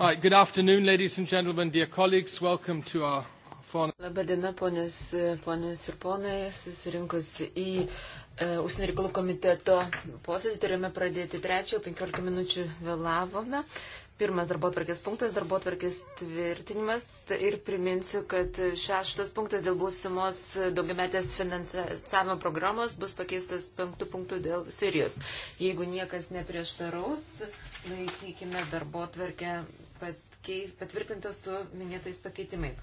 All right, good afternoon, ladies and gentlemen, dear colleagues. Welcome to our foreign... Labadiena, ponės, ponės ir ponai, susirinkus į uh, Užsienio reikalų komiteto posėdį. Turime pradėti trečio, 15 minučių vėlavome. Pirmas darbo atvarkės punktas, darbo atvarkės tvirtinimas tai ir priminsiu, kad šeštas punktas dėl būsimos daugiametės finansavimo programos bus pakeistas penktų punktų dėl Sirijos. Jeigu niekas neprieštaraus, laikykime darbo atvarkę pakeis, patvirtintas su minėtais pakeitimais.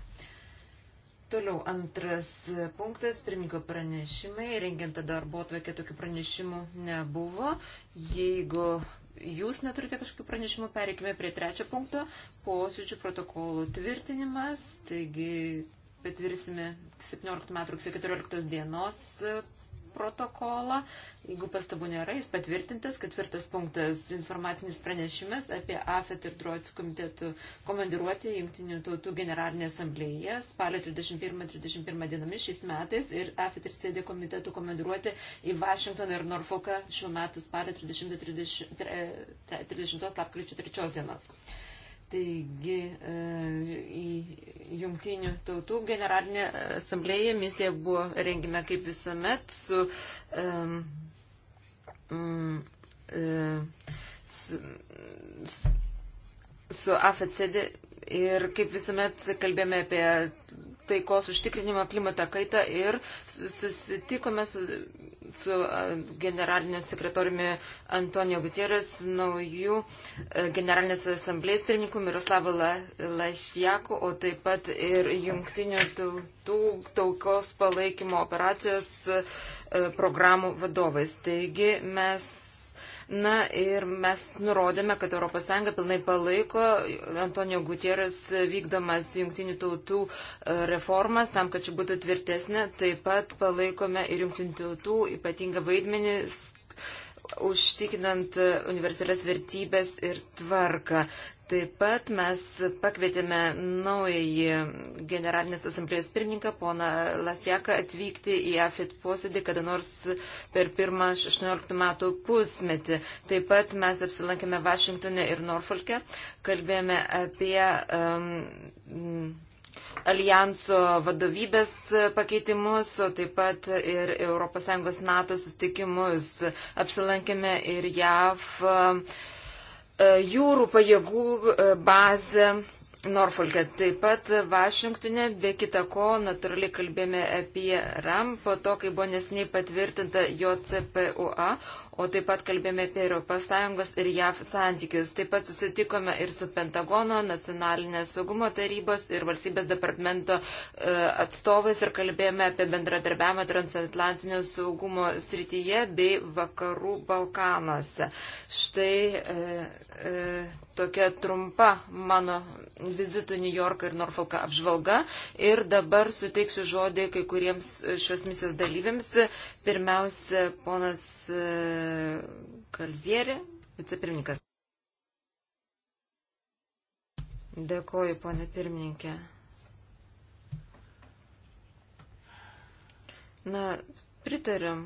Toliau antras punktas, pirmininko pranešimai, rengiant darbo atvekę tokių pranešimų nebuvo. Jeigu jūs neturite kažkokių pranešimų, pereikime prie trečio punkto, posėdžių protokolų tvirtinimas, taigi patvirsime 17 metų rugsėjo 14 dienos protokolą. Jeigu pastabų nėra, jis patvirtintas. Ketvirtas punktas - informacinis pranešimas apie AFET ir DROITS komitetų komandiruotę Junktinių tautų generalinė asamblėje spalio 31-31 dienomis šiais metais ir AFET ir sėdė komitetų komandiruotę į Vašingtoną ir Norfolką šiuo metu spalio 30-30 lapkričio 3 dienos. Taigi e, į Jungtinių tautų generalinę asamblėją misija buvo rengime kaip visuomet su, um, um, su, su, su AFCD ir kaip visuomet kalbėjome apie taikos užtikrinimą, klimatą kaitą ir susitikome su, su generaliniu sekretoriumi Antonijo Gutierrez, naujų generalinės asamblės pirmininku Miroslavu Lašjaku, o taip pat ir jungtinių tautų taukos palaikymo operacijos programų vadovais. Taigi mes Na ir mes nurodėme, kad ES pilnai palaiko Antonio Gutieras vykdomas jungtinių tautų e, reformas tam, kad ši būtų tvirtesnė. Taip pat palaikome ir jungtinių tautų ypatingą vaidmenį užtikinant universalias vertybės ir tvarką. Taip pat mes pakvietėme naująjį generalinės asamblėjos pirmininką, poną Lasjaką, atvykti į AFIT posėdį, kada nors per pirmą 16 metų pusmetį. Taip pat mes apsilankėme Vašingtonė ir Norfolke, kalbėjome apie um, alijanso vadovybės pakeitimus, o taip pat ir ES NATO sustikimus. Apsilankėme ir JAV E, jūrų pajėgų e, bazę Norfolke. Taip pat Vašingtonė, be kita ko, natūraliai kalbėjome apie RAM, po to, kai buvo nesiniai patvirtinta JCPUA, o taip pat kalbėjome apie ES ir JAV santykius. Taip pat susitikome ir su Pentagono, Nacionalinės saugumo tarybos ir valstybės departamento e, atstovais ir kalbėjome apie bendradarbiavimą transatlantinio saugumo srityje bei vakarų Balkanuose. Štai e, e, tokia trumpa mano vizitų New Yorką ir Norfolką apžvalga. Ir dabar suteiksiu žodį kai kuriems šios misijos dalyviams. Pirmiausia, ponas e, Kalzieri, vicepirmininkas. Dėkoju, ponė pirmininkė. Na, pritariu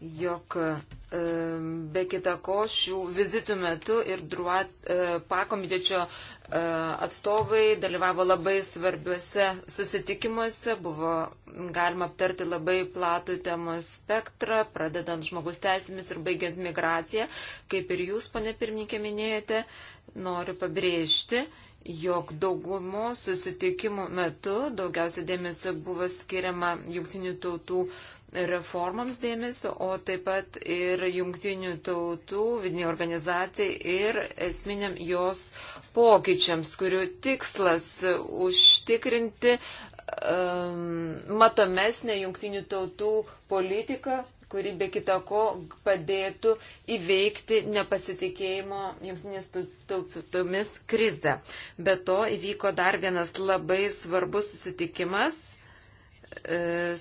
jog be kita ko šių vizitų metu ir Druat e, pakomitečio e, atstovai dalyvavo labai svarbiuose susitikimuose, buvo galima aptarti labai platų temų spektrą, pradedant žmogus teisėmis ir baigiant migraciją, kaip ir jūs, pane pirmininkė, minėjote, noriu pabrėžti, jog daugumo susitikimų metu daugiausia dėmesio buvo skiriama jungtinių tautų reformams dėmesio, o taip pat ir jungtinių tautų vidiniai organizacijai ir esminiam jos pokyčiams, kurių tikslas užtikrinti um, matomesnę jungtinių tautų politiką kuri be kita ko padėtų įveikti nepasitikėjimo jungtinės tautomis krizę. Be to įvyko dar vienas labai svarbus susitikimas e,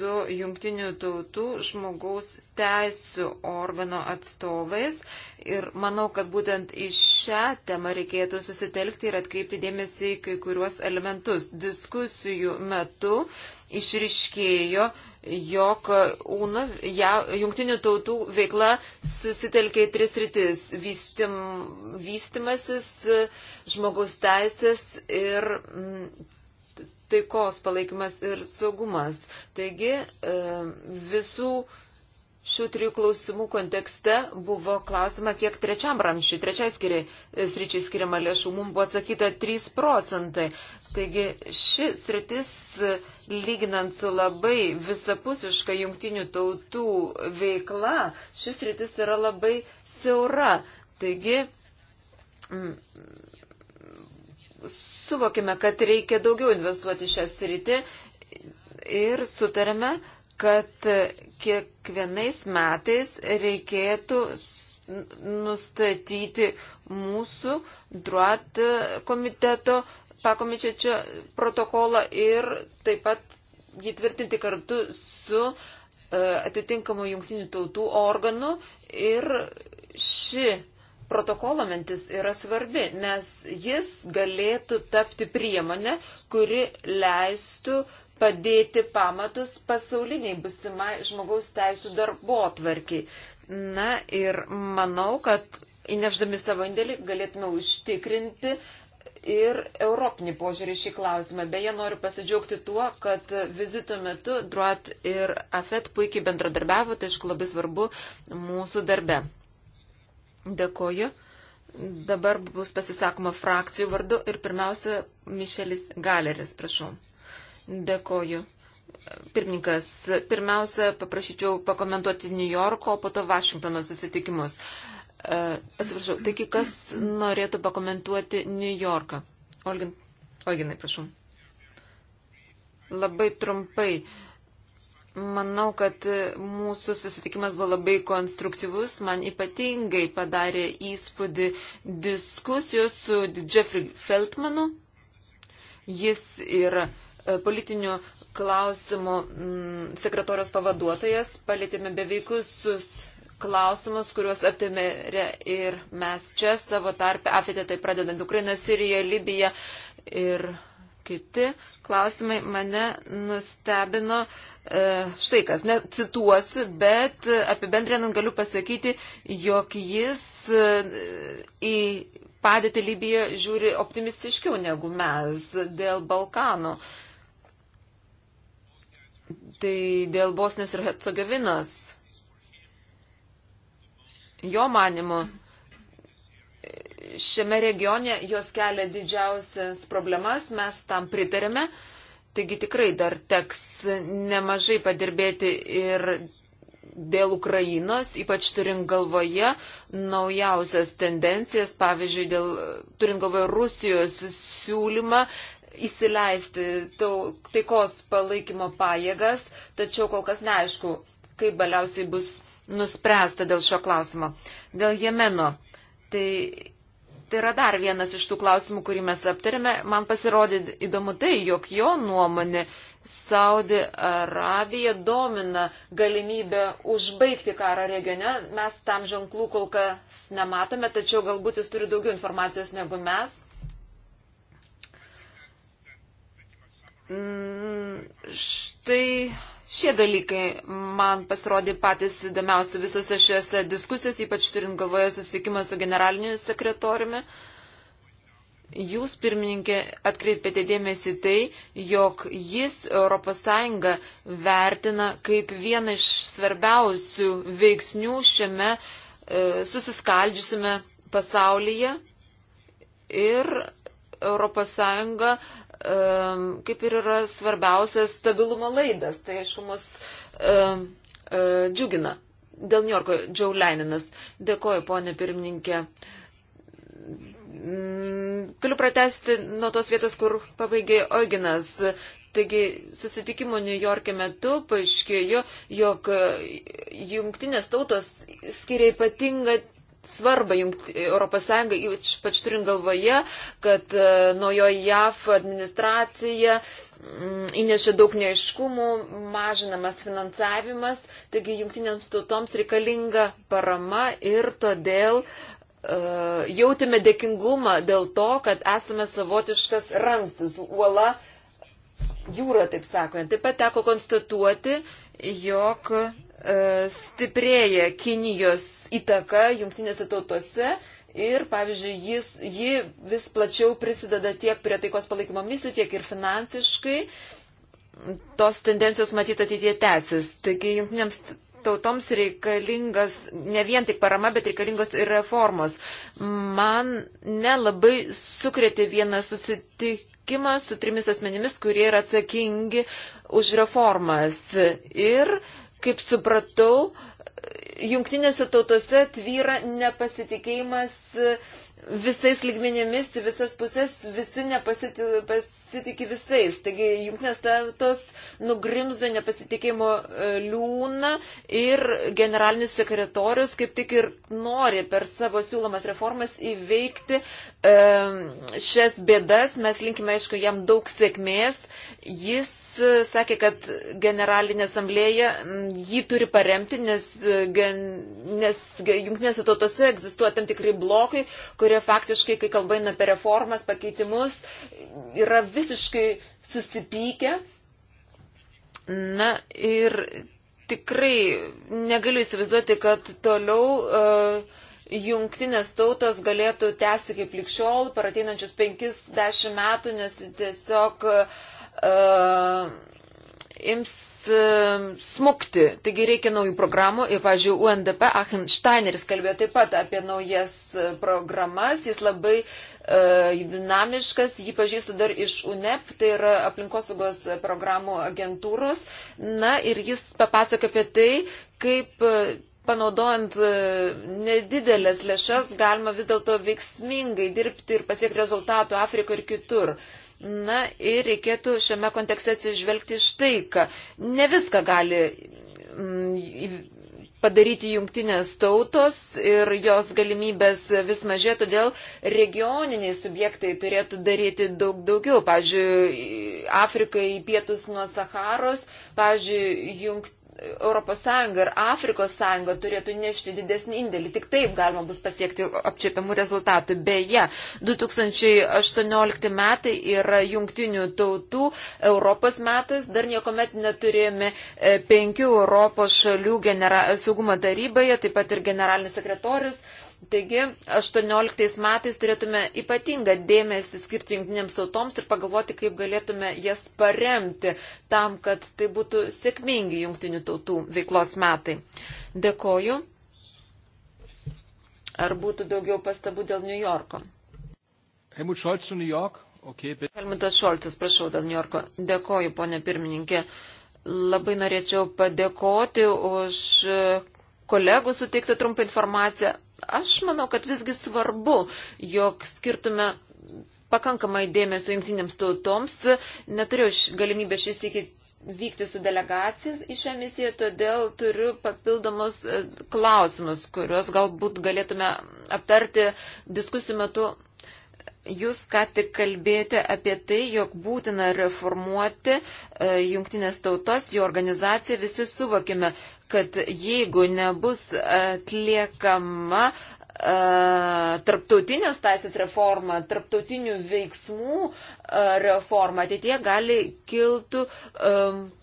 su jungtinių tautų žmogaus teisų organo atstovais ir manau, kad būtent į šią temą reikėtų susitelkti ir atkreipti dėmesį į kai kuriuos elementus. Diskusijų metu išriškėjo, jog UNO, ja, jungtinių tautų veikla susitelkė į tris rytis - Vystim, vystimasis, žmogaus teisės ir. M, mm, taikos palaikymas ir saugumas. Taigi e, visų šių trijų klausimų kontekste buvo klausima, kiek trečiam ramščiui, trečiai skiri, e, sričiai skiriama lėšų, mums buvo atsakyta 3 procentai. Taigi ši sritis, lyginant su labai visapusiška jungtinių tautų veikla, šis sritis yra labai siaura. Taigi, mm, suvokime, kad reikia daugiau investuoti šią sritį ir sutarėme, kad kiekvienais metais reikėtų nustatyti mūsų druat komiteto pakomitečio protokolą ir taip pat jį tvirtinti kartu su e, atitinkamu jungtinių tautų organu ir ši protokolo mintis yra svarbi, nes jis galėtų tapti priemonę, kuri leistų padėti pamatus pasauliniai busimai žmogaus teisų darbo atvarkiai. Na ir manau, kad įneždami savo indėlį galėtume užtikrinti ir europinį požiūrį šį klausimą. Beje, noriu pasidžiaugti tuo, kad vizito metu Druat ir Afet puikiai bendradarbiavo, tai aišku labai svarbu mūsų darbe. Dėkoju. Dabar bus pasisakoma frakcijų vardu ir pirmiausia, Mišelis Galeris, prašau. Dėkoju. Pirmininkas, pirmiausia, paprašyčiau pakomentuoti New Yorko, po to Vašingtono susitikimus. E, atsiprašau, taigi kas norėtų pakomentuoti New Yorką? Olgin, Olginai, prašau. Labai trumpai. Uh, Manau, kad mūsų susitikimas buvo labai konstruktyvus. Man ypatingai padarė įspūdį diskusijos su Jeffrey Feltmanu. Jis yra e, politinių klausimų mm, sekretorijos pavaduotojas. Palėtėme beveikusius klausimus, kuriuos aptėme ir mes čia savo tarpe. Afetė tai pradedant Ukrainą, Siriją, Libiją ir kiti klausimai mane nustebino e, štai kas, necituosiu, bet apibendrinant galiu pasakyti, jog jis e, į padėtį Libijoje žiūri optimistiškiau negu mes dėl Balkanų. Tai dėl Bosnijos ir Hercegovinos. Jo manimo, šiame regione jos kelia didžiausias problemas, mes tam pritarėme. Taigi tikrai dar teks nemažai padirbėti ir dėl Ukrainos, ypač turint galvoje naujausias tendencijas, pavyzdžiui, dėl, turint galvoje Rusijos siūlymą įsileisti taikos palaikymo pajėgas, tačiau kol kas neaišku, kaip galiausiai bus nuspręsta dėl šio klausimo. Dėl Jemeno. Tai Tai yra dar vienas iš tų klausimų, kurį mes aptarėme. Man pasirodė įdomu tai, jog jo nuomonė Saudi Arabija domina galimybę užbaigti karą regione. Mes tam ženklų kol kas nematome, tačiau galbūt jis turi daugiau informacijos negu mes. Mm, štai Šie dalykai man pasirodė patys įdomiausi visose šiose diskusijose, ypač turint galvoje susitikimą su generaliniu sekretoriumi. Jūs, pirmininkė, atkreipėte dėmesį tai, jog jis ES vertina kaip vieną iš svarbiausių veiksnių šiame e, susiskaldžiusiame pasaulyje ir ES um, kaip ir yra svarbiausias stabilumo laidas. Tai aišku, mus um, uh, džiugina. Dėl Niorko Džiaulianinas. Dėkoju, ponė pirmininkė. Mm, galiu pratesti nuo tos vietos, kur pabaigė Oginas. Taigi susitikimo New York'e metu paaiškėjo, jog e, jungtinės tautos skiria ypatingą svarbą ES, ypač turint galvoje, kad e, naujoji JAF administracija mm, įnešė daug neaiškumų, mažinamas finansavimas, taigi jungtinėms tautoms reikalinga parama ir todėl e, jautėme dėkingumą dėl to, kad esame savotiškas ramstis, uola jūra, taip sakant. Taip pat teko konstatuoti, jog E, stiprėja Kinijos įtaka jungtinėse tautose ir, pavyzdžiui, jis, ji vis plačiau prisideda tiek prie taikos palaikymo misijų, tiek ir finansiškai. Tos tendencijos matyt ateitie tęsis. Taigi jungtinėms tautoms reikalingas ne vien tik parama, bet reikalingos ir reformos. Man nelabai sukrėtė vieną susitikimą su trimis asmenimis, kurie yra atsakingi už reformas. Ir uh, Kaip supratau, jungtinėse tautose tvyra nepasitikėjimas visais ligmenėmis, visas pusės, visi nepasitikė visais. Taigi jungtinės tautos nugrimzdo nepasitikėjimo e, liūną ir generalinis sekretorius kaip tik ir nori per savo siūlomas reformas įveikti e, šias bėdas. Mes linkime, aišku, jam daug sėkmės. Jis e, sakė, kad generalinė asamblėja jį turi paremti, nes, gen, nes jungtinėse tautose egzistuoja tam tikri blokai, kurie kurie faktiškai, kai kalba eina apie reformas, pakeitimus, yra visiškai susipykę. Na ir tikrai negaliu įsivaizduoti, kad toliau uh, jungtinės tautos galėtų tęsti kaip likščiol per ateinančius 50 metų, nes tiesiog uh, ims smukti. Taigi reikia naujų programų ir, pažiūrėjau, UNDP Achim Steineris kalbėjo taip pat apie naujas e, programas. Jis labai uh, dinamiškas, jį pažįstu dar iš UNEP, tai yra aplinkosaugos programų agentūros. Na ir jis papasako apie tai, kaip e, panaudojant nedidelės lėšas galima vis dėlto veiksmingai dirbti ir pasiekti rezultatų Afrikoje ir kitur. Uh, Na ir reikėtų šiame kontekste atsižvelgti štai, kad ne viską gali mm, padaryti jungtinės tautos ir jos galimybės vis mažė, todėl regioniniai subjektai turėtų daryti daug daugiau. Pavyzdžiui, Afrikai pietus nuo Saharos, pavyzdžiui, jungtinės ES ir Afrikos sąjunga turėtų nešti didesnį indėlį. Tik taip galima bus pasiekti apčiopiamų rezultatų. Beje, 2018 metai yra jungtinių tautų Europos metas. Dar niekuomet neturėjome e, penkių Europos šalių genera... saugumo taryboje, taip pat ir generalinis sekretorius Taigi, 18 metais turėtume ypatingą dėmesį skirti jungtinėms tautoms ir pagalvoti, kaip galėtume jas paremti tam, kad tai būtų sėkmingi jungtinių tautų veiklos metai. Dėkoju. Ar būtų daugiau pastabų dėl New Yorko? Helmut Scholz su New York. Okay, bet... Helmutas Šolcas, prašau, dėl New Yorko. Dėkoju, ponė pirmininkė. Labai norėčiau padėkoti už kolegų suteikti trumpą informaciją. Aš manau, kad visgi svarbu, jog skirtume pakankamai dėmesio jungtinėms tautoms. Neturėjau galimybę šis iki vykti su delegacijas į šią misiją, todėl turiu papildomus e, klausimus, kuriuos galbūt galėtume aptarti diskusijų metu Jūs ką tik kalbėjote apie tai, jog būtina reformuoti e, jungtinės tautas, jų organizaciją, visi suvokime, kad jeigu nebus atliekama e, tarptautinės taisės reforma, tarptautinių veiksmų e, reforma, ateitie gali kiltų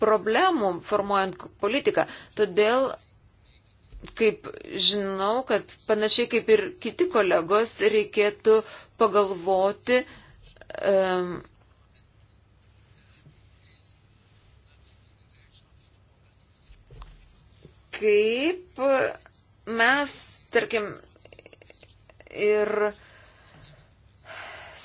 problemų formuojant politiką. Todėl kaip žinau, kad panašiai kaip ir kiti kolegos reikėtų pagalvoti, um, kaip mes, tarkim, ir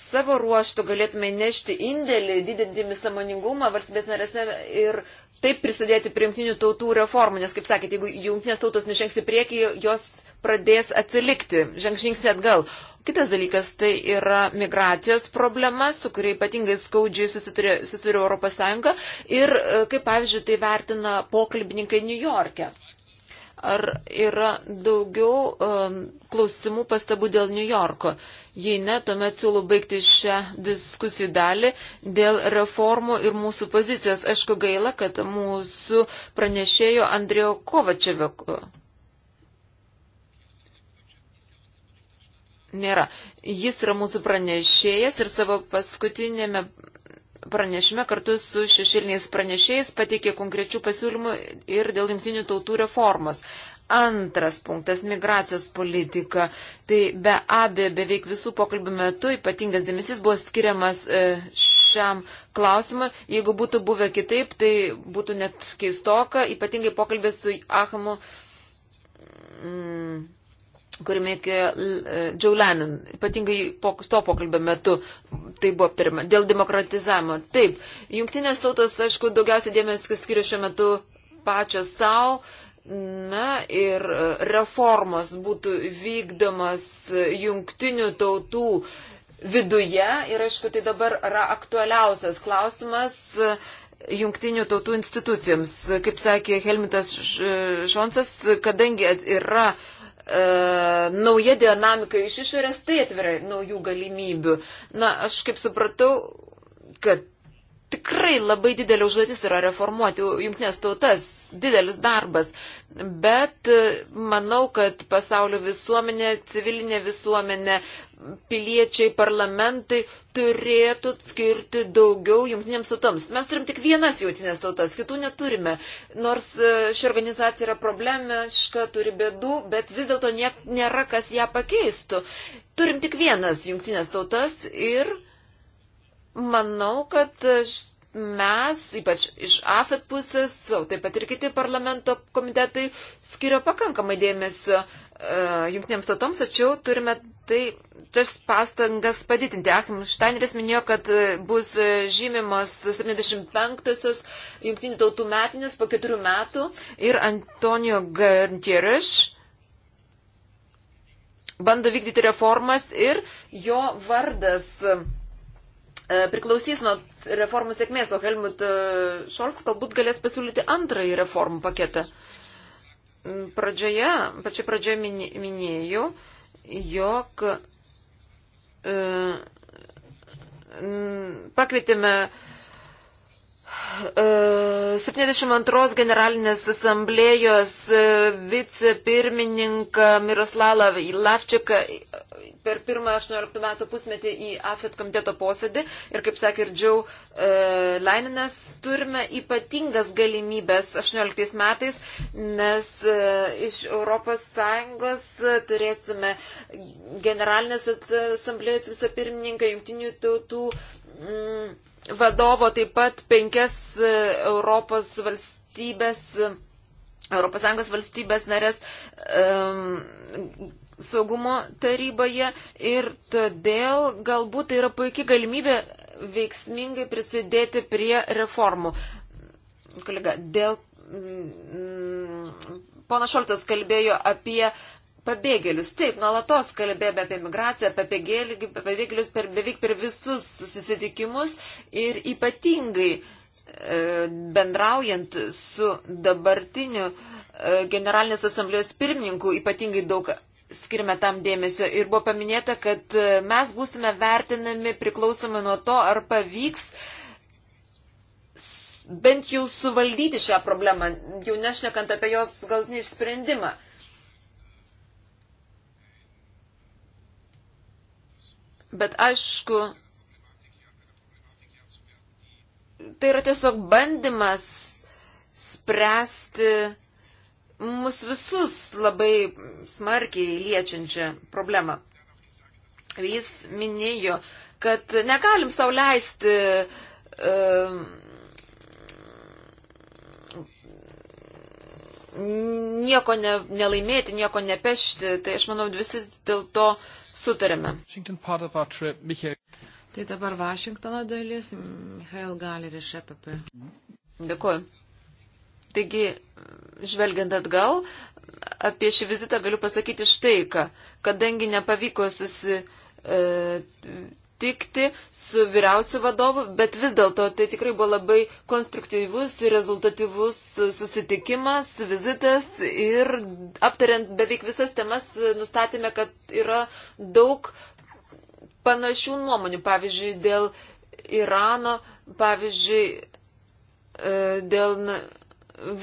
savo ruoštų galėtume nešti indėlį, didindami samoningumą valstybės narėse ir taip prisidėti prie jungtinių tautų reformų, nes, kaip sakėte, jeigu jungtinės tautos nežengs į priekį, jos pradės atsilikti, žengs žingsnį atgal. Kitas dalykas tai yra migracijos problema, su kuria ypatingai skaudžiai susiduria Europos Sąjunga ir, e, kaip pavyzdžiui, tai vertina pokalbininkai New York'e. Ar yra daugiau um, klausimų pastabų dėl New Yorko? Uh, Jei ne, tuomet siūlau baigti šią diskusijų dalį dėl reformų ir mūsų pozicijos. Aišku, gaila, kad mūsų pranešėjo Andrėjo Kovačeviko nėra. Jis yra mūsų pranešėjas ir savo paskutinėme pranešime kartu su šešiliniais pranešėjais pateikė konkrečių pasiūlymų ir dėl jungtinių tautų reformos. Antras punktas - migracijos politika. Tai be abejo, beveik visų pokalbių metu ypatingas dėmesys buvo skiriamas e, šiam klausimui. Jeigu būtų buvę kitaip, tai būtų net keistoka, ypatingai pokalbė su Ahamu. Mm, kuriame Džiaulenin, e, ypatingai po, to pokalbio metu, tai buvo aptarima. Dėl demokratizavimo. Taip, jungtinės tautos, aišku, daugiausiai dėmesio skiria šiuo metu pačios savo, Na ir e, reformos būtų vykdomas e, jungtinių tautų viduje ir aišku, tai dabar yra aktualiausias klausimas e, jungtinių tautų institucijoms. Kaip sakė Helmitas Šonsas, kadangi yra e, nauja dinamika iš išorės, tai atveria naujų galimybių. Na, aš kaip supratau, kad tikrai labai didelė užduotis yra reformuoti jungtinės tautas, didelis darbas, bet e, manau, kad pasaulio visuomenė, civilinė visuomenė, piliečiai, parlamentai turėtų skirti daugiau jungtinėms tautoms. Mes turim tik vienas jungtinės tautas, kitų neturime. Nors e, ši organizacija yra problemiška, turi bėdų, bet vis dėlto nėra kas ją pakeistų. Turim tik vienas jungtinės tautas ir manau, kad e, mes, ypač iš AFET pusės, o taip pat ir kiti parlamento komitetai, skiria pakankamai dėmesio uh, jungtinėms tautoms, tačiau turime tai, tas pastangas padidinti. Achim Steineris minėjo, kad e, bus žymimos 75-osios jungtinių tautų metinės po keturių metų ir Antonio Gantieriš bando vykdyti reformas ir jo vardas. Uh, E, priklausys nuo reformų sėkmės, o Helmut Šolks e, galbūt galės pasiūlyti antrąjį reformų paketą. Mm, pradžioje, pačia pradžioje minėjau, jog e, pakvietėme 72 e, generalinės asamblėjos e, vicepirmininką Miroslavą Lavčiką per pirmą 18 metų pusmetį į AFET komiteto posėdį ir, kaip sakė ir Džiau e, Leininas, turime ypatingas galimybės 18 metais, nes iš ES turėsime generalinės asamblėjos vicepirmininką, jungtinių tautų. Mm, vadovo taip pat penkias e, Europos valstybės, ES valstybės narės um, saugumo taryboje ir todėl galbūt tai yra puikia galimybė veiksmingai prisidėti prie reformų. Kolega, dėl. Mm, Pana Šoltas kalbėjo apie uh, pabėgėlius. Taip, nuolatos kalbėjome apie migraciją, apie pabėgėlius per, beveik per visus susitikimus ir ypatingai e, bendraujant su dabartiniu e, generalinės asamblėjos pirmininku, ypatingai daug skirime tam dėmesio ir buvo paminėta, kad e, mes būsime vertinami priklausomai nuo to, ar pavyks bent jau suvaldyti šią problemą, jau nešnekant apie jos galtinį išsprendimą. Bet aišku, tai yra tiesiog bandymas spręsti mus visus labai smarkiai liečiančią problemą. Jis minėjo, kad negalim sau leisti um, nieko ne, nelaimėti, nieko nepešti. Tai aš manau, visi dėl to uh, sutarėme. Tai dabar Vašingtono dalis, Michael Galer iš EPP. Dėkuoju. Taigi, žvelgiant atgal, apie šį vizitą galiu pasakyti štai ką. Kadangi nepavyko susi e, susitikti su vyriausiu vadovu, bet vis dėlto tai tikrai buvo labai konstruktyvus ir rezultatyvus susitikimas, vizitas ir aptariant beveik visas temas nustatėme, kad yra daug panašių nuomonių, pavyzdžiui, dėl Irano, pavyzdžiui, e, dėl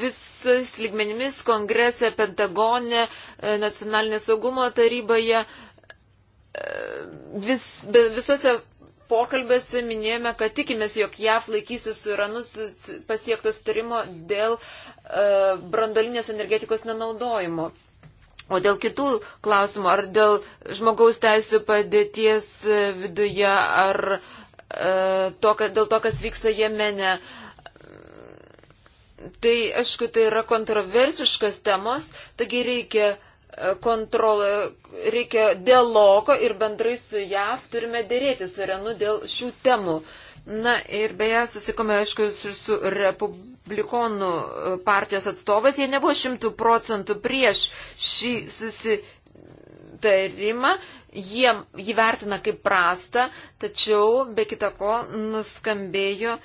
visais lygmenimis kongrese, Pentagone, e, nacionalinės saugumo taryboje, vis, visuose pokalbiuose minėjome, kad tikimės, jog JAF laikysis su Iranu pasiekto sutarimo dėl e, brandolinės energetikos nenaudojimo. O dėl kitų klausimų, ar dėl žmogaus teisų padėties e, viduje, ar e, to, kad, dėl to, kas vyksta Jemene, tai aišku, tai yra kontroversiškas temos, taigi reikia kontrolę, reikia dialogo ir bendrai su JAV turime dėrėti su Iranu dėl šių temų. Na ir beje, susikome, aišku, ir su Republikonų e, partijos atstovas, jie nebuvo šimtų procentų prieš šį susitarimą, jie jį vertina kaip prastą, tačiau be kita ko nuskambėjo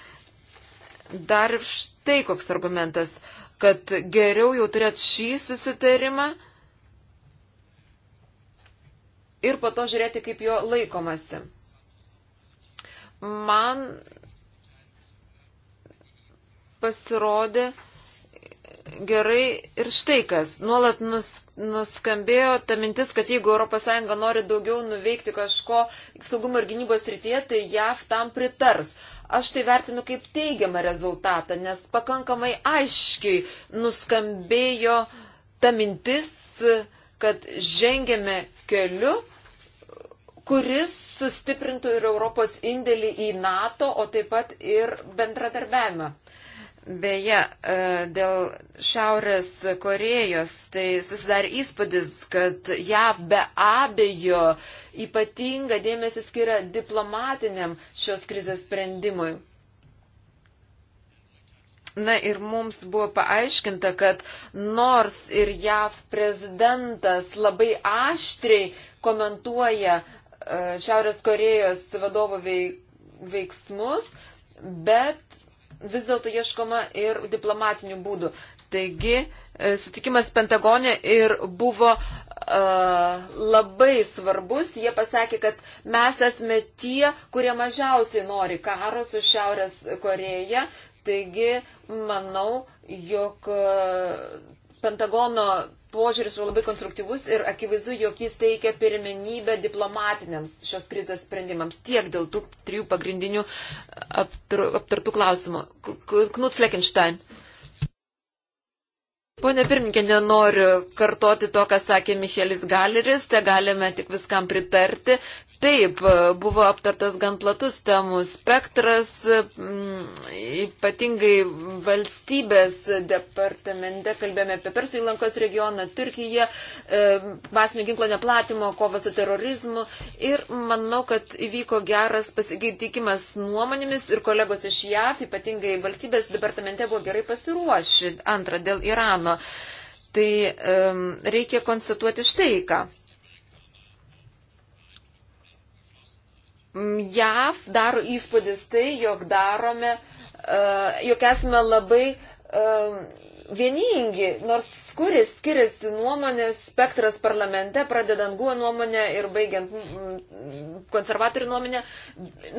dar ir štai koks argumentas, kad geriau jau turėt šį susitarimą ir po to žiūrėti, kaip jo laikomasi. Man pasirodė gerai ir štai kas. Nuolat nus, nuskambėjo ta mintis, kad jeigu ES nori daugiau nuveikti kažko saugumo ir gynybos rytyje, tai JAV tam pritars. Aš tai vertinu kaip teigiamą rezultatą, nes pakankamai aiškiai nuskambėjo ta mintis, kad žengėme keliu, kuris sustiprintų ir Europos indėlį į NATO, o taip pat ir bendradarbiavimą. Beje, e, dėl Šiaurės Korejos tai susidarė įspūdis, kad JAV be abejo ypatinga dėmesį skiria diplomatiniam šios krizės sprendimui. Na ir mums buvo paaiškinta, kad nors ir JAV prezidentas labai aštriai komentuoja E, Šiaurės Korejos vadovo veiksmus, bet vis dėlto ieškoma ir diplomatinių būdų. Taigi, e, sutikimas Pentagone ir buvo uh, labai svarbus. Jie pasakė, kad mes esame tie, kurie mažiausiai nori karo su Šiaurės Koreja. Taigi, manau, jog uh, Pentagono požiūris yra labai konstruktyvus ir akivaizdu, jog jis teikia pirmenybę diplomatiniams šios krizės sprendimams tiek dėl tų trijų pagrindinių aptartų klausimų. Knut Fleckenstein. Pone pirmininkė, nenoriu kartoti to, ką sakė Mišelis Galeris, te galime tik viskam pritarti, Taip, e, buvo aptartas gan platus temų spektras, mm, ypatingai valstybės departamente, kalbėjome apie Persų įlankos regioną, Turkiją, e, masinio ginklo neplatimo, kovą su terorizmu ir manau, kad įvyko geras pasikeitikimas nuomonėmis ir kolegos iš JAF, ypatingai valstybės departamente buvo gerai pasiruošę. Antra, dėl Irano. Tai um, reikia konstatuoti štai ką. Mm, JAV daro įspūdis tai, jog darome, e, jog esame labai e, vieningi, nors kuris skiriasi nuomonės spektras parlamente, pradedant guo nuomonę ir baigiant mm, konservatorių nuomonę.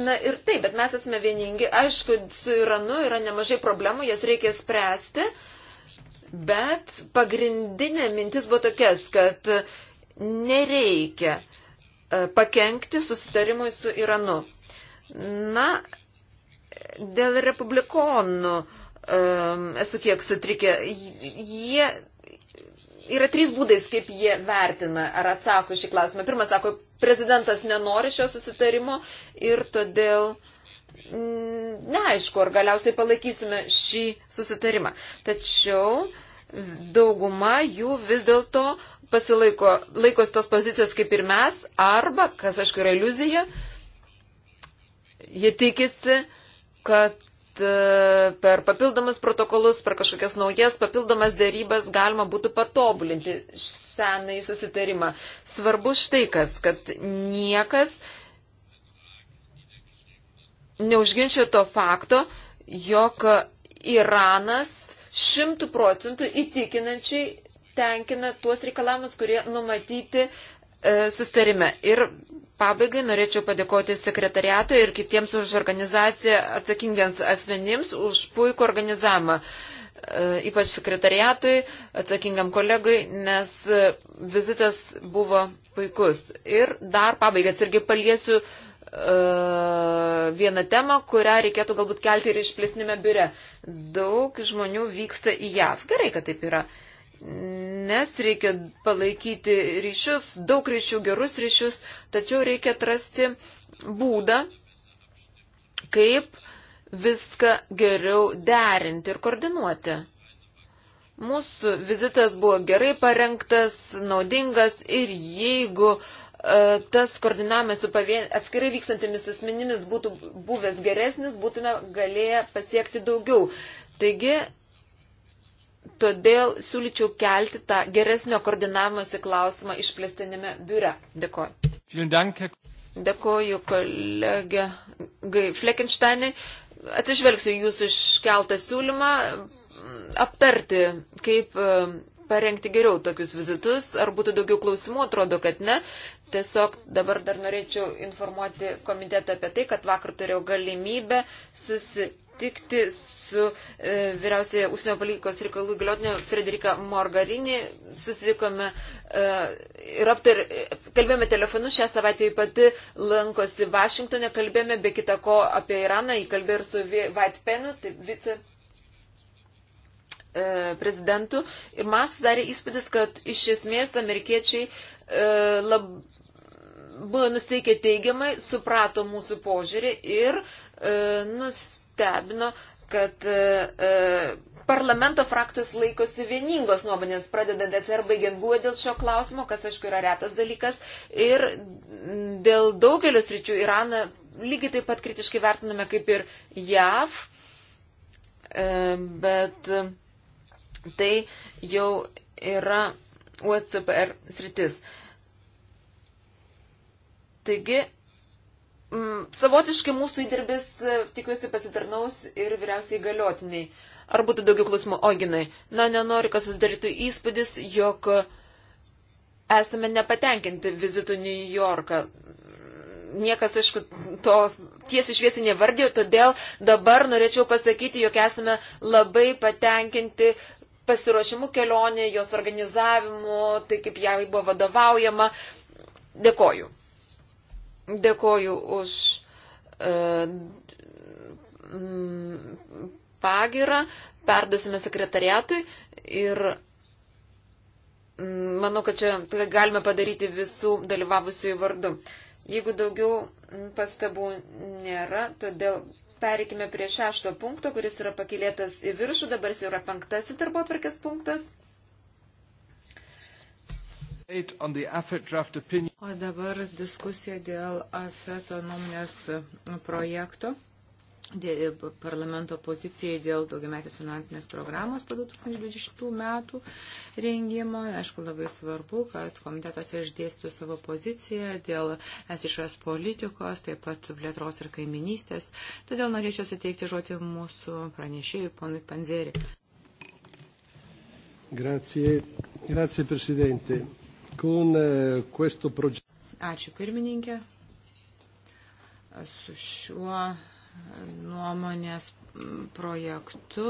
Na ir taip, bet mes esame vieningi. Aišku, su Iranu yra nemažai problemų, jas reikia spręsti, bet pagrindinė mintis buvo tokias, kad nereikia uh, E, pakengti susitarimui su Iranu. Na, dėl republikonų e, esu kiek sutrikę. Jie yra trys būdais, kaip jie vertina ar atsako šį klausimą. Pirmas sako, prezidentas nenori šio susitarimo ir todėl mm, neaišku, ar galiausiai palaikysime šį susitarimą. Tačiau dauguma jų vis dėlto pasilaiko, laikosi tos pozicijos kaip ir mes, arba, kas aišku yra iliuzija, jie tikisi, kad e, per papildomus protokolus, per kažkokias naujas papildomas dėrybas galima būtų patobulinti senai susitarimą. Svarbu štai kas, kad niekas neužginčia to fakto, jog Iranas šimtų procentų įtikinančiai tenkina tuos reikalavimus, kurie numatyti e, sustarime. Ir pabaigai norėčiau padėkoti sekretariatui ir kitiems už organizaciją atsakingiams asmenims už puikų organizavimą. E, ypač sekretariatui, atsakingam kolegui, nes e, vizitas buvo puikus. Ir dar pabaigai atsargiai paliesiu E, vieną temą, kurią reikėtų galbūt kelti ir išplėsnime biure. Daug žmonių vyksta į JAV. Gerai, kad taip yra. Nes reikia palaikyti ryšius, daug ryšių, gerus ryšius, tačiau reikia atrasti būdą, kaip viską geriau derinti ir koordinuoti. Mūsų vizitas buvo gerai parengtas, naudingas ir jeigu uh, tas koordinavimas su pavien... atskirai vykstantimis asmenimis būtų buvęs geresnis, būtume galėję pasiekti daugiau. Taigi, todėl siūlyčiau kelti tą geresnio koordinavimosi klausimą išplėstinėme biure. Dėkoju. Dėkoju, kolegė Fleckensteinai. Atsižvelgsiu jūsų iškeltą siūlymą mm, aptarti, kaip e, parengti geriau tokius vizitus, ar būtų daugiau klausimų, atrodo, kad ne. Tiesiog dabar dar norėčiau informuoti komitetą apie tai, kad vakar turėjau galimybę susitikti su e, vyriausiaja užsienio politikos reikalų galiotinio Frederika Morgarinį. Susitikome e, ir aptar, kalbėjome telefonu, šią savaitę ji pati lankosi Vašingtonė, kalbėjome be kita ko apie Iraną, ji kalbėjo ir su White Penu, tai vice e, prezidentų ir man susidarė įspūdis, kad iš esmės amerikiečiai e, lab, buvo nusteikę teigiamai, suprato mūsų požiūrį ir e, nustebino, kad e, e parlamento fraktus laikosi vieningos nuomonės, pradedant ECR baigiant buvo e dėl šio klausimo, kas aišku yra retas dalykas. Ir dėl daugelio sričių Iraną lygiai taip pat kritiškai vertiname kaip ir JAV, e, bet tai jau yra UCPR sritis. Taigi, m, mm, savotiškai mūsų įdirbis, e, tikiuosi, pasitarnaus ir vyriausiai galiotiniai. Ar būtų daugiau klausimų oginai? Na, nenoriu, kad susidarytų įspūdis, jog esame nepatenkinti vizitu New Yorką. Niekas, aišku, to tiesiai šviesiai nevardėjo, todėl dabar norėčiau pasakyti, jog esame labai patenkinti pasiruošimu kelionė, jos organizavimu, tai kaip jai buvo vadovaujama. Dėkoju. Dėkoju už e, pagirą, perdusime sekretariatui ir manau, kad čia galime padaryti visų dalyvavusiųjų vardu. Jeigu daugiau pastabų nėra, todėl perikime prie šešto punkto, kuris yra pakilėtas į viršų, dabar jis yra penktasis darbo atvarkės punktas. E o dabar diskusija dėl AFETO nuomonės e, projekto, dėl e, parlamento pozicijai dėl daugiametės finansinės programos po 2020 metų rengimo. Aišku, labai svarbu, kad komitetas išdėstų savo poziciją dėl es išorės politikos, taip pat plėtros ir kaiminystės. Todėl norėčiau suteikti žodį mūsų pranešėjui, ponui Panzerį. Grazie, grazie Presidente. Eh, Ačiū pirmininkė. Su šiuo nuomonės projektu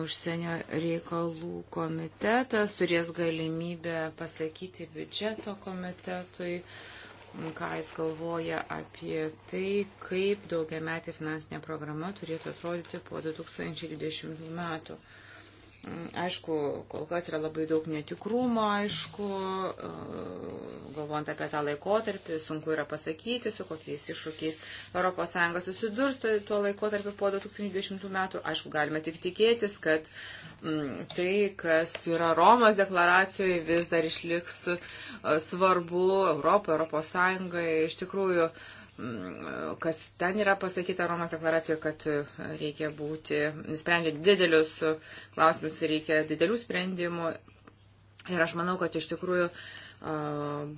užsienio reikalų komitetas turės galimybę pasakyti biudžeto komitetui, ką jis galvoja apie tai, kaip daugiametė finansinė programa turėtų atrodyti po 2020 metų. Aišku, kol kas yra labai daug netikrumo, aišku, e, galvojant apie tą laikotarpį, sunku yra pasakyti, su kokiais iššūkiais ES susidurs tuo laikotarpiu po 2020 metų. Aišku, galime tik tikėtis, kad mm, tai, kas yra Romos deklaracijoje, vis dar išliks e, svarbu Europoje, ES. Iš tikrųjų, Mm, kas ten yra pasakyta Romos deklaracijoje, kad e, reikia būti, sprendžiant didelius e, klausimus, reikia didelių sprendimų. Ir aš manau, kad iš tikrųjų e,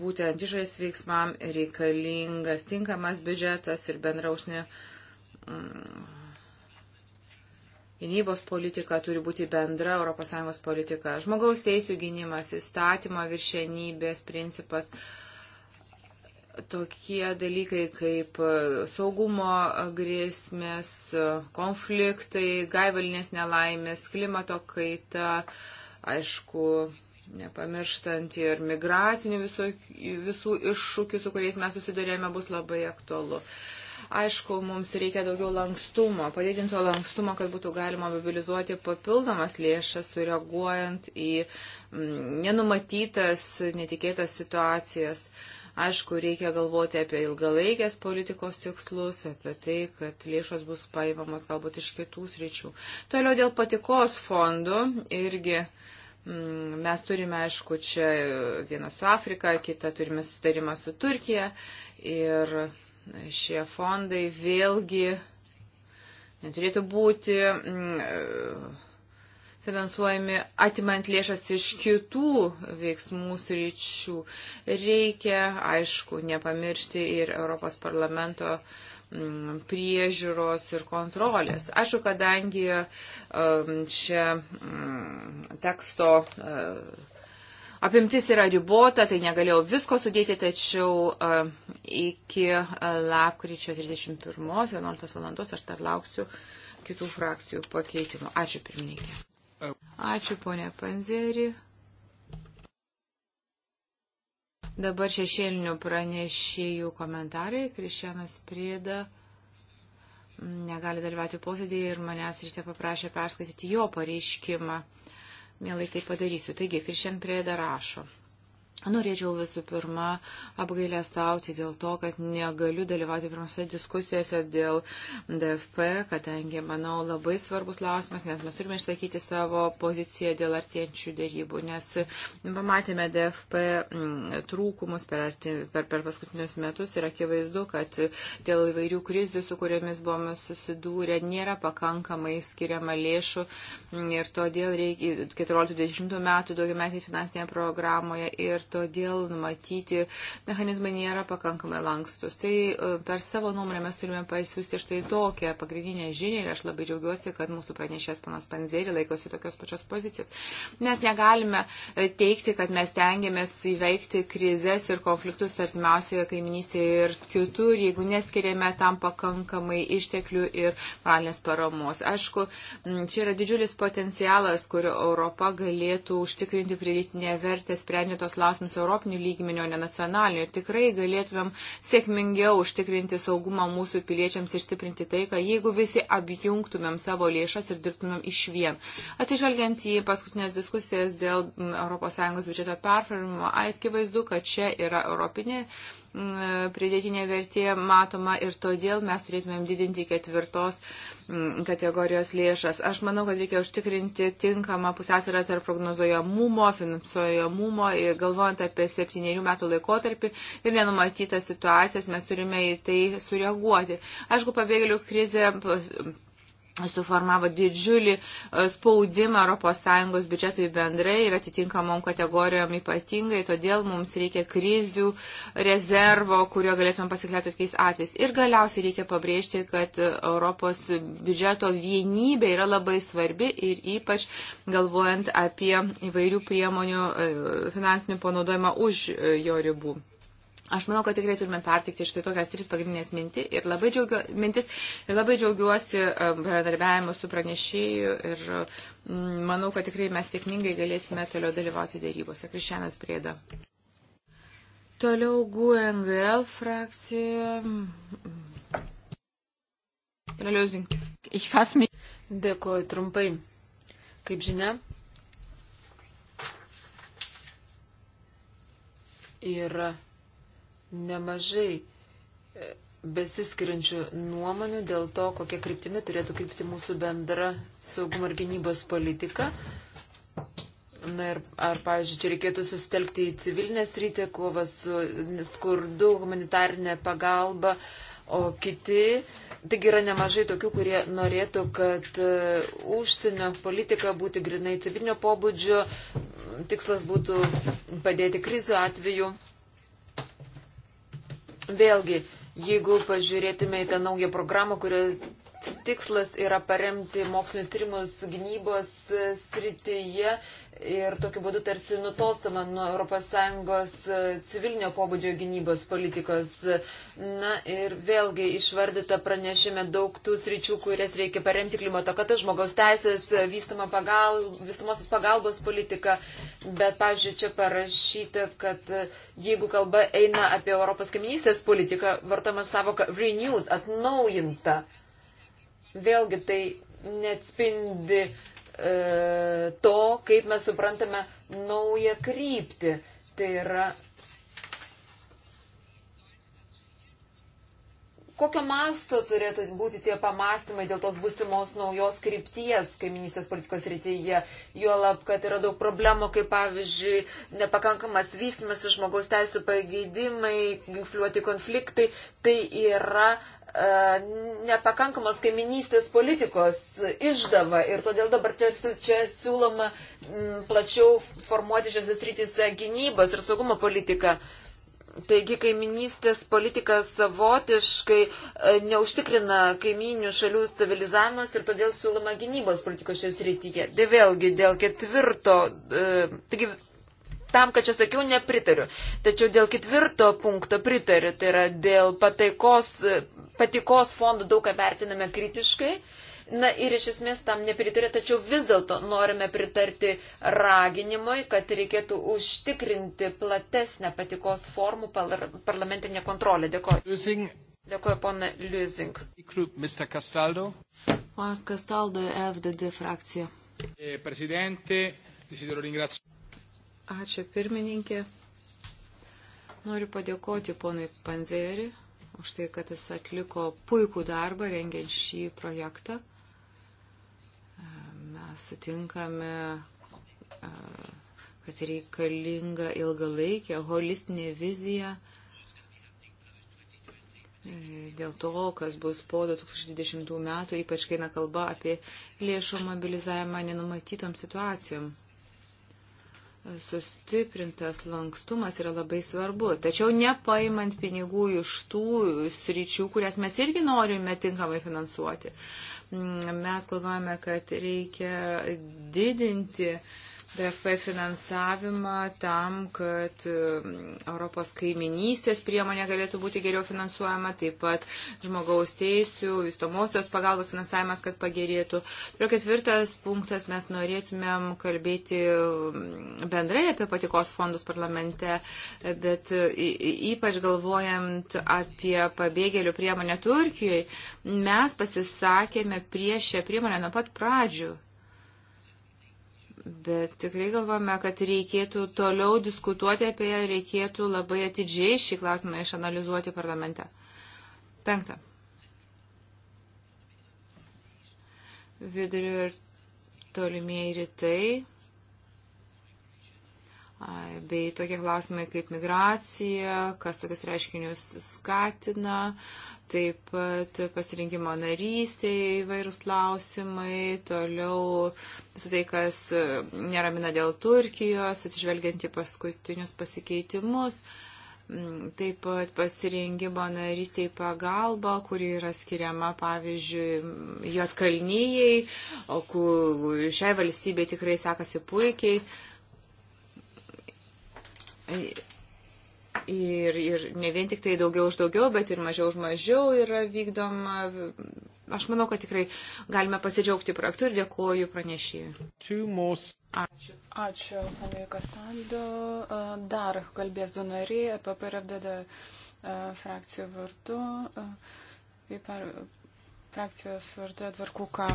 būtent išorės veiksmam reikalingas tinkamas biudžetas ir bendra užsienio mm, gynybos politika turi būti bendra ES politika. Žmogaus teisų gynimas, įstatymo viršenybės principas. Uh, tokie dalykai kaip e, saugumo grėsmės, e, konfliktai, gaivalinės nelaimės, klimato kaita, aišku, nepamirštant ir migracinių visų, visų iššūkių, su kuriais mes susidurėjome, bus labai aktualu. Aišku, mums reikia daugiau lankstumo, padidinto lankstumo, kad būtų galima mobilizuoti papildomas lėšas, sureaguojant į mm, nenumatytas, netikėtas situacijas. Uh, Aišku, reikia galvoti apie ilgalaikės politikos tikslus, apie tai, kad lėšos bus paimamos galbūt iš kitų sričių. Toliau dėl patikos fondų irgi. Mm, mes turime, aišku, čia vieną su Afrika, kitą turime sutarimą su Turkija ir šie fondai vėlgi neturėtų būti. Mm, finansuojami atimant lėšas iš kitų veiksmų sričių. Reikia, aišku, nepamiršti ir Europos parlamento mm, priežiūros ir kontrolės. Aišku, kadangi čia um, mm, teksto uh, apimtis yra ribota, tai negalėjau visko sudėti, tačiau uh, iki uh, lapkričio 31.11 val. aš dar lauksiu kitų frakcijų pakeitimų. Ačiū pirmininkė. Ačiū, ponė Panzeri. Dabar šešėlinių pranešėjų komentarai. Krišianas Prieda negali dalyvauti posėdėje ir manęs ryte paprašė perskaityti jo pareiškimą. Mielai tai padarysiu. Taigi, Krišian Prieda rašo. Norėčiau visų pirma apgailę stauti dėl to, kad negaliu dalyvauti pirmose diskusijose dėl DFP, kadangi, manau, labai svarbus klausimas, nes mes turime išsakyti savo poziciją dėl artėjančių dėrybų, nes pamatėme DFP mm, trūkumus per, arti, per, per paskutinius metus ir akivaizdu, kad dėl įvairių krizių, su kuriamis buvome susidūrę, nėra pakankamai skiriama lėšų ir todėl reikia 14-20 metų daugiametį finansinėje programoje ir todėl numatyti mechanizmai nėra pakankamai lankstus. Tai e, per savo nuomonę mes turime pasiūsti štai tokią pagrindinę žinią ir aš labai džiaugiuosi, kad mūsų pranešės panas Panzerį laikosi tokios pačios pozicijos. Mes negalime e, teikti, kad mes tengiamės įveikti krizės ir konfliktus artimiausioje kaiminystėje ir kitur, jeigu neskiriame tam pakankamai išteklių ir moralinės paramos. Aišku, čia yra didžiulis potencialas, kurio Europa galėtų užtikrinti pridėtinę vertę, sprendžiant tos klausimus klausimus europinių lygmenio, ne nacionalinių. Ir tikrai galėtumėm sėkmingiau užtikrinti saugumą mūsų piliečiams ir stiprinti taiką, jeigu visi apjungtumėm savo lėšas ir dirbtumėm iš vien. Atsižvelgiant į paskutinės diskusijas dėl mm, ES biudžeto performimo, akivaizdu, kad čia yra europinė Mm, pridėtinė vertė matoma ir todėl mes turėtumėm didinti ketvirtos mm, kategorijos lėšas. Aš manau, kad reikia užtikrinti tinkamą pusiausvyrą tarp prognozuojamumo, finansuojamumo, galvojant apie septyniarių metų laikotarpį ir nenumatytas situacijas, mes turime į tai sureaguoti. Aišku, pabėgėlių krizė suformavo didžiulį e, spaudimą ES biudžetui bendrai ir atitinkamom kategorijom ypatingai, todėl mums reikia krizių rezervo, kurio galėtume pasikliauti tokiais atvejais. Ir galiausiai reikia pabrėžti, kad Europos biudžeto vienybė yra labai svarbi ir ypač galvojant apie įvairių priemonių e, finansinių panaudojimą už e, jo ribų. Aš manau, kad tikrai turime pertikti štai tokias tris pagrindinės minti ir labai džiaugio, mintis ir labai džiaugiuosi e, bendradarbiavimu su pranešėju ir mm, manau, kad tikrai mes sėkmingai galėsime toliau dalyvauti dėrybose. Krišianas Prieda. Toliau GUNGL frakcija. Dėkuoju trumpai. Kaip žinia, yra. Ir nemažai e, besiskiriančių nuomonių dėl to, kokie kryptimi turėtų krypti mūsų bendra saugumo ir gynybos politika. Na ir ar, pavyzdžiui, čia reikėtų susitelkti į civilinę sritį, kovą su skurdu, humanitarinę pagalbą, o kiti. Taigi yra nemažai tokių, kurie norėtų, kad e, užsienio politika būtų grinai civilinio pobūdžio, tikslas būtų padėti krizių atveju Vėlgi, jeigu pažiūrėtume į tą naują programą, kuri tikslas yra paremti mokslinis tyrimus gynybos srityje ir tokiu būdu tarsi nutolstama nuo ES civilinio pobūdžio gynybos politikos. Na ir vėlgi išvardyta pranešime daug tų sričių, kurias reikia paremti klimato kata, žmogaus teisės, vystuma pagal, vystumosios pagalbos politika. Bet, pavyzdžiui, čia parašyta, kad jeigu kalba eina apie Europos kaiminystės politiką, vartama savoka renewed, atnaujinta vėlgi tai neatspindi e, to, kaip mes suprantame naują kryptį. Tai yra, kokio masto turėtų būti tie pamastymai dėl tos būsimos naujos krypties kaiminystės politikos rytyje, juolab, kad yra daug problemų, kaip pavyzdžiui, nepakankamas vystimas, žmogaus teisų pageidimai, ginkliuoti konfliktai, tai yra E, nepakankamos kaiminystės politikos išdava ir todėl dabar čia, čia siūloma m, plačiau formuoti šiose srityse gynybos ir saugumo politiką. Taigi kaiminystės politika savotiškai e, neužtikrina kaiminių šalių stabilizavimas ir todėl siūloma gynybos politikos šią srityje. Tai vėlgi dėl ketvirto, e, taigi tam, kad čia sakiau, nepritariu. Tačiau dėl ketvirto punkto pritariu, tai yra dėl pataikos, patikos fondų daug ką vertiname kritiškai. Na ir iš esmės tam nepritarė, tačiau vis dėlto norime pritarti raginimui, kad reikėtų užtikrinti platesnę patikos formų parlamentinę kontrolę. Dėkoju. Dėkoju, pona Liuzing. Mr. Castaldo. Ponas Castaldo, FDD frakcija. Eh, presidente, desidero ringraziare. Ačiū pirmininkė. Noriu padėkoti ponui Panzerį už tai, kad jis atliko puikų darbą rengiant šį projektą. Mes sutinkame, kad reikalinga ilgalaikė, holistinė vizija dėl to, kas bus po 2020 metų, ypač kai na kalba apie lėšų mobilizavimą nenumatytom situacijom sustiprintas lankstumas yra labai svarbu, tačiau nepaimant pinigų iš tų sričių, kurias mes irgi norime tinkamai finansuoti. Mes galvojame, kad reikia didinti uh, DFP finansavimą tam, kad e, Europos kaiminystės priemonė galėtų būti geriau finansuojama, taip pat žmogaus teisų, vystomosios pagalbos finansavimas, kad pagerėtų. Prie ketvirtas punktas mes norėtumėm kalbėti bendrai apie patikos fondus parlamente, bet e, e, ypač galvojant apie pabėgėlių priemonę Turkijoje, mes pasisakėme prieš šią priemonę nuo pat pradžių Bet tikrai galvojame, kad reikėtų toliau diskutuoti apie ją, reikėtų labai atidžiai šį klausimą išanalizuoti parlamente. Penkta. Vidurio ir tolimieji rytai. Bei tokie klausimai kaip migracija, kas tokius reiškinius skatina, uh, taip pat pasirinkimo narystė įvairūs klausimai, toliau visą tai, kas e, neramina dėl Turkijos, atsižvelgiant į paskutinius pasikeitimus, mm, taip pat pasirinkimo narystė į pagalbą, kuri yra skiriama, pavyzdžiui, Jotkalnyjei, o šiai valstybei tikrai sekasi puikiai Ir, ir ne vien tik tai daugiau už daugiau, bet ir mažiau už mažiau yra vykdoma. Aš manau, kad tikrai galime pasidžiaugti projektu ir dėkuoju pranešėjui. Ačiū. Ačiū, ponai Kastaldo. Dar kalbės du nariai, e PPRFDD frakcijų vardu, frakcijos vardu atvarkuką.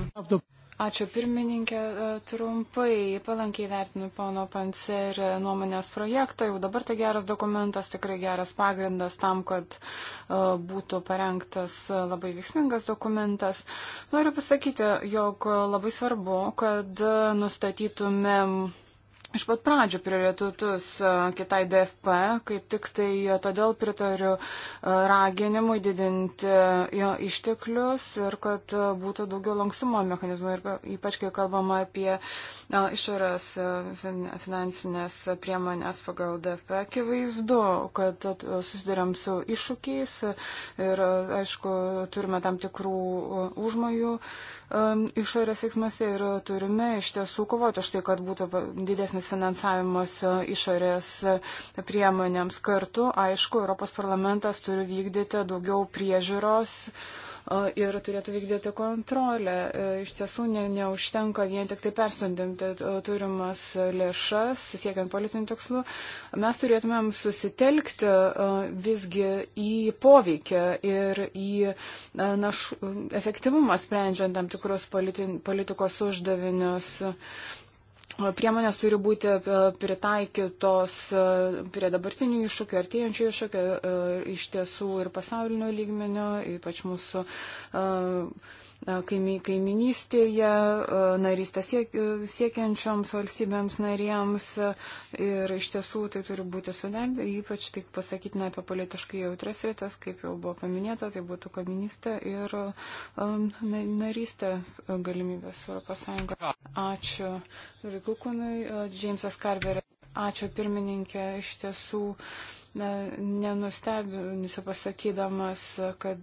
Ačiū pirmininkė, e, trumpai palankiai vertinu pono Pancer nuomonės projektą, jau dabar tai geras dokumentas, tikrai geras pagrindas tam, kad e, būtų parengtas labai veiksmingas dokumentas. Noriu pasakyti, jog labai svarbu, kad e, nustatytumėm iš pat pradžių prioritetus e, kitai DFP, kaip tik tai e, todėl pritariu e, raginimui didinti išteklius ir kad būtų daugiau lankstumo mechanizmų, ir ypač kai kalbama apie išorės finansinės priemonės pagal DFP. Akivaizdu, kad susidurėm su iššūkiais ir, aišku, turime tam tikrų užmojų išorės veiksmuose ir turime iš tiesų kovoti už tai, kad būtų didesnis išorės finansavimas išorės priemonėms. Kartu, aišku, Europos parlamentas turi vykdyti daugiau priežiūros e, ir turėtų vykdyti kontrolę. E, iš tiesų ne, neužtenka vien tik tai perstumdinti e, turimas lėšas, siekiant politinių tikslų. Mes turėtumėm susitelkti visgi į poveikį ir į naš, efektyvumą sprendžiant tam tikrus politin, politikos uždavinius priemonės turi būti e, pritaikytos e, prie dabartinių iššūkių, artėjančių iššūkių e, iš tiesų ir pasaulinio lygmenio, ypač mūsų uh, kaiminystėje, narystę siekiančioms valstybėms narėms ir iš tiesų tai turi būti suderinta, ypač tai pasakytina apie politiškai jautres rytas, kaip jau buvo paminėta, tai būtų kaiminystė ir um, narystės galimybės Europos Sąjungoje. Ačiū Rikukūnui, Džeimsas Karveris. Ačiū pirmininkė, iš tiesų. Uh, ne, nenustebinsiu pasakydamas, kad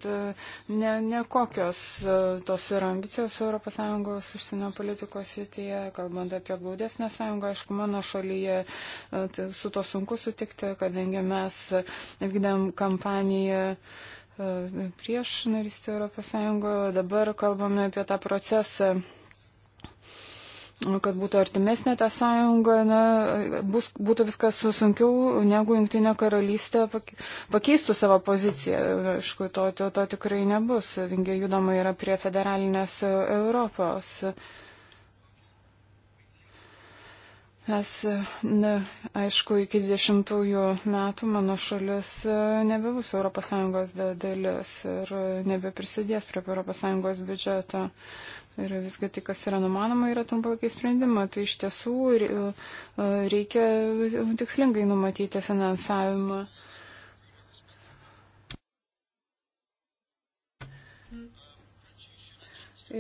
ne, ne kokios e, tos yra ambicijos ES užsienio politikos srityje, kalbant apie glaudesnę sąjungą, aišku, mano šalyje e, tai su to sunku sutikti, kadangi mes vykdėm kampaniją e, prieš narystę ES, dabar kalbame apie tą procesą kad būtų artimesnė ta sąjunga, na, bus, būtų viskas sunkiau, negu Junktinė karalystė pakeistų savo poziciją. Aišku, to, to, to tikrai nebus, vingiai judama yra prie federalinės Europos. Mes, ne, aišku, iki 20 metų mano šalis e, nebebus ES dalis ir nebeprisidės prie ES biudžeto. Ir visgi tai, kas yra numanoma, yra trumpalaikiai sprendimai. Tai iš tiesų e, e, reikia tikslingai numatyti finansavimą.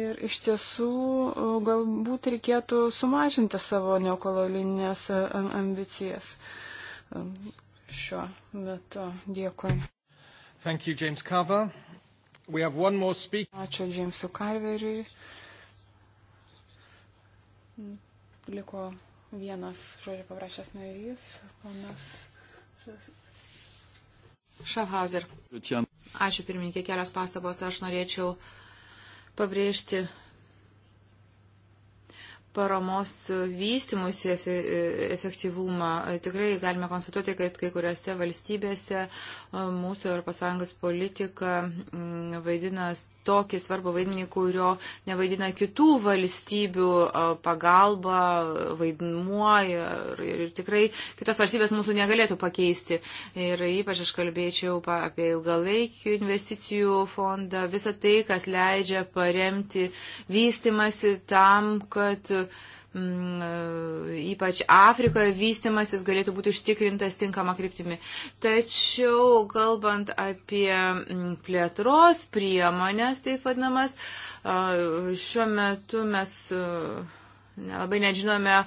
Ir iš tiesų e, galbūt reikėtų sumažinti savo neokololinės ambicijas šiuo metu. Dėkui. Thank you, James Carver. We have one more speaker. Ačiū Jamesui Carveriui. Liko vienas žodžio paprašęs narys, ponas Šafhauser. Ačiū pirmininkė, kelios pastabos. Aš norėčiau pabrėžti paramos vystimusi efektyvumą. Tikrai galime konstatuoti, kad kai kuriuose valstybėse mūsų ES politika vaidina tokį svarbą vaidmenį, kurio nevaidina kitų valstybių pagalba, vaidmuo ir, ir tikrai kitos valstybės mūsų negalėtų pakeisti. Ir ypač aš kalbėčiau apie ilgalaikių investicijų fondą, visą tai, kas leidžia paremti vystimasi tam, kad uh, Mm, e, ypač Afrikoje vystimasis galėtų būti užtikrintas tinkama kryptimi. Tačiau, kalbant apie mm, plėtros priemonės, taip vadinamas, e, šiuo metu mes e, nelabai nežinome,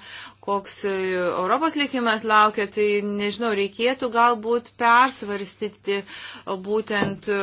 koks e, Europos likimas laukia, tai nežinau, reikėtų galbūt persvarstyti būtent e,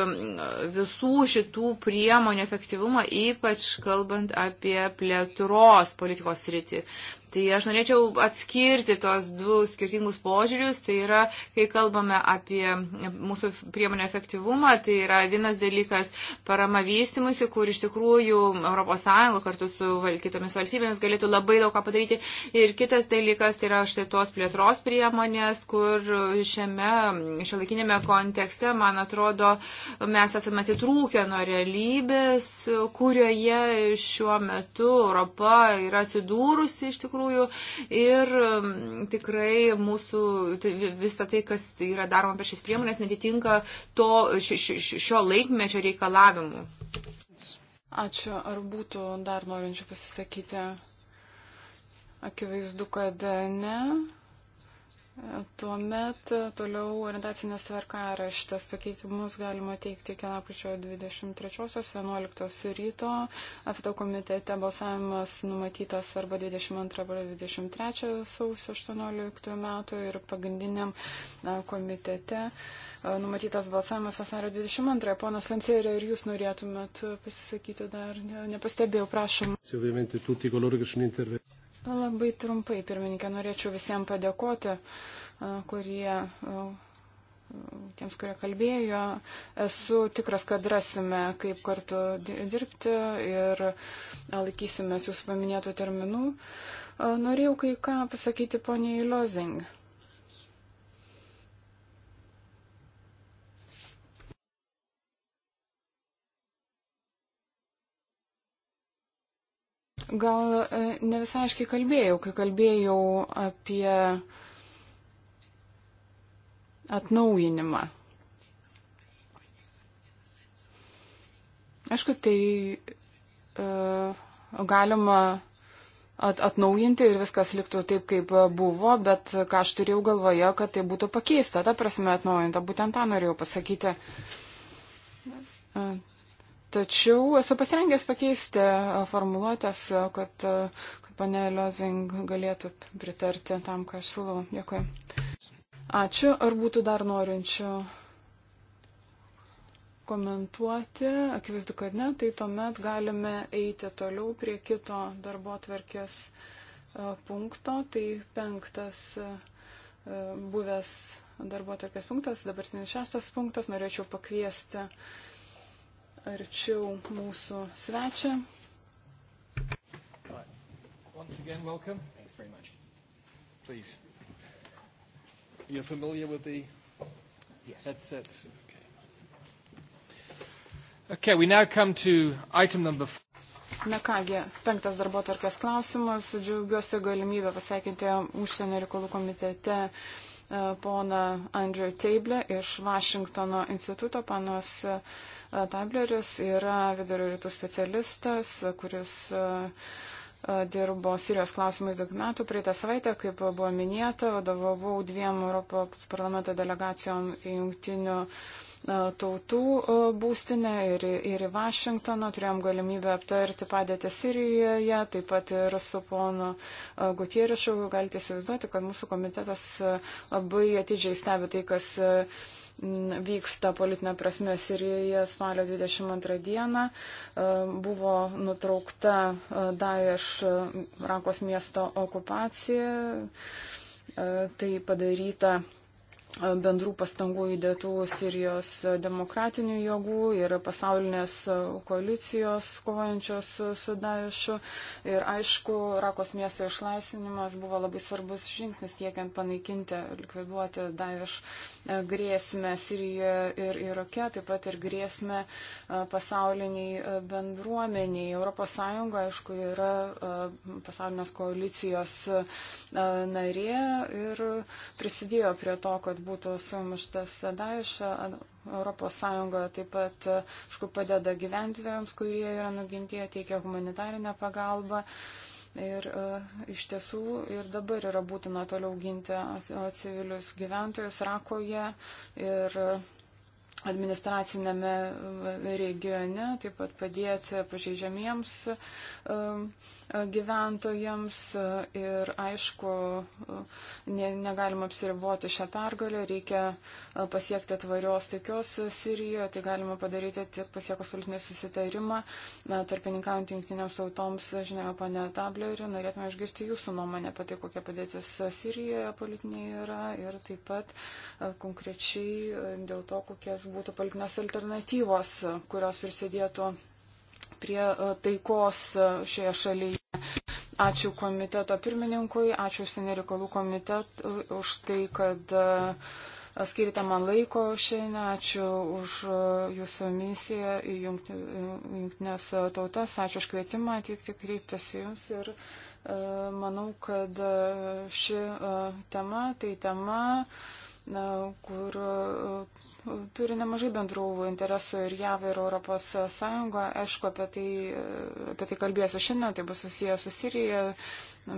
visų šitų priemonių efektyvumą, ypač kalbant apie plėtros politikos sritį. Tai aš norėčiau atskirti tos du skirtingus požiūrius. Tai yra, kai kalbame apie mūsų priemonę efektyvumą, tai yra vienas dalykas parama vystimusi, kur iš tikrųjų ES kartu su kitomis valstybėmis galėtų labai daug ką padaryti. Ir kitas Kitas dalykas tai yra štai tos plėtros priemonės, kur šiame šiolikinėme kontekste, man atrodo, mes esame atitrūkę nuo realybės, kurioje šiuo metu Europa yra atsidūrusi iš tikrųjų ir mm, tikrai mūsų tai visą tai, kas yra daroma per šis priemonės, netitinka to šio laikmečio reikalavimų. Ačiū. Ar būtų dar norinčių pasisakyti? Akivaizdu, kad ne. Tuomet toliau orientacinės tvarkaraštas pakeitimus galima teikti iki lapkričio 23.11 ryto. Afito komitete balsavimas numatytas arba 22-23 sausio 18 metų ir pagrindiniam komitete numatytas balsavimas vasario 22. Ponas Lancerė, ir jūs norėtumėt pasisakyti dar, nepastebėjau, prašom. Labai trumpai, pirmininkė, norėčiau visiems padėkoti, kurie, tiems, kurie kalbėjo. Esu tikras, kad rasime, kaip kartu dirbti ir laikysime jūsų paminėtų terminų. Norėjau kai ką pasakyti poniai Lozing gal e, ne visai aiškiai kalbėjau, kai kalbėjau apie atnaujinimą. Aišku, tai uh, galima at, atnaujinti ir viskas liktų taip, kaip buvo, bet ką aš turėjau galvoje, kad tai būtų pakeista, ta prasme atnaujinta, būtent tą norėjau pasakyti. Uh, Tačiau esu pasirengęs pakeisti formuluotės, kad, kad pane Liozing galėtų pritarti tam, ką aš siūlau. Dėkui. Ačiū. Ar būtų dar norinčių komentuoti? Akivaizdu, kad ne. Tai tuomet galime eiti toliau prie kito darbo atverkės punkto. Tai penktas buvęs darbo atverkės punktas, dabartinis šeštas punktas. Norėčiau pakviesti arčiau mūsų svečią. Once again, welcome. Thanks very much. Please. You're familiar with the yes. headset? Okay. okay, we now come to item number four. Na kągi, penktas darbo tvarkės klausimas. Džiaugiuosi galimybę pasveikinti užsienio reikalų komitete uh, E, pona Andrew Table iš Vašingtono instituto. Panas e, Tableris yra vidurio rytų specialistas, kuris e, dirbo Sirijos klausimais daug metų. Praeitą savaitę, kaip buvo minėta, vadovavau dviem Europos parlamento delegacijom į jungtinių E, tautų e, būstinę ir, ir į Vašingtoną, turėjom galimybę aptarti padėtį Sirijoje, taip pat ir su ponu e, Gutierišu. Galite įsivaizduoti, kad mūsų komitetas labai atidžiai stebi tai, kas vyksta politinė prasme Sirijoje spalio 22 dieną. Buvo nutraukta Daesh Rakos miesto okupacija. Tai padaryta bendrų pastangų įdėtų Sirijos demokratinių jėgų ir pasaulinės koalicijos kovojančios su Daešu. Ir aišku, Rakos miesto išlaisvinimas buvo labai svarbus žingsnis tiekiant panaikinti, likviduoti Daeš e, grėsmę Sirijoje ir Irake, taip pat ir grėsmę e, pasauliniai e, bendruomeniai. ES, aišku, yra pasaulinės koalicijos narė ir prisidėjo prie to, kad kad būtų sumuštas Daesh. Europos Sąjunga taip pat, e, aišku, padeda gyventojams, kurie yra nugintieji, teikia humanitarinę pagalbą. Ir uh, iš tiesų ir dabar yra būtina toliau ginti civilius gyventojus Rakoje ir uh, administracinėme e, regione, taip pat padėti pažeidžiamiems e, e, gyventojams ir aišku, ne, negalima apsiriboti šią pergalę, reikia pasiekti tvarios taikios Sirijoje, tai galima padaryti tik pasiekus politinį susitarimą, tarpininkaujant jungtiniams tautoms, žinoma, pane Tableriu, norėtume išgirsti jūsų nuomonę apie tai, kokia padėtis Sirijoje politinė yra ir taip pat konkrečiai dėl to, kokias būtų paliknas alternatyvos, kurios prisidėtų prie e, taikos e, šioje šalyje. Ačiū komiteto pirmininkui, ačiū užsienio reikalų komitet už tai, kad e, skirite man laiko šiandien, ačiū už jūsų misiją į jungtinės tautas, ačiū už kvietimą atvykti kreiptis į jūs ir manau, kad ši tema tai tema kur e, turi nemažai bendrų interesų ir JAV, ir Europos Sąjunga. Aišku, apie tai, e, apie tai kalbėsiu šiandien, tai bus susijęs su Sirija,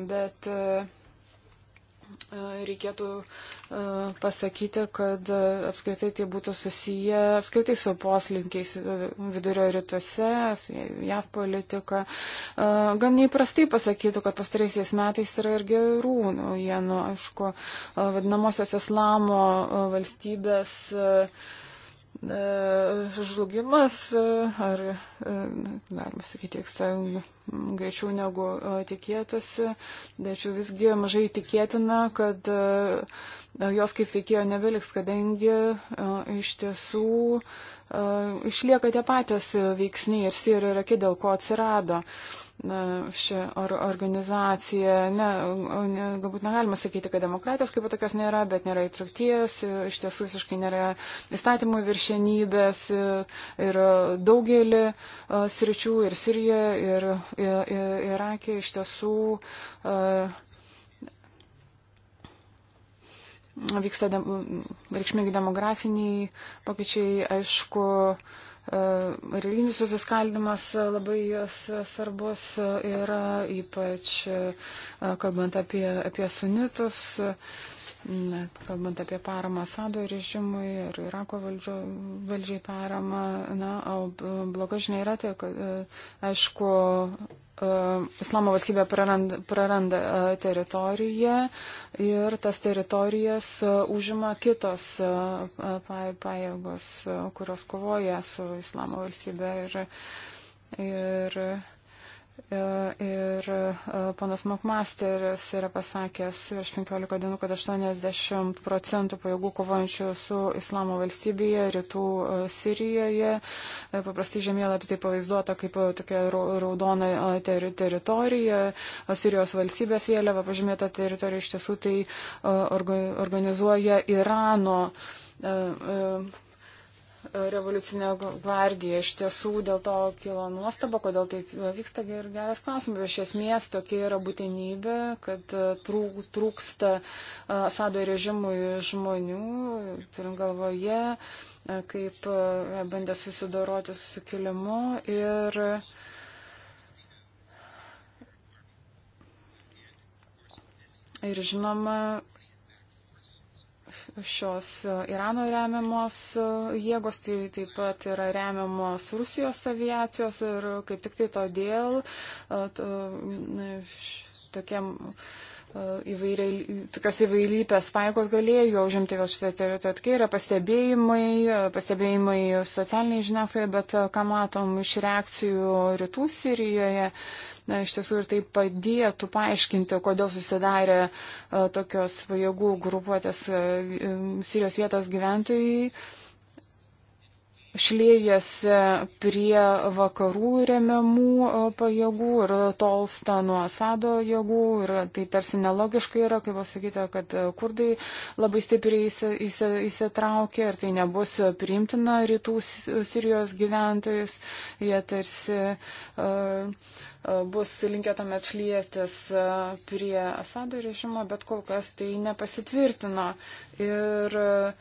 bet uh, E, reikėtų e, pasakyti, kad e, apskritai tai būtų susiję apskritai su poslinkiais vidurio rytuose, JAV politika. Gan neįprastai pasakytų, kad pastaraisiais metais yra ir gerų naujienų, aišku, vadinamosios islamo valstybės. Uh, E, žlugimas, e, ar e, galima sakyti, vyksta greičiau negu tikėtasi, tačiau visgi mažai tikėtina, kad jos kaip veikėjo nebeliks, kadangi iš tiesų išlieka tie patys veiksniai ir Sirijoje ir Irake, dėl ko atsirado. Uh, na, ši or, organizacija, ne, ne, galbūt negalima sakyti, kad demokratijos kaip tokios nėra, bet nėra įtraukties, iš tiesų visiškai nėra įstatymų viršenybės ir daugelį sričių ir Sirijoje, ir, ir, ir Irake iš tiesų. Uh, Vyksta de, reikšmingi demografiniai pokyčiai, aišku, uh, E, religinis susiskaldimas labai svarbus yra, ypač e, kalbant apie, apie sunitus. Uh, Net kalbant apie paramą Sado režimui ir Irako valdžio, valdžiai paramą, na, o bloga žinia yra tai, kad, e, aišku, e, Islamo valstybė praranda, praranda e, teritoriją ir tas teritorijas užima kitos pajėgos, kurios kovoja su Islamo valstybė. Ir, ir E, ir e, panas Makmasteris yra pasakęs prieš 15 dienų, kad 80 procentų pajėgų kovojančių su Islamo valstybėje, rytų e, Sirijoje, paprastai žemėlapį tai pavaizduota kaip tokia raudona ter teritorija, Sirijos valstybės vėliava pažymėta teritorija iš tiesų tai organizuoja Irano revoliucinė gvardija. Iš tiesų dėl to kilo nuostaba, kodėl taip vyksta ir geras klausimas. Iš esmės tokia yra būtinybė, kad e, trūk, trūksta e, Asado režimui žmonių, turim galvoje, e, kaip bandė susidoroti su sukilimu ir Ir žinoma, šios e, Irano remiamos e, jėgos, tai taip pat yra remiamos Rusijos aviacijos ir kaip tik tai todėl e, to, tokiam tokios įvailypės paėgos galėjo užimti vėl šitą teritoriją. Tokie yra pastebėjimai, pastebėjimai socialiniai žiniasklaidai, bet ką matom iš reakcijų rytų Sirijoje, uh, na, iš tiesų ir tai padėtų paaiškinti, kodėl susidarė e, tokios pajėgų grupuotės e, e, Sirijos vietos gyventojai šlėjasi prie vakarų remiamų pajėgų ir tolsta nuo Asado jėgų. Ir tai tarsi nelogiška yra, kaip pasakyta, kad kurdai labai stipriai įsitraukia ir tai nebus priimtina rytų Sirijos gyventojus. Jie tarsi. Uh, bus linkę tuomet šlietis e, prie Asado režimo, bet kol kas tai nepasitvirtino. Ir e,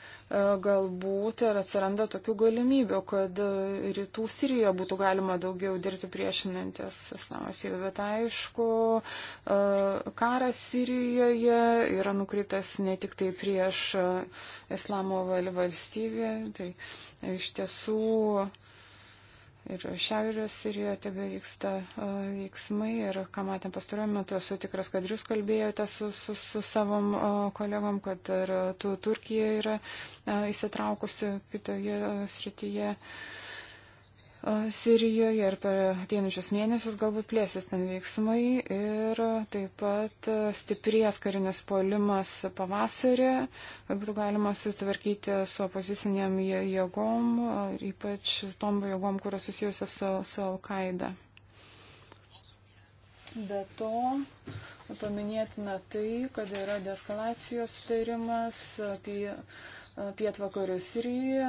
galbūt ir atsiranda tokių galimybių, kad e, rytų Sirijoje būtų galima daugiau dirbti priešinantis islamas. Bet aišku, karas Sirijoje yra nukreiptas ne tik tai prieš islamo valstybę. Tai iš tiesų ir Šiaurės Sirijoje tebe vyksta veiksmai ir ką matėm pastaruoju metu, esu tikras, kad jūs kalbėjote su, su, su savom kolegom, kad ir tu Turkija yra įsitraukusi kitoje srityje. Uh, Sirijoje ir per ateinančius mėnesius galbūt plėsis ten veiksmai ir taip pat stiprės karinis polimas pavasarį, kad būtų galima sutvarkyti su opoziciniam jėgom, ypač tom jėgom, kurios susijusios su, su Al-Qaeda. Be to, paminėtina tai, kad yra deskalacijos tarimas apie pietvakarių Siriją.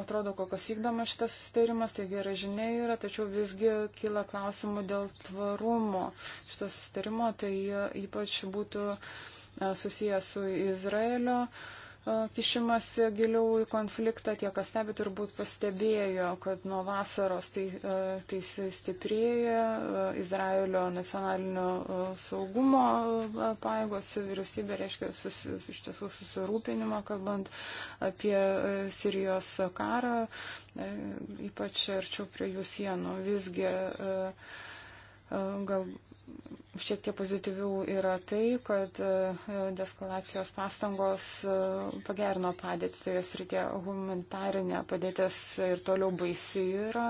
Atrodo, kol kas vykdoma šitas sustarimas, tai gera žinia yra, tačiau visgi kyla klausimų dėl tvarumo šito sustarimo, tai ypač būtų susijęs su Izraelio. Uh, kišimasi giliau į konfliktą, tie, kas stebi, turbūt pastebėjo, kad nuo vasaros tai, tai stiprėja Izraelio nacionalinio saugumo paėgos, vyriausybė reiškia sus, iš tiesų susirūpinimą, kalbant apie Sirijos karą, ypač arčiau prie jų sienų. Visgi, uh, Gal šiek tiek pozityvių yra tai, kad deskalacijos pastangos pagerino padėtį toje srityje. Humanitarinė padėtis ir toliau baisi yra.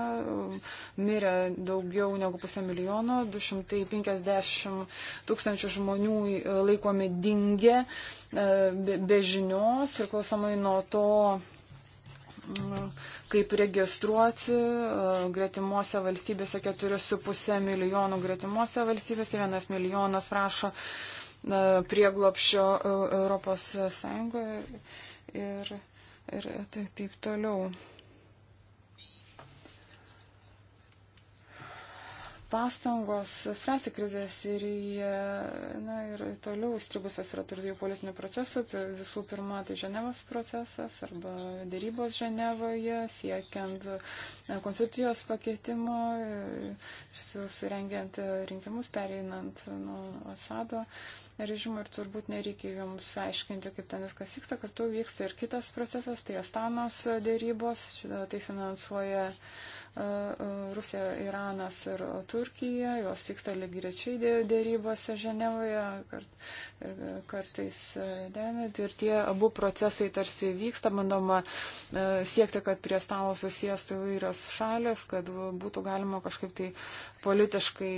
Mirė daugiau negu pusę milijono, 250 tūkstančių žmonių e, laikomi dingę e, be, be žinios, priklausomai nuo to, kaip registruoti e, gretimuose valstybėse 4,5 milijonų gretimuose valstybėse, 1 milijonas prašo e, prieglopščio e, Europos Sąjungoje ir, ir, ir taip, taip toliau. pastangos spręsti krizės ir, jie, na, ir toliau strigusios yra tarp dviejų politinių procesų. Visų pirma, tai Ženevos procesas arba dėrybos Ženevoje, siekiant konstitucijos pakeitimo, surengiant rinkimus, pereinant nuo Asado režimo ir turbūt nereikia jums aiškinti, kaip ten viskas vyksta. Kartu vyksta ir kitas procesas, tai Astanos dėrybos, tai finansuoja E, e, Rusija, Iranas ir Turkija, jos vyksta lygirečiai dėrybose Ženevoje, kart, e, kartais denat ir tie abu procesai tarsi vyksta, bandoma siekti, kad prie stalo susijęstų įvairios šalės, kad būtų galima kažkaip tai politiškai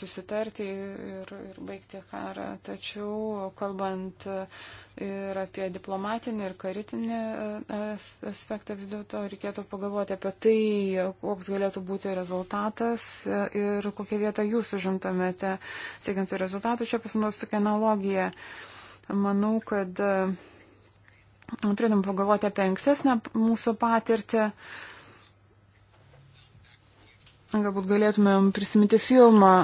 susitarti ir, ir baigti karą. Tačiau, kalbant ir apie diplomatinį ir karitinį e, aspektą vis dėlto reikėtų pagalvoti apie tai, koks galėtų būti rezultatas e, ir kokią vietą jūs užimtumėte siekiant rezultatų. Čia pasinaudos tokia analogija. Manau, kad e, turėtum pagalvoti apie ankstesnę mūsų patirtį. Galbūt galėtumėm prisiminti filmą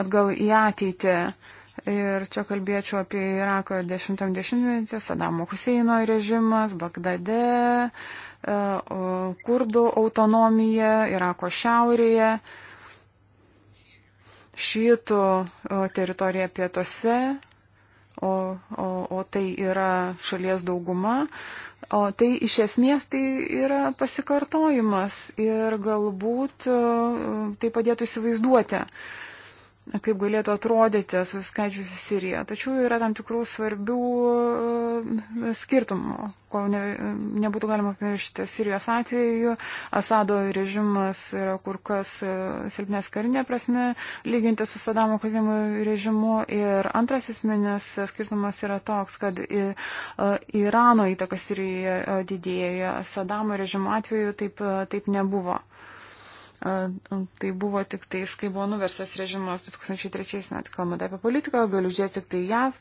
atgal į ateitį Ir čia kalbėčiau apie Irako 10-metį, Sadamo Huseino režimas, Bagdade, e, kurdų autonomija, Irako šiaurėje, šytų teritorija pietuose, o, o, o tai yra šalies dauguma. O tai iš esmės tai yra pasikartojimas ir galbūt tai padėtų įsivaizduoti. Uh, kaip galėtų atrodyti suskaičiusi Siriją. Tačiau yra tam tikrų svarbių e, skirtumų, ko ne, nebūtų galima pamiršti. Sirijos atveju Asado režimas yra kur kas e, silpnės karinė prasme, lyginti su Sadamo Kazimo režimu. Ir antras esminis skirtumas yra toks, kad e, Irano įtaka Sirijoje didėja. Sadamo režimo atveju taip, taip nebuvo tai buvo tik tais, kai buvo nuversas režimas 2003 metais, kalbant apie politiką, galiu žiūrėti tik tai JAV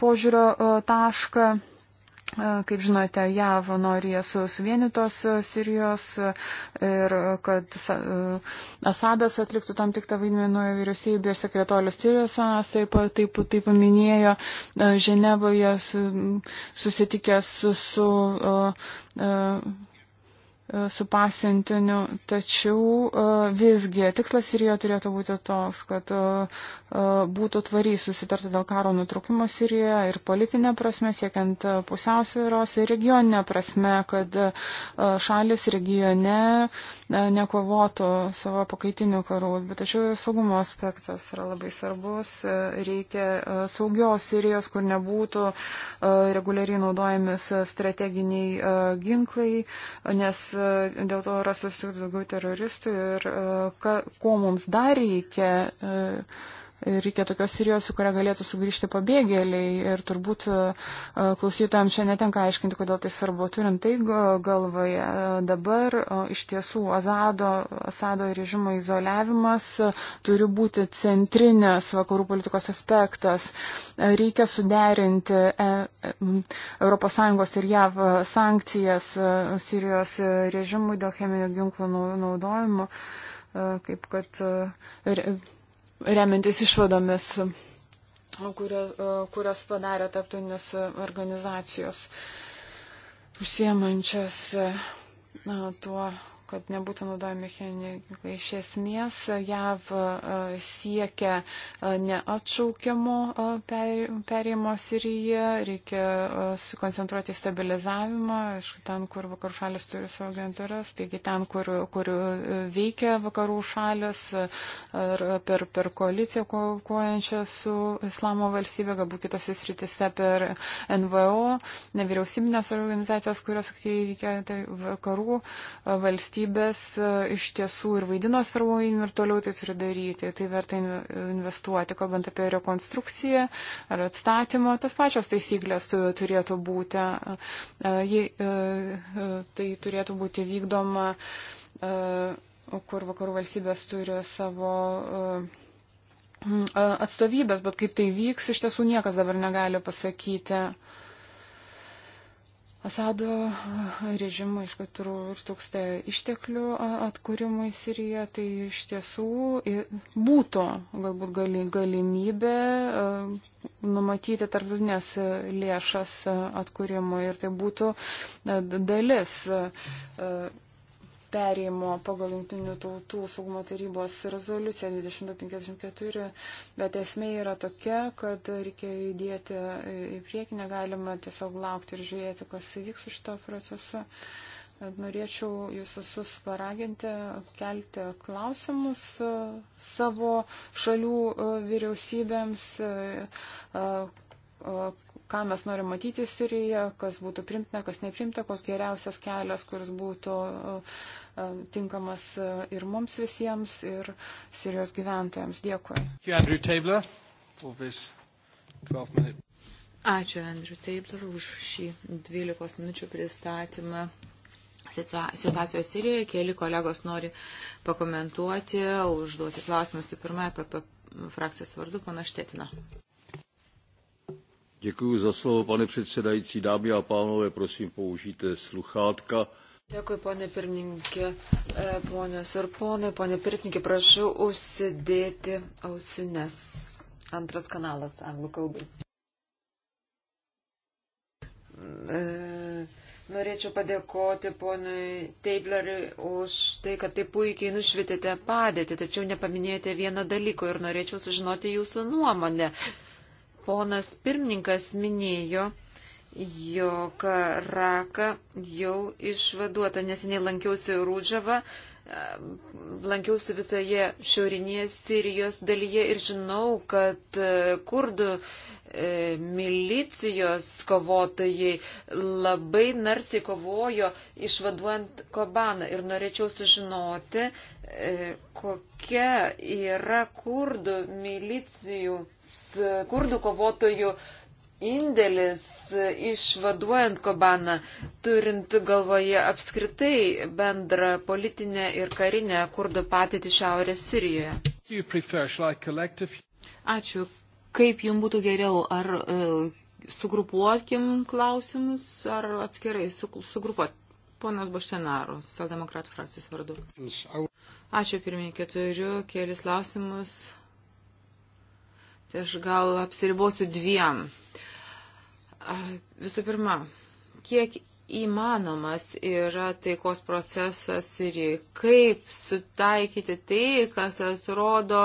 požiūrio tašką. Kaip žinote, JAV nori esu suvienytos Sirijos ir kad Asadas atliktų tam tiktą vaidmenį nuo vyriausybė ir sekretorius Sirijos Asadas taip, taip, taip paminėjo Ženevoje susitikęs su. su, su E, su pasiuntiniu, tačiau e, visgi tikslas ir jo turėtų būti toks, kad e, E, būtų tvariai susitarta dėl karo nutraukimo Sirijoje ir politinė prasme, siekiant e, pusiausvėros ir regioninė prasme, kad e, šalis regione nekovotų savo pakaitinių karų. Bet tačiau saugumo aspektas yra labai svarbus. Reikia saugios Sirijos, kur nebūtų reguliariai naudojami strateginiai ginklai, nes dėl to yra susitikti daugiau teroristų ir ko mums dar reikia. Reikia tokios Sirijos, į kurią galėtų sugrįžti pabėgėliai. Ir turbūt e, klausytojams čia netenka aiškinti, kodėl tai svarbu. Turint tai galvoje, e, dabar iš tiesų Azado, Asado režimo izoliavimas e, turi būti centrinės vakarų politikos aspektas. Reikia suderinti ES ir JAV sankcijas Sirijos režimui dėl cheminio ginklo naudojimo, kaip kad remintis išvadomis, kurias, kurias padarė tarptautinės organizacijos užsiemančias na, tuo kad nebūtų naudojami mechaniniai ginklai. Iš esmės JAV e, siekia e, neatšaukiamo e, perėjimo Siriją, reikia susikoncentruoti į stabilizavimą, aišku, ten, kur vakarų šalis turi savo agentūras, taigi ten, kur, kur veikia vakarų šalis ar per, per koaliciją kovojančią su Islamo valstybė, galbūt kitose sritise per NVO, nevyriausybinės organizacijos, kurios aktyviai veikia tai vakarų valstybė valstybės e, iš tiesų ir vaidino svarbu ir toliau tai turi daryti. Tai verta investuoti, kalbant apie rekonstrukciją ar atstatymą. Tos pačios taisyklės turėtų būti. E, e, tai turėtų būti vykdoma, kur vakarų valstybės turi savo atstovybės, bet kaip tai vyks, iš tiesų niekas dabar negali pasakyti. Asado režimui iš katrų ir tūksta išteklių atkūrimui Siriją, tai iš tiesų būtų galbūt gali, galimybė numatyti tarptautinės lėšas atkūrimui ir tai būtų dalis perėjimo pagal Junktinių tautų saugumo tarybos rezoliuciją 2254, bet esmė yra tokia, kad reikia judėti į priekį, negalima tiesiog laukti ir žiūrėti, kas įvyks už šitą procesą. Norėčiau jūs visus paraginti, kelti klausimus e, savo šalių e, vyriausybėms, e, ką mes norim matyti Sirijoje, kas būtų primtina, kas neprimta, koks geriausias kelias, kuris būtų uh, E, tinkamas e, ir mums visiems, ir Sirijos gyventojams. Dėkui. Ačiū Andrew Tabler už šį 12 minučių pristatymą situacijos Sirijoje. Keli kolegos nori pakomentuoti, užduoti klausimus į pirmąją e PP frakcijos vardu, pana Štetina. Děkuji za slovo, pane předsedající. Dámy a pánové, prosím, použijte sluchátka. Dėkui, ponė pirmininkė, e, ponės ir ponai. Ponė pirmininkė, prašau užsidėti ausines. Antras kanalas anglų kalbai. E, norėčiau padėkoti ponui Teibleriui už tai, kad taip puikiai nušvitėte padėtį, tačiau nepaminėjote vieno dalyko ir norėčiau sužinoti jūsų nuomonę. Ponas pirmininkas minėjo, jog raka jau išvaduota. Neseniai lankiausi Rūdžavą, lankiausi visoje šiaurinėje Sirijos dalyje ir žinau, kad e, kurdų e, milicijos kovotojai labai narsiai kovojo išvaduojant Kobaną ir norėčiau sužinoti, e, kokia yra kurdų milicijų, kurdų kovotojų uh, indėlis išvaduojant Kobaną, turint galvoje apskritai bendrą politinę ir karinę kurdų patirtį Šiaurės Sirijoje? Ačiū. Kaip jums būtų geriau, ar e, sugrupuokim klausimus, ar atskirai su, sugrupuot? Ponas Boštenaro, socialdemokratų frakcijos vardu. Ačiū pirmininkė, turiu kelis klausimus. Tai aš gal apsiribosiu dviem. Uh, Visų pirma, kiek įmanomas yra taikos procesas ir kaip sutaikyti tai, kas atrodo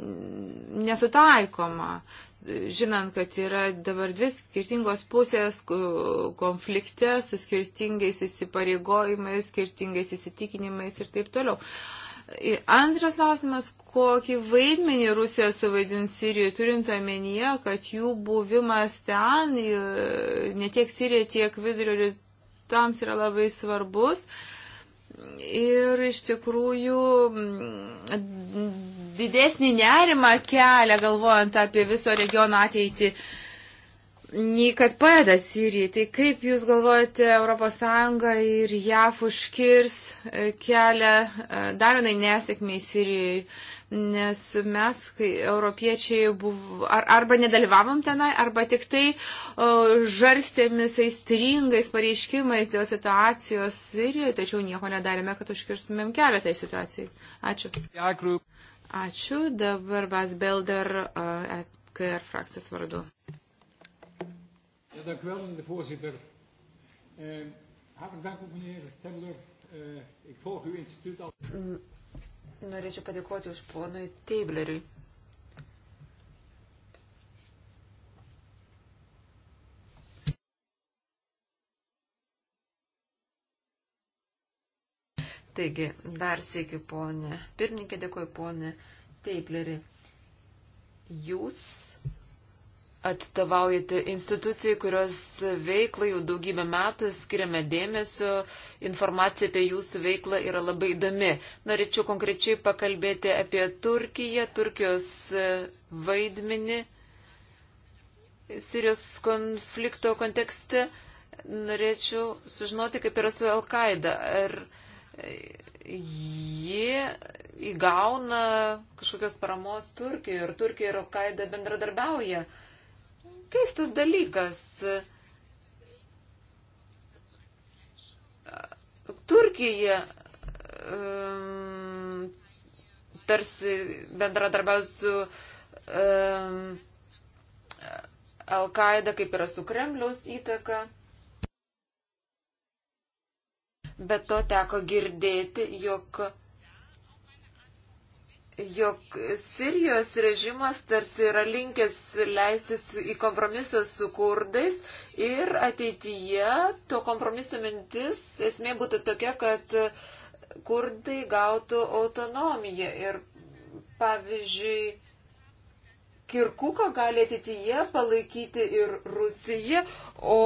nesutaikoma. Žinant, kad yra dabar dvi skirtingos pusės konflikte su skirtingais įsipareigojimais, skirtingais įsitikinimais ir taip toliau. Uh, Antras klausimas, kokį vaidmenį Rusija suvaidins Sirijoje, turint omenyje, kad jų buvimas ten, e, ne tiek Sirijoje, tiek vidurio rytams yra labai svarbus. Ir iš tikrųjų didesnį nerimą kelia, galvojant apie viso regiono ateitį nei kad padeda Sirijai. Tai kaip Jūs galvojate, ES ir JAF užkirs e, kelią e, dar vienai nesėkmiai Sirijai? Nes mes, kai europiečiai, buv, ar, arba nedalyvavom tenai, arba tik tai o, e, žarstėmis aistringais pareiškimais dėl situacijos Sirijoje, tačiau nieko nedarėme, kad užkirstumėm kelią tai situacijai. Ačiū. Ačiū. Dabar Vasbelder, uh, KR frakcijos vardu dank u wel, meneer de voorzitter. Uh, hartelijk dank ook, meneer Tendler. Uh, eh, ik volg uw instituut al. Mm, norėčiau padėkoti už ponui Teibleriui. Taigi, dar sėkiu, ponė. Pirmininkė, dėkoju, ponė Teipleri. Jūs atstovaujate institucijai, kurios veiklai jau daugybę metų skiriame dėmesio, informacija apie jūsų veiklą yra labai įdomi. Norėčiau konkrečiai pakalbėti apie Turkiją, Turkijos e, vaidmenį Sirijos konflikto kontekste. Norėčiau sužinoti, kaip yra su Al-Qaeda. Ar e, ji įgauna kažkokios paramos Turkijoje ir Turkija ir Al-Qaeda bendradarbiauja. Uh, keistas dalykas. Turkija um, tarsi bendradarbiaus su um, Al-Qaeda, kaip yra su Kremliaus įtaka. Bet to teko girdėti, jog jog Sirijos režimas tarsi yra linkęs leistis į kompromisą su kurdais ir ateityje to kompromiso mintis esmė būtų tokia, kad kurdai gautų autonomiją ir pavyzdžiui Kirkuko gali ateityje palaikyti ir Rusija, o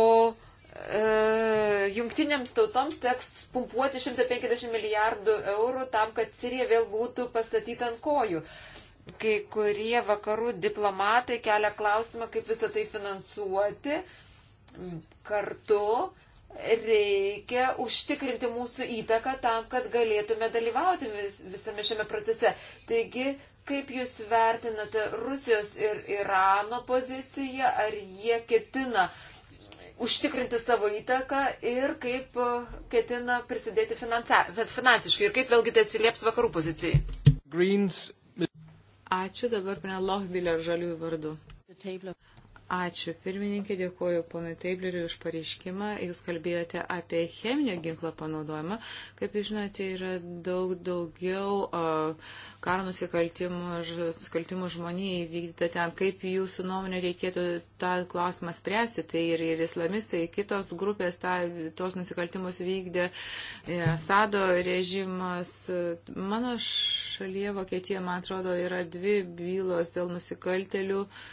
E, jungtinėms tautoms teks pumpuoti 150 milijardų eurų tam, kad Sirija vėl būtų pastatyta ant kojų. Kai kurie vakarų diplomatai kelia klausimą, kaip visą tai finansuoti. Kartu reikia užtikrinti mūsų įtaką tam, kad galėtume dalyvauti vis, visame šiame procese. Taigi, kaip Jūs vertinate Rusijos ir Irano poziciją, ar jie ketina uh, užtikrinti savo įtaką ir kaip e, ketina prisidėti finansia, finansiškai ir kaip vėlgi tai atsilieps vakarų pozicijai. Greens. Ačiū dabar prie Lohbiller žaliųjų vardu. Ačiū pirmininkė, dėkuoju ponui Teibleriui už pareiškimą. Jūs kalbėjote apie cheminio ginklo panaudojimą. Kaip jūs žinote, yra daug daugiau karo nusikaltimų, nusikaltimų žmonijai vykdyta ten. Kaip jūsų nuomonė reikėtų tą klausimą spręsti? Tai ir, ir islamistai, kitos grupės tą, tos nusikaltimus vykdė e, Asado režimas. Mano šalyje, Vokietijoje, man atrodo, yra dvi bylos dėl nusikaltelių. Uh,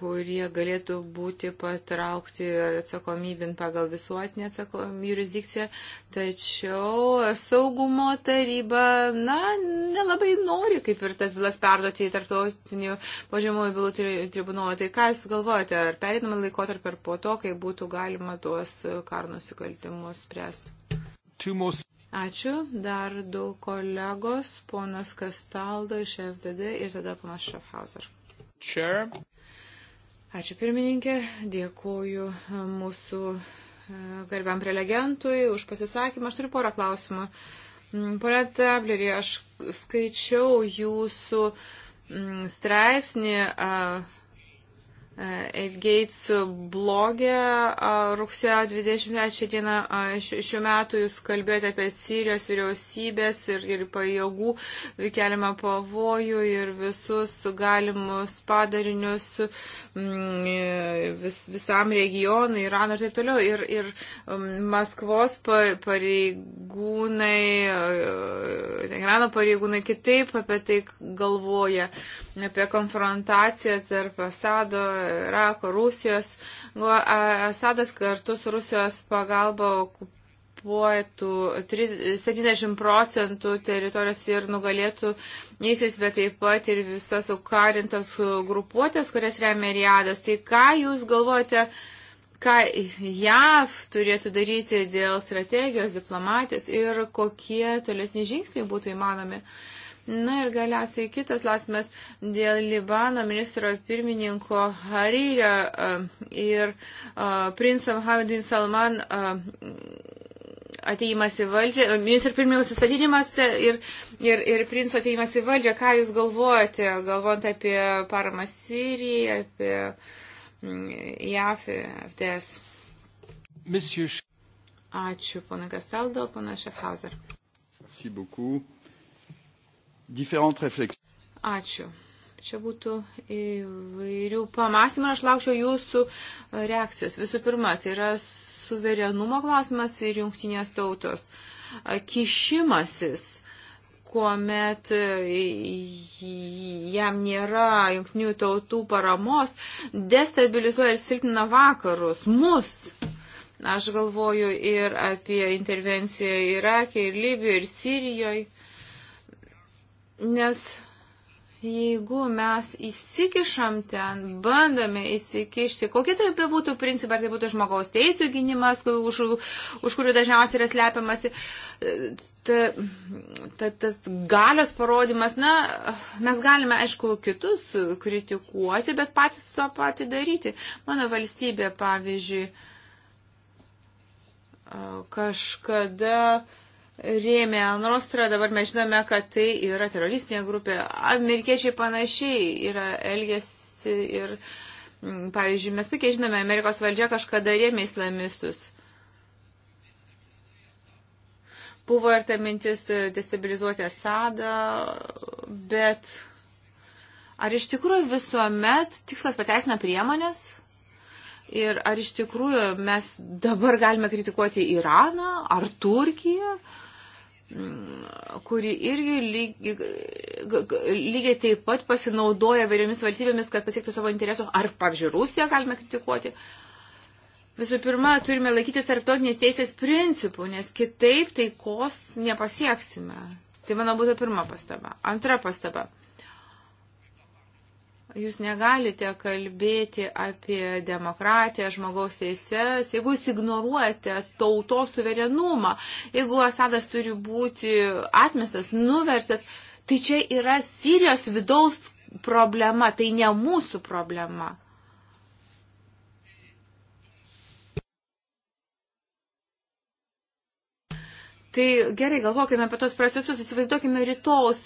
kurie galėtų būti patraukti atsakomybin pagal visuotinę jurisdikciją, tačiau saugumo taryba, na, nelabai nori kaip ir tas bylas perduoti į tarptautinių pažymųjų bylų tribunolą. Tai ką Jūs galvojate, ar pereinamą laikotarpį ar po to, kai būtų galima tuos karo nusikaltimus spręsti? Ačiū. Dar du kolegos, ponas Kastaldo iš FDD ir tada ponas Schaffhauser. Chair. Ačiū pirmininkė, dėkuoju mūsų e, garbiam prelegentui už pasisakymą. Aš turiu porą klausimų. Mm, pone Tablerį, aš skaičiau jūsų mm, straipsnį. Uh, Edgates blogė rugsėjo 23 dieną šių metų jūs kalbėjote apie Sirijos vyriausybės ir, ir pajėgų keliamą pavojų ir visus galimus padarinius mm, vis, visam regionui, Iranui ir taip toliau. Ir, ir Maskvos pareigūnai, Irano pareigūnai kitaip apie tai galvoja, apie konfrontaciją tarp Asado Irako, Rusijos. Asadas kartu su Rusijos pagalba okupuotų 70 procentų teritorijos ir nugalėtų Nysis, bet taip pat ir visas ukarintas grupuotės, kurias remia Riadas. Tai ką jūs galvojate? ką JAV turėtų daryti dėl strategijos, diplomatijos ir kokie tolesni žingsniai būtų įmanomi. Uh, Na ir galiausiai kitas klausimas dėl Libano ministro pirmininko Haryrio e, ir e, princo Mohamed bin Salman e, ateimas į valdžią, ministro pirmininko sustatinimas ir, ir, ir princo ateimas į valdžią. Ką Jūs galvojate, galvojant apie paramą Sirijai, apie JAF, FTS? Monsieur... Ačiū, pana Kasteldo, pana Šefhauser. Merci beaucoup. Ačiū. Čia būtų įvairių pamastymų, aš laukčiau jūsų e, reakcijos. Visų pirma, tai yra suverenumo klausimas ir jungtinės tautos. E, kišimasis kuomet e, jam nėra jungtinių tautų paramos, destabilizuoja ir silpnina vakarus, mus. Aš galvoju ir apie intervenciją Irakė, ir Libijoje, ir Sirijoje. Nes jeigu mes įsikišam ten, bandome įsikišti, kokie tai bebūtų principai, ar tai būtų žmogaus teisų gynimas, už, už kurių dažniausiai yra slepiamasi, ta, ta, tas galios parodimas, na, mes galime, aišku, kitus kritikuoti, bet patys to patį daryti. Mano valstybė, pavyzdžiui, kažkada rėmė Anostrą, dabar mes žinome, kad tai yra teroristinė grupė. Amerikiečiai panašiai yra elgesi ir, mm, pavyzdžiui, mes puikiai žinome, Amerikos valdžia kažkada rėmė islamistus. Buvo ir ta mintis destabilizuoti Asadą, bet ar iš tikrųjų visuomet tikslas pateisina priemonės? Ir ar iš tikrųjų mes dabar galime kritikuoti Iraną ar Turkiją? Uh, kuri irgi lyg, lygiai taip pat pasinaudoja vairiomis valstybėmis, kad pasiektų savo interesų, ar, pavyzdžiui, Rusiją galime kritikuoti. Visų pirma, turime laikytis tarptautinės teisės principų, nes kitaip taikos nepasieksime. Tai, manau, būtų pirma pastaba. Antra pastaba. Jūs negalite kalbėti apie demokratiją, žmogaus teises, jeigu jūs ignoruojate tautos suverenumą, jeigu Asadas turi būti atmestas, nuverstas, tai čia yra Sirijos vidaus problema, tai ne mūsų problema. Tai gerai, galvokime apie tos procesus, įsivaizduokime rytos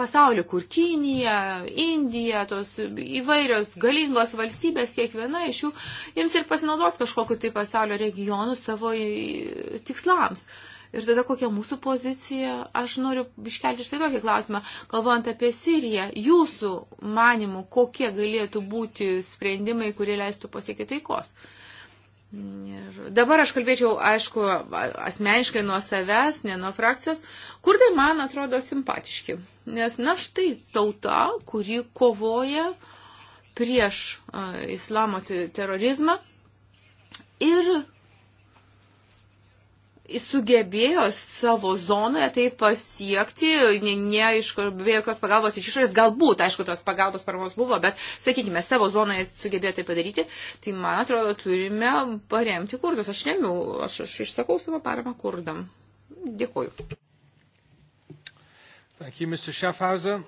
pasaulį, kur Kinija, Indija, tos įvairios galingos valstybės, kiekviena iš jų jiems ir pasinaudos kažkokiu tai pasaulio regionu savo tikslams. Ir tada kokia mūsų pozicija? Aš noriu iškelti štai tokį klausimą. Kalbant apie Siriją, jūsų manimų, kokie galėtų būti sprendimai, kurie leistų pasiekti taikos? Uh, Ir dabar aš kalbėčiau, aišku, asmeniškai nuo savęs, ne nuo frakcijos, kur tai man atrodo simpatiški. Nes, na štai, tauta, kuri kovoja prieš uh, islamo terorizmą ir sugebėjo savo zonoje tai pasiekti, ne, ne iš, be jokios pagalbos iš išorės, galbūt, aišku, tos pagalbos paramos buvo, bet, sakykime, savo zonoje sugebėjo tai padaryti, tai, man atrodo, turime paremti kurdus. Aš nemiu, aš, aš išsakau savo paramą kurdam. Dėkuoju. Thank you, Mr. Schaffhauser.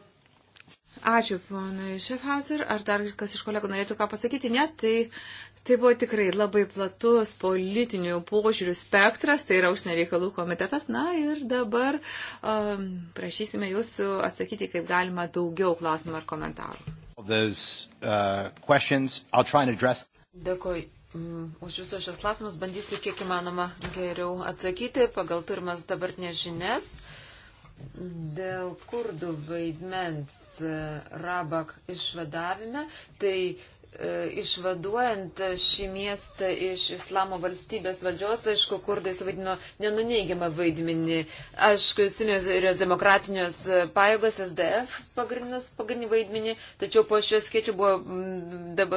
Ačiū, ponai Šefhauser. Ar dar kas iš kolegų norėtų ką pasakyti? Ne, tai Tai buvo tikrai labai platus politinių požiūrių spektras, tai yra užsienio reikalų komitetas. Na ir dabar um, prašysime jūsų atsakyti kaip galima daugiau klausimų ar komentarų. Those, uh, address... Dėkui mm, už visus šios klausimus. Bandysiu kiek įmanoma geriau atsakyti pagal turimas dabartinės žinias. Dėl kurdų vaidmens uh, Rabak išvadavime, tai E, išvaduojant šį miestą iš islamo valstybės valdžios, aišku, kurdai suvaidino nenuneigiamą vaidmenį. Aišku, Sinijos demokratinės pajėgos SDF pagrindinį vaidmenį, tačiau po šios skiečių buvo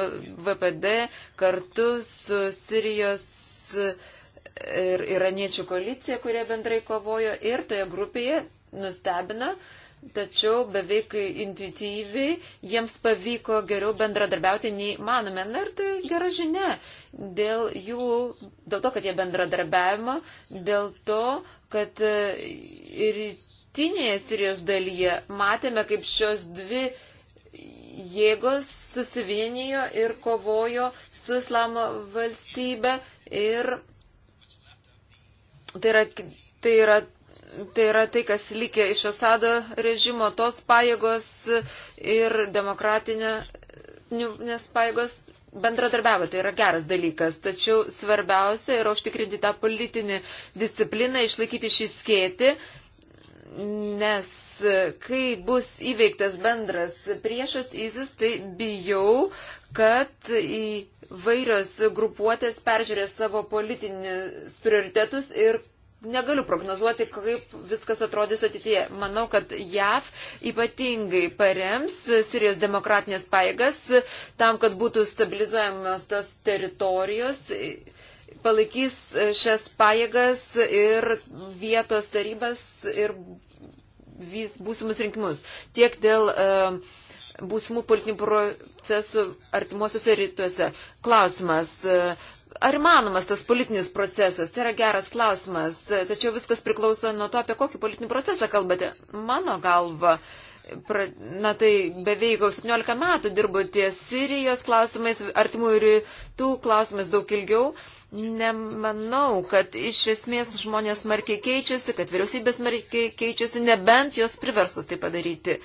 VPD kartu su Sirijos ir iraniečių koalicija, kurie bendrai kovojo ir toje grupėje nustebino, uh, tačiau beveik intuityviai jiems pavyko geriau bendradarbiauti nei manome. Na ir tai gera žinia dėl jų, dėl to, kad jie bendradarbiavimo, dėl to, kad e, rytinėje Sirijos dalyje matėme, kaip šios dvi jėgos susivienijo ir kovojo su islamo valstybe ir tai yra, tai yra Tai yra tai, kas likė iš Asado režimo, tos pajėgos ir demokratinės pajėgos bendradarbiavo, tai yra geras dalykas, tačiau svarbiausia yra užtikrinti tą politinį discipliną, išlaikyti šį skėti, nes kai bus įveiktas bendras priešas įsis, tai bijau, kad įvairios grupuotės peržiūrės savo politinius prioritetus ir negaliu prognozuoti, kaip viskas atrodys ateityje. Manau, kad JAV ypatingai parems Sirijos demokratinės paėgas tam, kad būtų stabilizuojamos tos teritorijos, palaikys šias paėgas ir vietos tarybas ir būsimus rinkimus. Tiek dėl uh, būsimų politinių procesų artimuosiuose rytuose. Klausimas. Uh, ar įmanomas tas politinis procesas? Tai yra geras klausimas, tačiau viskas priklauso nuo to, apie kokį politinį procesą kalbate. Mano galva, pra, na tai beveik 17 metų dirbu ties Sirijos klausimais, artimųjų rytų klausimais daug ilgiau. Nemanau, kad iš esmės žmonės smarkiai keičiasi, kad vyriausybės smarkiai keičiasi, nebent jos priversus tai padaryti.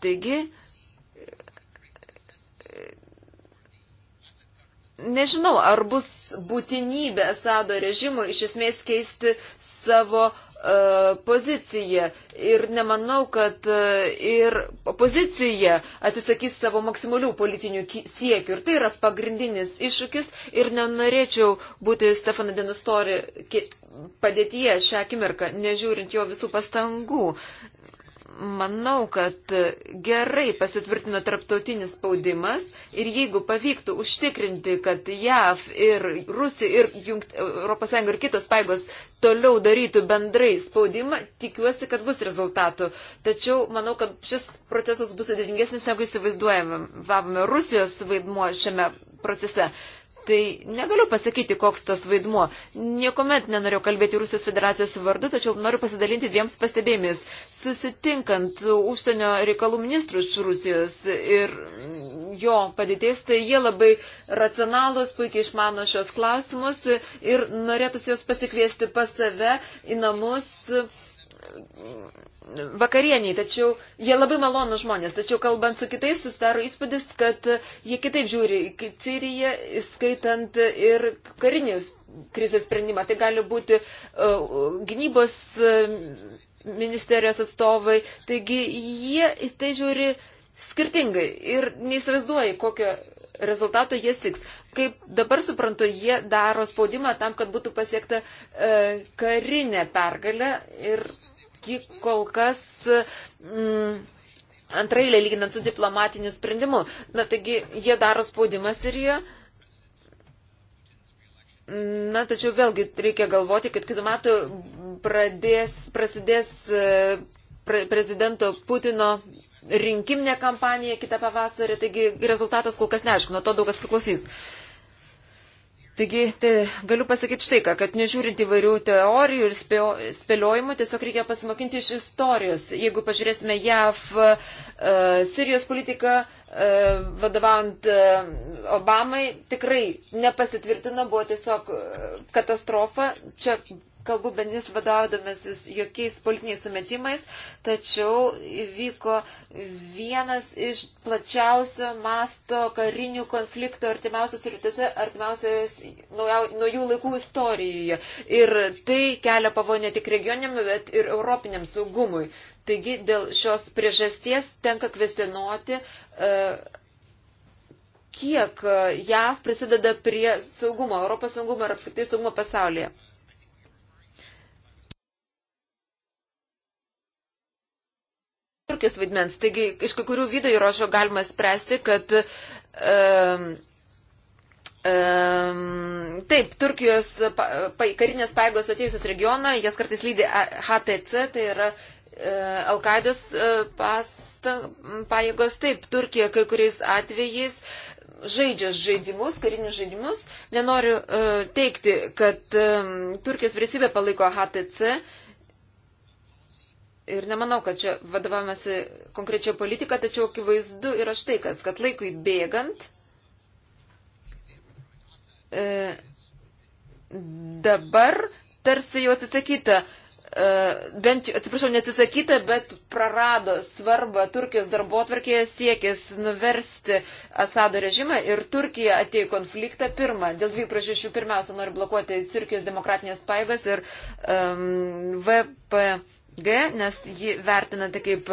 Taigi, nežinau, ar bus būtinybė Asado režimui iš esmės keisti savo e, poziciją ir nemanau, kad e, ir opozicija atsisakys savo maksimalių politinių siekių ir tai yra pagrindinis iššūkis ir nenorėčiau būti Stefano Denistori padėtyje šią akimirką, nežiūrint jo visų pastangų. Manau, kad gerai pasitvirtino tarptautinis spaudimas ir jeigu pavyktų užtikrinti, kad JAV ir Rusija ir jungt, ES ir kitos paėgos toliau darytų bendrai spaudimą, tikiuosi, kad bus rezultatų. Tačiau manau, kad šis procesas bus sudėtingesnis negu įsivaizduojame. Vavome Rusijos vaidmuo šiame procese. Tai negaliu pasakyti, koks tas vaidmuo. Niekuomet nenorėjau kalbėti Rusijos federacijos vardu, tačiau noriu pasidalinti dviems pastebėjimis. Susitinkant užsienio reikalų ministrus iš Rusijos ir jo padėties, tai jie labai racionalus, puikiai išmano šios klausimus ir norėtųsi juos pasikviesti pas save į namus vakarieniai, tačiau jie labai malonų žmonės, tačiau kalbant su kitais susidaro įspūdis, kad jie kitaip žiūri į Siriją, skaitant ir karinius krizės sprendimą. Tai gali būti uh, gynybos e, ministerijos atstovai, taigi jie į tai žiūri skirtingai ir neįsivaizduoja, kokio rezultato jie siks. Kaip dabar suprantu, jie daro spaudimą tam, kad būtų pasiekta e, karinė pergalė ir kol kas mm, antrailė lyginant su diplomatiniu sprendimu. Na, taigi jie daro spaudimą Sirijoje. Na, tačiau vėlgi reikia galvoti, kad kitų metų pradės, prasidės e, pre, prezidento Putino rinkiminė kampanija kitą pavasarį, taigi rezultatas kol kas neaišku, nuo to daug kas priklausys. Uh, Taigi te, galiu pasakyti štai ką, kad nežiūrint įvairių teorijų ir spėjo, spėliojimų, tiesiog reikia pasimokinti iš istorijos. Jeigu pažiūrėsime JAV, uh, Sirijos politiką, uh, vadovaujant uh, Obamai, tikrai nepasitvirtino, buvo tiesiog katastrofa. Čia kalbu bendris vadovaudamasis jokiais politiniais sumetimais, tačiau vyko vienas iš plačiausio masto karinių konfliktų artimiausios rytuose, artimiausios naujų laikų istorijoje. Ir tai kelia pavo ne tik regioniam, bet ir europiniam saugumui. Taigi dėl šios priežasties tenka kvestionuoti. Uh, kiek e, JAV prisideda prie saugumo, Europos saugumo ir apskritai saugumo pasaulyje. Turkijos vaidmens. Taigi, iš kai kurių video įrašo galima spręsti, kad um, um, taip, Turkijos pa, pa, karinės paėgos atėjusios regioną, jas kartais lydi HTC, tai yra e, Alkaidos e, pajėgos, taip, Turkija kai kuriais atvejais žaidžia žaidimus, karinius žaidimus. Nenoriu e, teikti, kad Turkijos vyriausybė palaiko HTC, Ir nemanau, kad čia vadovavimasi konkrečia politika, tačiau akivaizdu yra štai kas, kad laikui bėgant e, dabar tarsi jau atsisakyta, e, bent, atsiprašau, neatsisakyta, bet prarado svarbą Turkijos darbo atvarkėje siekis nuversti Asado režimą ir Turkija atėjo konfliktą pirmą. Dėl dviejų priežasčių pirmiausia nori blokuoti Turkijos demokratinės paėgas ir um, e, VP G, nes jį vertinate kaip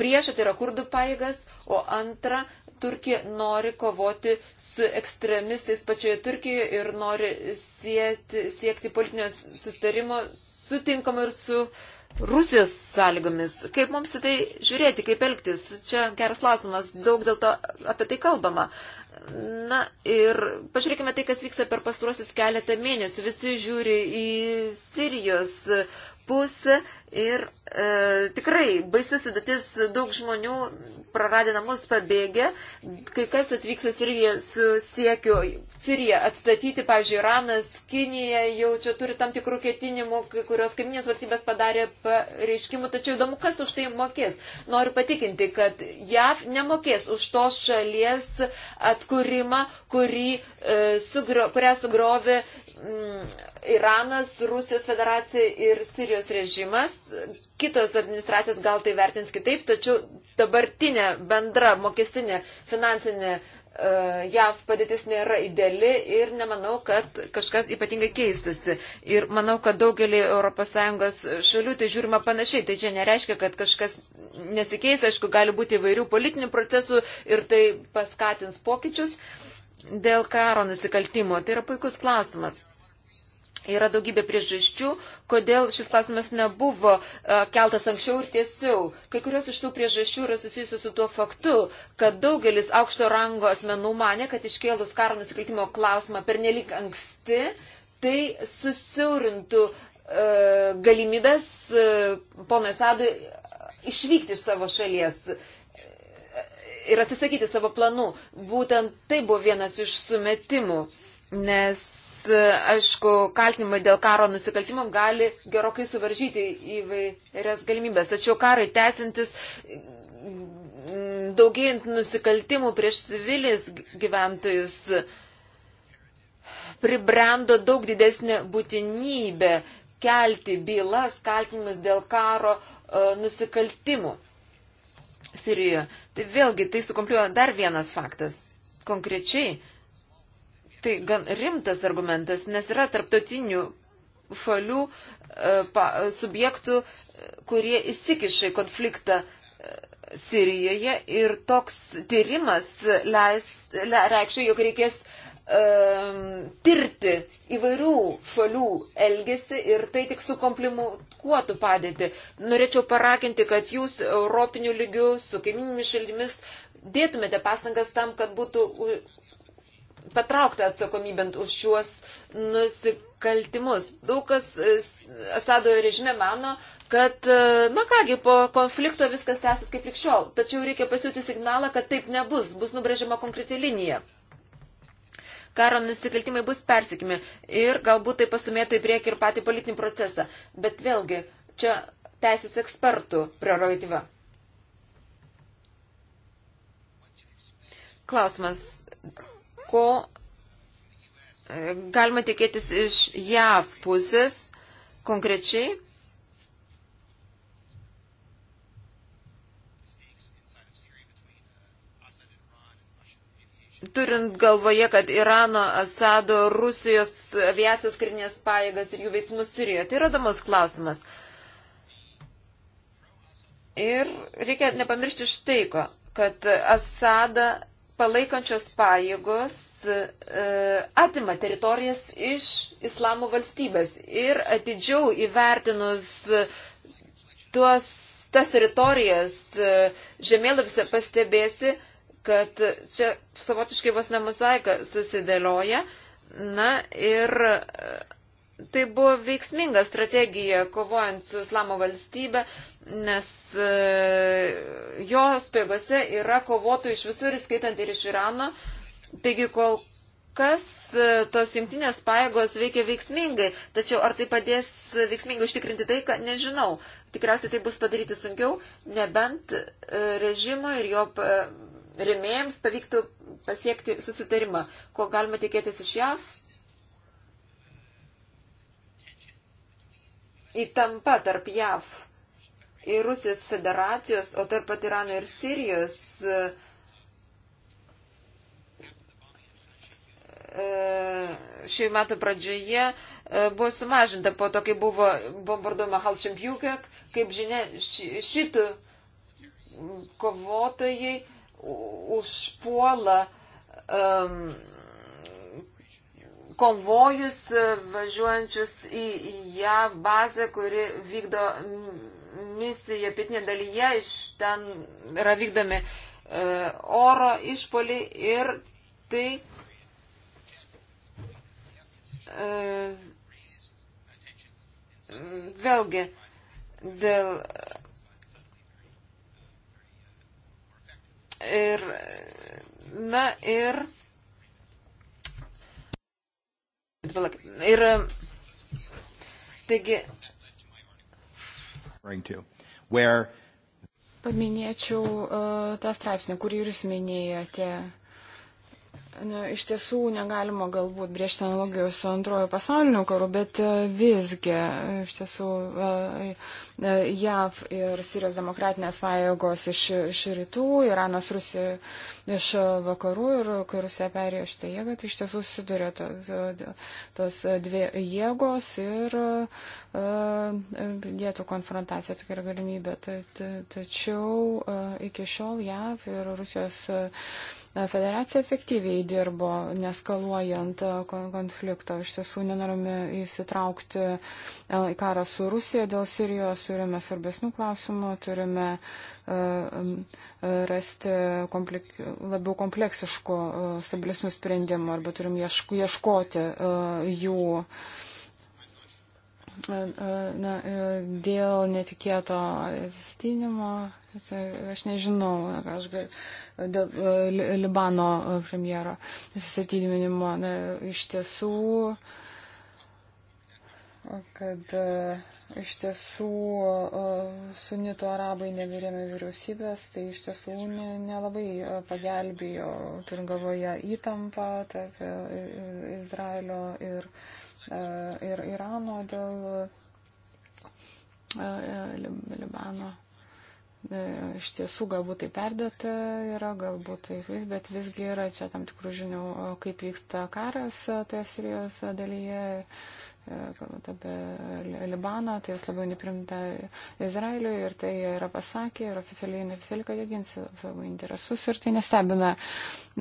priešą, tai yra kurdų paėgas, o antra, Turkija nori kovoti su ekstremistais pačioje Turkijoje ir nori sieti, siekti politinio sustarimo sutinkamai ir su Rusijos sąlygomis. Kaip mums į tai žiūrėti, kaip elgtis? Čia geras klausimas, daug dėl to apie tai kalbama. Na ir pažiūrėkime tai, kas vyksta per pastruosius keletą mėnesių. Visi žiūri į Sirijos uh, tipus ir e, tikrai baisis įdutis daug žmonių praradė namus pabėgę, kai kas atvyksta Siriją su siekiu Siriją atstatyti, pažiūrėjau, Iranas, Kinija jau čia turi tam tikrų ketinimų, kurios kaiminės valstybės padarė pareiškimų, tačiau įdomu, kas už tai mokės. Noriu patikinti, kad JAV nemokės už tos šalies atkūrimą, kurį, e, sugro, kurią sugrovė Mm, Iranas, Rusijos federacija ir Sirijos režimas. Kitos administracijos gal tai vertins kitaip, tačiau dabartinė bendra mokestinė finansinė uh, JAV padėtis nėra ideali ir nemanau, kad kažkas ypatingai keistusi. Ir manau, kad daugelį ES šalių tai žiūrima panašiai. Tai čia nereiškia, kad kažkas nesikeis. Aišku, gali būti įvairių politinių procesų ir tai paskatins pokyčius. Dėl karo nusikaltimo. Tai yra puikus klausimas Yra daugybė priežasčių, kodėl šis klausimas nebuvo e, keltas anksčiau ir tiesiau. Kai kurios iš tų priežasčių yra susijusios su tuo faktu, kad daugelis aukšto rango asmenų mane, kad iškėlus karo nusikaltimo klausimą per nelik anksti, tai susiaurintų e, galimybės e, ponui Sadui išvykti iš savo šalies e, ir atsisakyti savo planų. Būtent tai buvo vienas iš sumetimų, nes aišku, kaltinimai dėl karo nusikaltimo gali gerokai suvaržyti įvairias galimybės. Tačiau karai tęsintis, daugėjant nusikaltimų prieš civilis gyventojus, pribrendo daug didesnė būtinybė kelti bylas, kaltinimus dėl karo e, nusikaltimų Sirijoje. Tai vėlgi tai sukompliuoja dar vienas faktas. Konkrečiai Tai gan rimtas argumentas, nes yra tarptautinių šalių e, subjektų, kurie įsikiša į konfliktą e, Sirijoje ir toks tyrimas leis, le, reikščia, jog reikės um, tirti įvairių šalių elgesį ir tai tik sukomplikuotų padėti. Norėčiau parakinti, kad jūs europinių lygių su kaiminimis šalimis dėtumėte pastangas tam, kad būtų patraukta atsakomybėn už šiuos nusikaltimus. Daug kas e, Asado režime mano, kad, e, na kągi, po konflikto viskas tęsis kaip likščiol. Tačiau reikia pasiūti signalą, kad taip nebus, bus nubrėžiama konkreti linija. Karo nusikaltimai bus persikimi ir galbūt tai pastumėtų į priekį ir patį politinį procesą. Bet vėlgi, čia teisės ekspertų prerogatyva. Klausimas, ko e, galima tikėtis iš JAV pusės konkrečiai. Turint galvoje, kad Irano, Asado, Rusijos aviacijos karinės pajėgas ir jų veiksmus Sirijoje, tai yra domas klausimas. Ir reikia nepamiršti štai ko, kad Asada palaikančios pajėgos e, atima teritorijas iš islamo valstybės ir atidžiau įvertinus tuos, tas teritorijas e, žemėlapse pastebėsi, kad čia savotiškai vos nemozaika susidėlioja. Na ir e, tai buvo veiksminga strategija kovojant su islamo valstybe, nes e, jos pėgose yra kovotojų iš visur, skaitant ir iš Irano. Taigi kol kas e, tos jungtinės paėgos veikia veiksmingai, tačiau ar tai padės e, veiksmingai užtikrinti tai, kad nežinau. Tikriausiai tai bus padaryti sunkiau, nebent režimo ir jo remėjams pavyktų pasiekti susitarimą, ko galima tikėtis iš JAV įtampa tarp JAV ir Rusijos federacijos, o tarp pat Irano ir Sirijos e, šių metų pradžioje e, buvo sumažinta po to, kai buvo bombarduojama Halčiampiukek, kaip žinia, šitų kovotojai užpuola um, konvojus e, važiuojančius į JAV bazę, kuri vykdo misiją pietinė dalyje, iš ten yra vykdomi e, oro išpoliai ir tai e, vėlgi dėl ir na ir Ir taigi. Paminėčiau uh, tą straipsnį, kurį jūs minėjote. Na, iš tiesų negalima galbūt briežti analogijos su antrojo pasaulinio karu, bet e, visgi iš tiesų e, e, JAV ir Sirijos demokratinės pajėgos iš, iš rytų, Iranas Rusija iš vakarų ir kai Rusija perėjo šitą jėgą, tai iš tiesų susiduria tos dvi jėgos ir dėtų konfrontacija tokia yra galimybė. Tačiau iki šiol JAV ir Rusijos federacija efektyviai dirbo, neskaluojant e, konflikto. Iš tiesų nenorime įsitraukti e, į karą su Rusija dėl Sirijos, turime svarbesnių klausimų, turime e, rasti komplek, labiau kompleksiškų, stabilesnių sprendimų arba turim ieškoti jų. Uh, na, e, dėl netikėto atsitinimo, tai aš nežinau, aš dėl e, Libano premjero atsitinimo, na, iš tiesų, kad e, iš tiesų sunito arabai nevyrėmė vyriausybės, tai iš tiesų nelabai ne pagelbėjo, turint galvoje įtampą tarp Izraelio ir. ir E, ir Irano, dėl e, e, Libano. Iš tiesų, galbūt tai perdėta yra, galbūt taip, bet visgi yra čia tam tikrų žinių, kaip vyksta karas toje Sirijos dalyje E, kalbant apie Libaną, tai jis labiau neprimta Izraeliui ir tai yra pasakė ir oficialiai neoficialiai, kad jie gins savo interesus ir tai nestebina.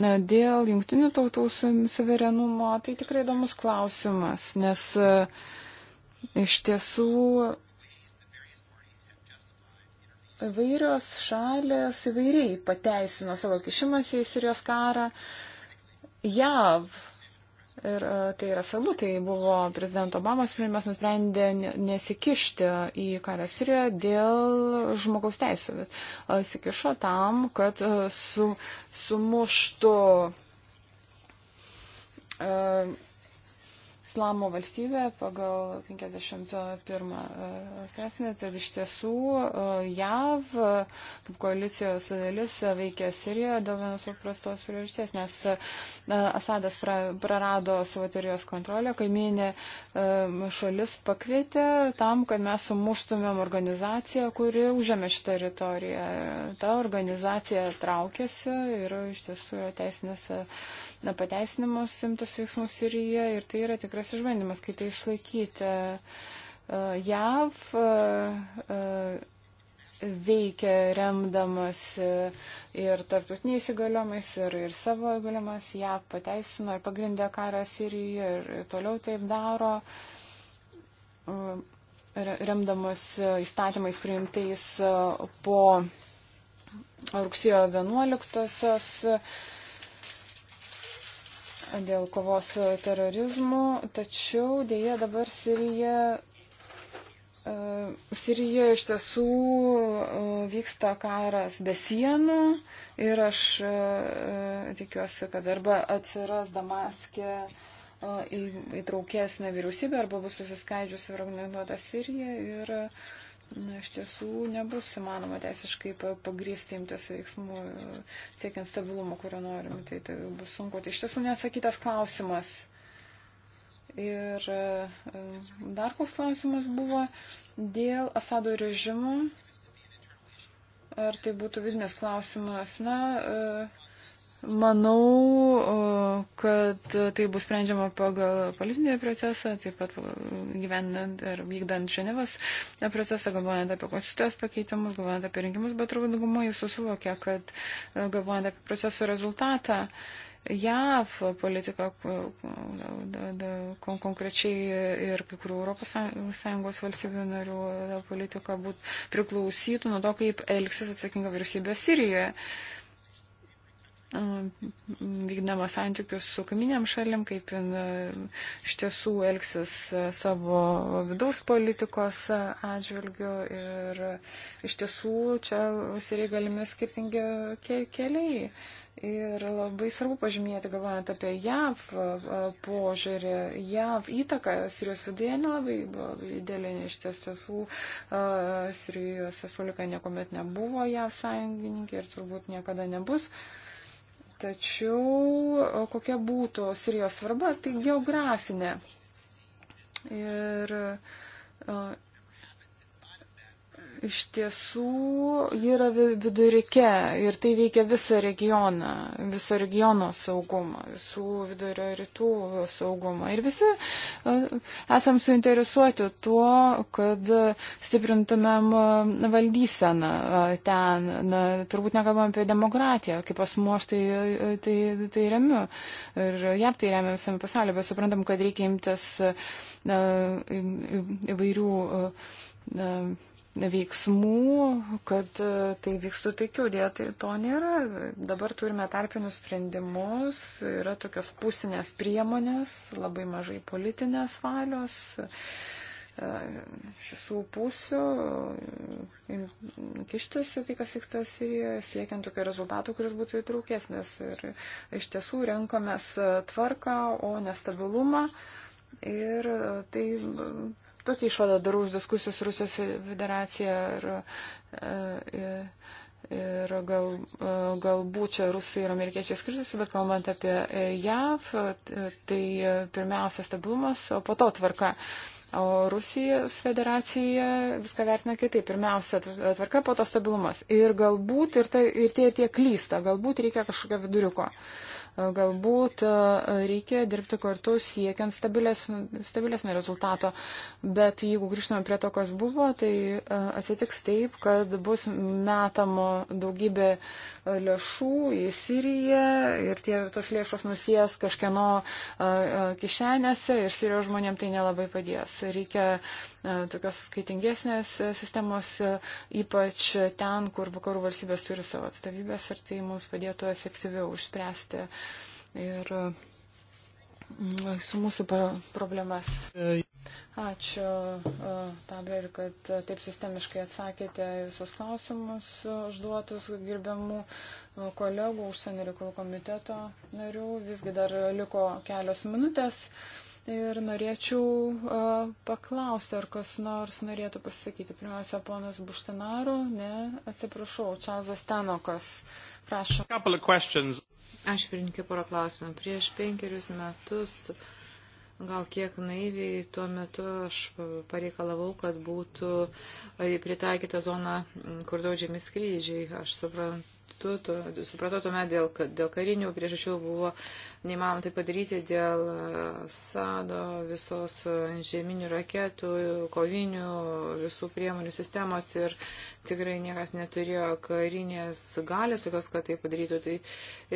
Na, dėl jungtinių tautų suverenumo tai tikrai įdomus klausimas, nes e, iš tiesų įvairios šalės įvairiai pateisino savo kišimąsi į Sirijos karą. JAV Ir e, tai yra salu, tai buvo prezidento Obamos sprendimas nusprendė nesikišti į karą Sirijoje dėl žmogaus teisų. E, sikišo tam, kad e, su, sumuštų uh, Islamo valstybė pagal 51 e, straipsnį, tad iš tiesų e, JAV e, kaip koalicijos dalis veikia Sirijoje dėl vienos paprastos priežasties, nes Asadas prarado savo teorijos kontrolę, kaiminė šalis pakvietė tam, kad mes sumuštumėm organizaciją, kuri užėmė šitą teritoriją. Ta organizacija traukėsi ir iš tiesų yra teisinės. Uh, na, pateisinimus imtis veiksmų Sirijoje ir tai yra tikras išbandymas, kai tai išlaikyti e, JAV e, e, veikia remdamas ir tarptautiniais įgaliomais, ir, ir savo įgaliomis, JAV pateisino ir pagrindė karą Sirijoje ir toliau taip daro remdamas įstatymais priimtais po rugsėjo 11-osios dėl kovos su terorizmu, tačiau dėja dabar Sirija. E, Sirija iš tiesų e, vyksta karas be sienų ir aš e, tikiuosi, kad arba atsiras Damaskė įtraukės nevyriausybė arba bus susiskaidžiusi ir organizuota Sirija ir uh, na, iš tiesų nebus įmanoma teisiškai pagrysti imtis veiksmų, siekiant stabilumo, kurio norim. Tai, tai bus sunku. Tai iš tiesų neatsakytas klausimas. Ir e, dar koks klausimas buvo dėl Asado režimo. Ar tai būtų vidinės klausimas? Na, e, Manau, kad tai bus sprendžiama pagal politinį procesą, taip pat gyvenant ir vykdant Ženevas procesą, galvojant apie konstitucijos pakeitimus, galvojant apie rinkimus, bet turbūt dauguma jūsų suvokia, kad e, galvojant apie procesų rezultatą, JAV politika konkrečiai ir kai kurių ES valstybių narių e, politika būt priklausytų nuo to, kaip elgsis atsakinga vyriausybė Sirijoje. Um, vykdama santykius su kaiminiam šalim, kaip jin uh, iš tiesų elgsis uh, savo vidaus politikos uh, atžvilgiu. Ir iš tiesų čia visai galimi skirtingi ke keliai. Ir labai svarbu pažymėti, galvojant apie JAV požiūrį, JAV įtaka Sirijos viduje nelabai buvo didelė, iš tiesų Sirijos Respublika niekuomet nebuvo JAV sąjungininkė ir turbūt niekada nebus. Uh, Tačiau kokia būtų Sirijos svarba, tai geografinė. Ir Iš tiesų, ji yra vidurike ir tai veikia visą regioną, viso regiono saugumą, visų vidurio rytų saugumą. Ir visi e, esam suinteresuoti tuo, kad stiprintumėm e, valdyseną e, ten. Na, turbūt nekalbam apie demokratiją, kaip asmuo aš tai, tai, tai remiu. Ir jav tai remia visame pasaulyje, bet suprantam, kad reikia imtis na, įvairių. Na, veiksmų, kad e, tai vykstų taikiau, dėja tai to nėra. Dabar turime tarpinius sprendimus, yra tokios pusinės priemonės, labai mažai politinės valios šių e, pusių e, kištis į tai, kas vyksta Sirijoje, siekiant tokio rezultato, kuris būtų įtraukesnis. Ir iš tiesų renkomės tvarką, o nestabilumą. Ir tai tokia išvada darau už diskusijų su Rusijos federacija ir, ir, e, e, ir gal, e, galbūt čia rusai ir amerikiečiai skirsis, bet kalbant apie JAV, tai pirmiausia stabilumas, o po to tvarka. O Rusijos federacija viską vertina kitaip. Pirmiausia, tvarka, po to stabilumas. Ir galbūt ir, ta, ir tie ir tie klysta, galbūt reikia kažkokio viduriuko. Uh, Galbūt e, reikia dirbti kartu siekiant stabilesnio rezultato. Bet jeigu grįžtume prie to, kas buvo, tai e, atsitiks taip, kad bus metamo daugybė e, lėšų į Siriją ir tie, tos lėšos nusijęs kažkieno kišenėse ir Sirijos žmonėm tai nelabai padės. Reikia E, tokios skaitingesnės e, sistemos, e, ypač ten, kur vakarų valstybės turi savo atstovybės ir tai mums padėtų efektyviau užspręsti ir mm, su mūsų problemas. Ačiū, Pabler, kad taip sistemiškai atsakėte visus klausimus užduotus gerbiamų kolegų užsienio reikalų komiteto narių. Visgi dar liko kelios minutės ir norėčiau paklausti, ar kas nors norėtų pasakyti. Pirmiausia, ponas Buštanaru, ne, atsiprašau, Čazas Tenokas. Prašau. Aš pirinkiu porą klausimų. Prieš penkerius metus, gal kiek naiviai, tuo metu aš pareikalavau, kad būtų pritaikyta zona, kur daudžiami skrydžiai. Aš suprantu metu, to, supratau tuomet, dėl, dėl karinių priežasčių buvo neįmanoma tai padaryti dėl e, sado visos žeminių raketų, kovinių visų priemonių sistemos ir tikrai niekas neturėjo karinės galės, tokios, kad tai padarytų. Tai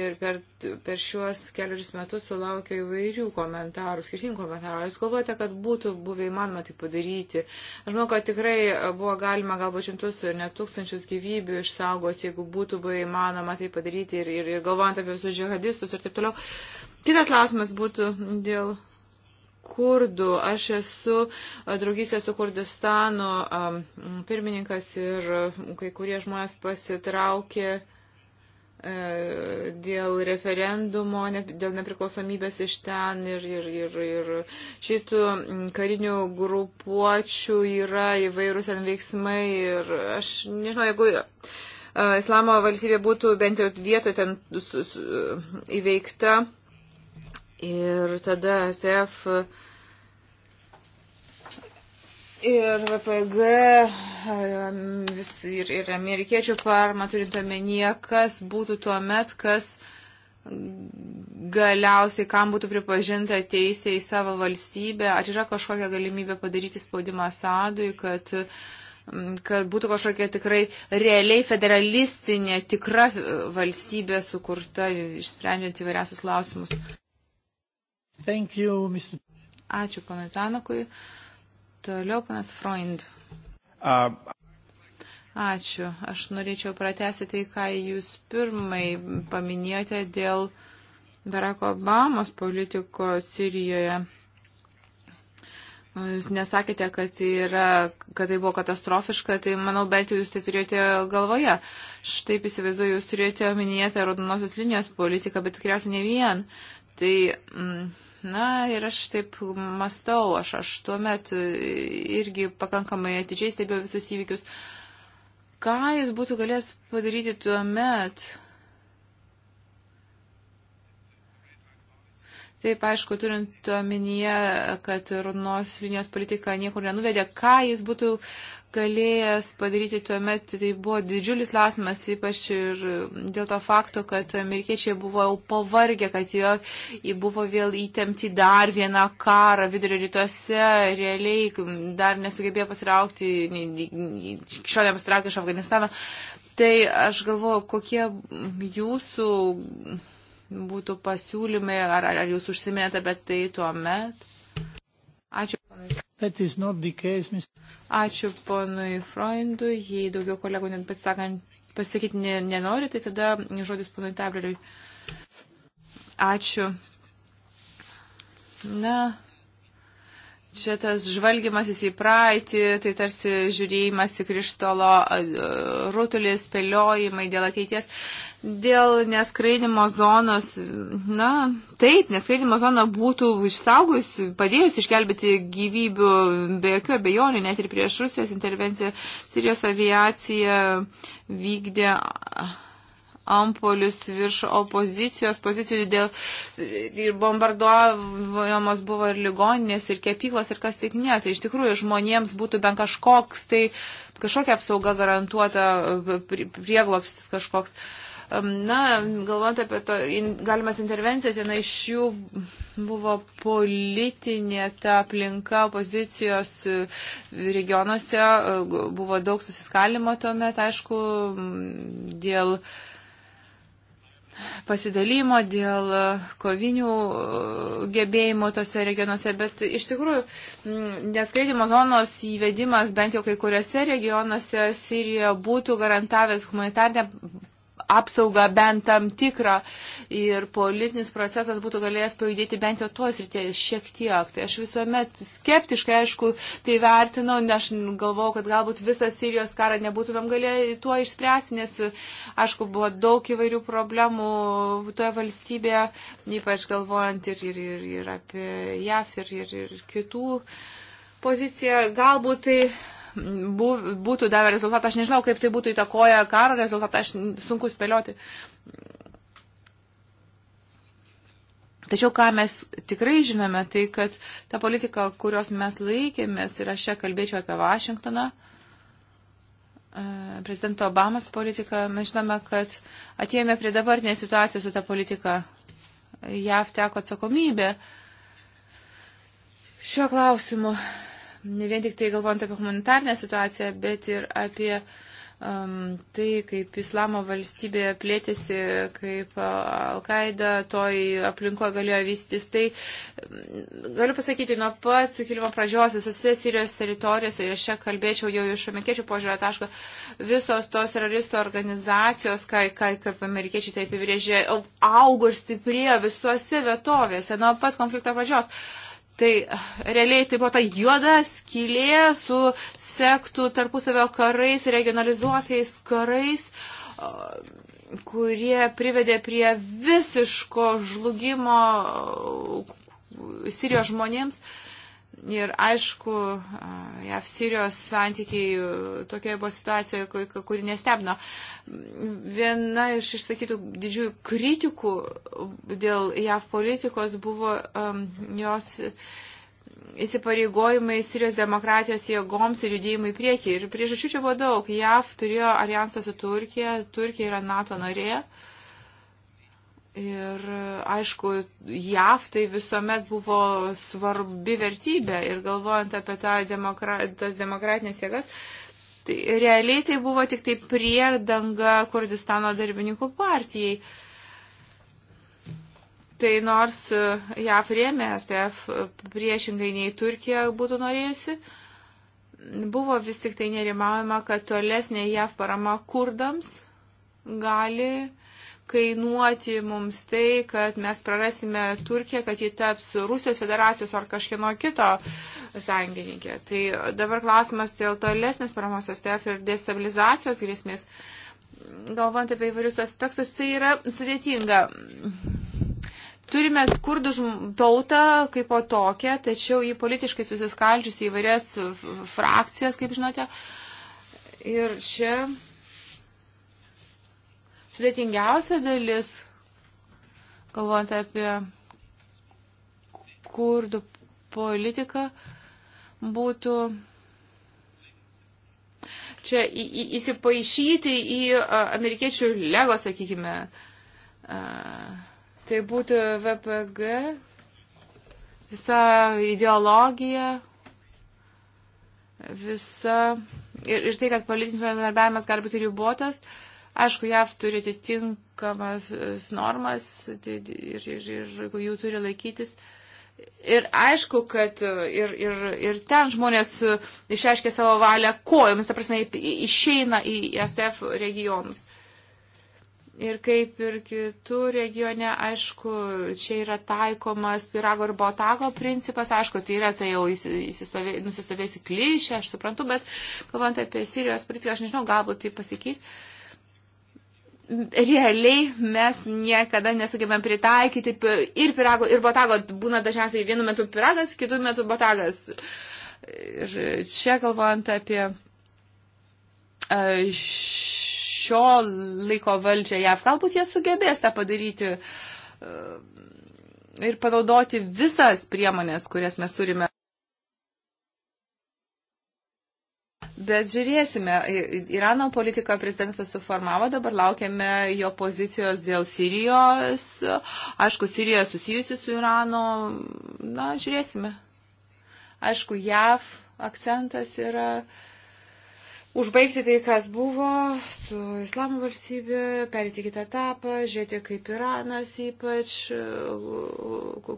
ir per, per šiuos kelius metus sulaukiau įvairių komentarų, skirtingų komentarų. Jūs galvojate, kad būtų buvę įmanoma tai padaryti? Aš manau, kad tikrai buvo galima galbūt šimtus ir net tūkstančius gyvybių išsaugoti, jeigu būtų buvę įmanoma įmanoma tai padaryti ir, ir, ir galvojant apie visus žihadistus ir taip toliau. Kitas klausimas būtų dėl kurdų. Aš esu draugystė su Kurdistanu pirmininkas ir kai kurie žmonės pasitraukė dėl referendumo, dėl nepriklausomybės iš ten ir, ir, ir, ir šitų karinių grupuočių yra įvairūs ten veiksmai ir aš nežinau, jeigu islamo valstybė būtų bent jau vietoje ten su, su, įveikta. Ir tada SF ir VPG vis, ir, ir amerikiečių parma turint omenyje, kas būtų tuo met, kas galiausiai kam būtų pripažinta teisė į savo valstybę, ar yra kažkokia galimybė padaryti spaudimą Sadui, kad uh, kad būtų kažkokia tikrai realiai federalistinė, tikra e, valstybė sukurta, išsprendžiant įvairiausius klausimus. Thank you, Mr. Ačiū panai Tanakui. Toliau panas Freund. Uh, Ačiū. Aš norėčiau pratesti tai, ką jūs pirmai paminėjote dėl Barack Obamos politiko Sirijoje. Jūs nesakėte, kad, yra, kad tai buvo katastrofiška, tai manau bent jau jūs tai turėjote galvoje. Štai įsivaizduoju, jūs turėjote omenyje tą raudonosios linijos politiką, bet tikriausiai ne vien. Tai, mm, na ir aš taip mastau, aš, aš tuo metu irgi pakankamai atidžiai stebėjau visus įvykius. Ką jis būtų galės padaryti tuo metu? Taip, aišku, turint omenyje, kad raudonos linijos politika niekur nenuvedė, ką jis būtų galėjęs padaryti tuo metu, tai buvo didžiulis lausimas, ypač ir dėl to fakto, kad amerikiečiai buvo jau pavargę, kad jo buvo vėl įtemti dar vieną karą vidurio rytuose, realiai dar nesugebėjo pasiraukti, šiandien pasitraukė iš Afganistano. Tai aš galvoju, kokie jūsų būtų pasiūlymai, ar, ar jūs užsimėt apie tai tuo met? Ačiū. Case, Ačiū ponui Freundui, jei daugiau kolegų net pasakyti nenori, tai tada žodis ponui Tableriui. Ačiū. Na, čia tas žvalgymasis į praeitį, tai tarsi žiūrėjimas į krištolo rutulės, spėliojimai dėl ateities. Dėl neskraidimo zonos, na, taip, neskraidimo zona būtų išsaugus, padėjus išgelbėti gyvybių be jokių abejonių, net ir prieš Rusijos intervenciją Sirijos aviacija vykdė ampolius virš opozicijos pozicijų dėl ir bombarduojamos buvo ir ligoninės, ir kepyklos, ir kas tik ne. Tai iš tikrųjų žmonėms būtų bent kažkoks, tai kažkokia apsauga garantuota, prieglopstis kažkoks. Na, galvant apie to, in, galimas intervencijas, viena iš jų buvo politinė ta aplinka pozicijos e, regionuose, e, buvo daug susiskaldimo tuomet, aišku, dėl uh, pasidalymo, dėl kovinių e, gebėjimų tose regionuose, bet iš tikrųjų mm, neskleidimo zonos įvedimas bent jau kai kuriuose regionuose Sirijoje būtų garantavęs humanitarnę apsaugą bent tam tikrą ir politinis procesas būtų galėjęs pajudėti bent jau tos rytėje šiek tiek. Tai aš visuomet skeptiškai, aišku, tai vertinau, nes aš galvojau, kad galbūt visą Sirijos karą nebūtumėm galėję tuo išspręsti, nes, aišku, buvo daug įvairių problemų toje valstybėje, ypač galvojant ir, ir, ir, ir apie JAF ir, ir, ir kitų poziciją. Galbūt tai būtų davę rezultatą. Aš nežinau, kaip tai būtų įtakoję karo rezultatą, aš sunku spėlioti. Tačiau ką mes tikrai žinome, tai kad ta politika, kurios mes laikėmės, ir aš čia kalbėčiau apie Vašingtoną, e, prezidento Obamas politiką, mes žinome, kad atėjome prie dabartinės situacijos su ta politika. JAV teko atsakomybė šiuo klausimu ne vien tik tai galvojant apie humanitarnę situaciją, bet ir apie um, tai, kaip islamo valstybė plėtėsi, kaip uh, Al-Qaeda toj aplinkoje galėjo vystytis. Tai um, galiu pasakyti, nuo pat sukilimo pradžios visose Sirijos teritorijose, ir aš čia kalbėčiau jau iš amerikiečių požiūrio taško, visos tos teroristų organizacijos, kai, kai, kaip amerikiečiai taip įvrėžė, augo ir stiprėjo visose vietovėse nuo pat konflikto pradžios. Uh, Tai realiai tai buvo ta juoda skylė su sektų tarpusavio karais, regionalizuotais karais, kurie privedė prie visiško žlugimo Sirijos žmonėms. Uh, Ir aišku, JAV Sirijos santykiai e, tokioje buvo situacijoje, kuri nestebino. Viena iš išsakytų didžiųjų kritikų dėl JAV politikos buvo um, jos įsipareigojimai Sirijos demokratijos jėgoms ir judėjimai priekį. Ir priežasčių čia buvo daug. JAV turėjo alijansą su Turkija, Turkija yra NATO narė. Uh, Ir aišku, JAV tai visuomet buvo svarbi vertybė ir galvojant apie tą demokra tas demokratinės jėgas, tai realiai tai buvo tik tai priedanga Kurdistano darbininkų partijai. Tai nors JAV rėmė STF priešingai nei Turkija būtų norėjusi, buvo vis tik tai nerimaujama, kad tolesnė JAV parama kurdams gali kainuoti mums tai, kad mes prarasime Turkiją, kad ji taps Rusijos federacijos ar kažkieno kito sąjungininkė. Tai dabar klausimas dėl tolesnės paramos STF ir destabilizacijos grėsmės. Galvant apie įvairius aspektus, tai yra sudėtinga turime kurdų tautą kaip po tokią, tačiau jį politiškai susiskaldžiusi įvairias frakcijas, kaip žinote. Ir čia Sudėtingiausia dalis, galvojant apie kurdų politiką, būtų čia į, į, įsipaišyti į amerikiečių lego, sakykime. A, tai būtų VPG, visa ideologija, visa ir, ir tai, kad politinis bendradarbiavimas gali būti ribotas. Uh, Aišku, JAV turi atitinkamas e, normas tai ir, ir, ir jeigu jų turi laikytis. Ir aišku, kad e, ir, ir, ir ten žmonės e, išreiškia savo valią kojomis, ta prasme, išeina į SF regionus. Ir kaip ir kitų regione, aišku, čia yra taikomas pirago ir botago principas, aišku, tai yra tai jau nusistovėjusi klišė, aš suprantu, bet kalbant apie Sirijos politiką, aš nežinau, galbūt tai pasikeis. Uh, realiai mes niekada nesugebėm pritaikyti ir pirago, ir botago. Būna dažniausiai vienu metu piragas, kitų metų botagas. Ir čia galvojant apie e, šio laiko valdžią JAV, galbūt jie sugebės tą padaryti e, ir panaudoti visas priemonės, kurias mes turime. Bet žiūrėsime, Irano politiką prezidentas suformavo, dabar laukiame jo pozicijos dėl Sirijos. Aišku, Sirija susijusi su Irano, na, žiūrėsime. Aišku, JAV akcentas yra. Uh, užbaigti tai, kas buvo su islamo valstybė, perėti kitą etapą, žiūrėti kaip Iranas ypač,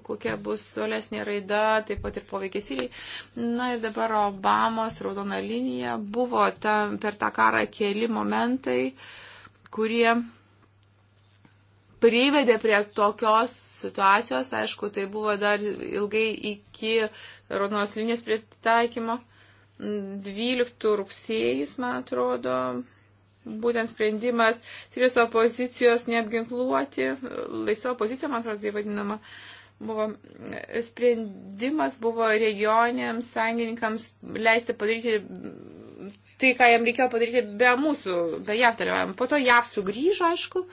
kokia bus tolesnė raida, taip pat ir poveikis į. Na ir dabar Obamos raudona linija buvo ta, per tą karą keli momentai, kurie privedė prie tokios situacijos, aišku, tai buvo dar ilgai iki raudonos linijos pritaikymo. 12 rugsėjais, man atrodo, būtent sprendimas Sirijos opozicijos neapginkluoti, laisva opozicija, man atrodo, tai vadinama, buvo sprendimas buvo regioniams sąjungininkams leisti padaryti tai, ką jam reikėjo padaryti be mūsų, be JAV dalyvavimo. Po to JAV sugrįžo, aišku,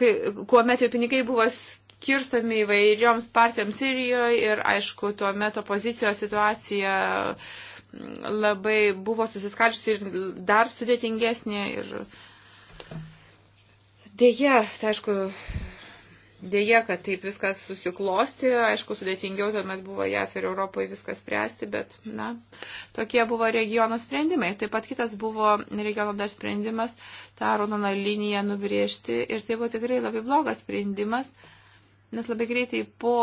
kai, kuomet jau pinigai buvo skirstomi įvairioms partijoms Sirijoje ir, aišku, tuo metu opozicijos situacija uh, labai buvo susiskaldžiusi ir dar sudėtingesnė. Ir dėja, tai aišku, dėja, kad taip viskas susiklosti, aišku, sudėtingiau tuomet buvo JAF ir Europoje viskas spręsti, bet, na, tokie buvo regiono sprendimai. Taip pat kitas buvo regiono dar sprendimas tą raudoną liniją nubriežti ir tai buvo tikrai labai blogas sprendimas, nes labai greitai po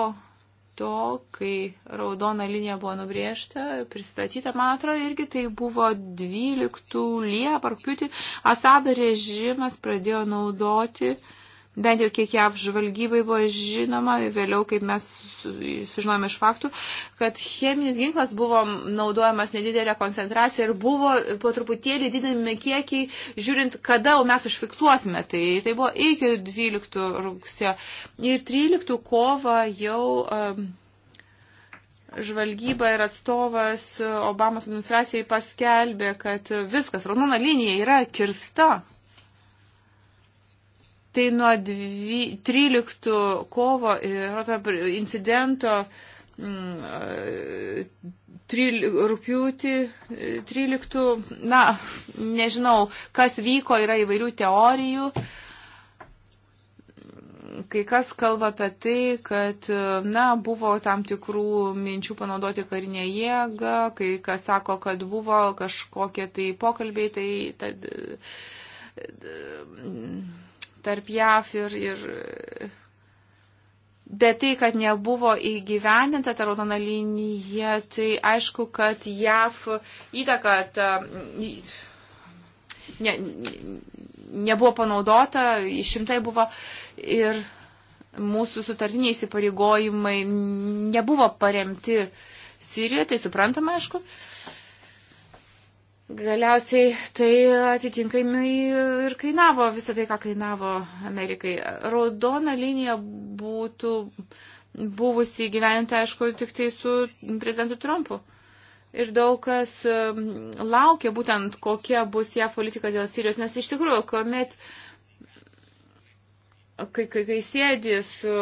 to, kai raudona linija buvo nubriežta, pristatyta, man atrodo, irgi tai buvo 12 liepą, rūpiutį, Asado režimas pradėjo naudoti uh, bent jau kiek jav žvalgybai buvo žinoma, vėliau kaip mes sužinojome iš faktų, kad cheminis ginklas buvo naudojamas nedidelė koncentracija ir buvo po truputėlį didinami kiekiai, žiūrint, kada mes užfiksuosime. Tai, tai buvo iki 12 rugsėjo. Ir 13 kovo jau. Um, žvalgyba ir atstovas Obamos administracijai paskelbė, kad viskas, raudona linija yra kirsta. Tai nuo 13 kovo incidento mm, e, rūpiūti e, 13, na, nežinau, kas vyko, yra įvairių teorijų. Kai kas kalba apie tai, kad, e, na, buvo tam tikrų minčių panaudoti karinę jėgą, kai kas sako, kad buvo kažkokie tai pokalbiai, tai. Tad, tad, tarp JAF ir, ir Bet tai, kad nebuvo įgyvendinta ta raudona linija, tai aišku, kad JAF įtaka ta, ne, nebuvo panaudota, išimtai buvo ir mūsų sutartiniai įsipareigojimai nebuvo paremti Sirijoje, tai suprantama, aišku. Uh, Galiausiai tai atitinkamai ir kainavo visą tai, ką kainavo Amerikai. Raudona linija būtų buvusi gyventa, aišku, tik tai su prezidentu Trumpu. Ir daug kas um, laukia būtent, kokia bus ją politika dėl Sirijos, nes iš tikrųjų, kuomet, kai, kai, kai sėdi su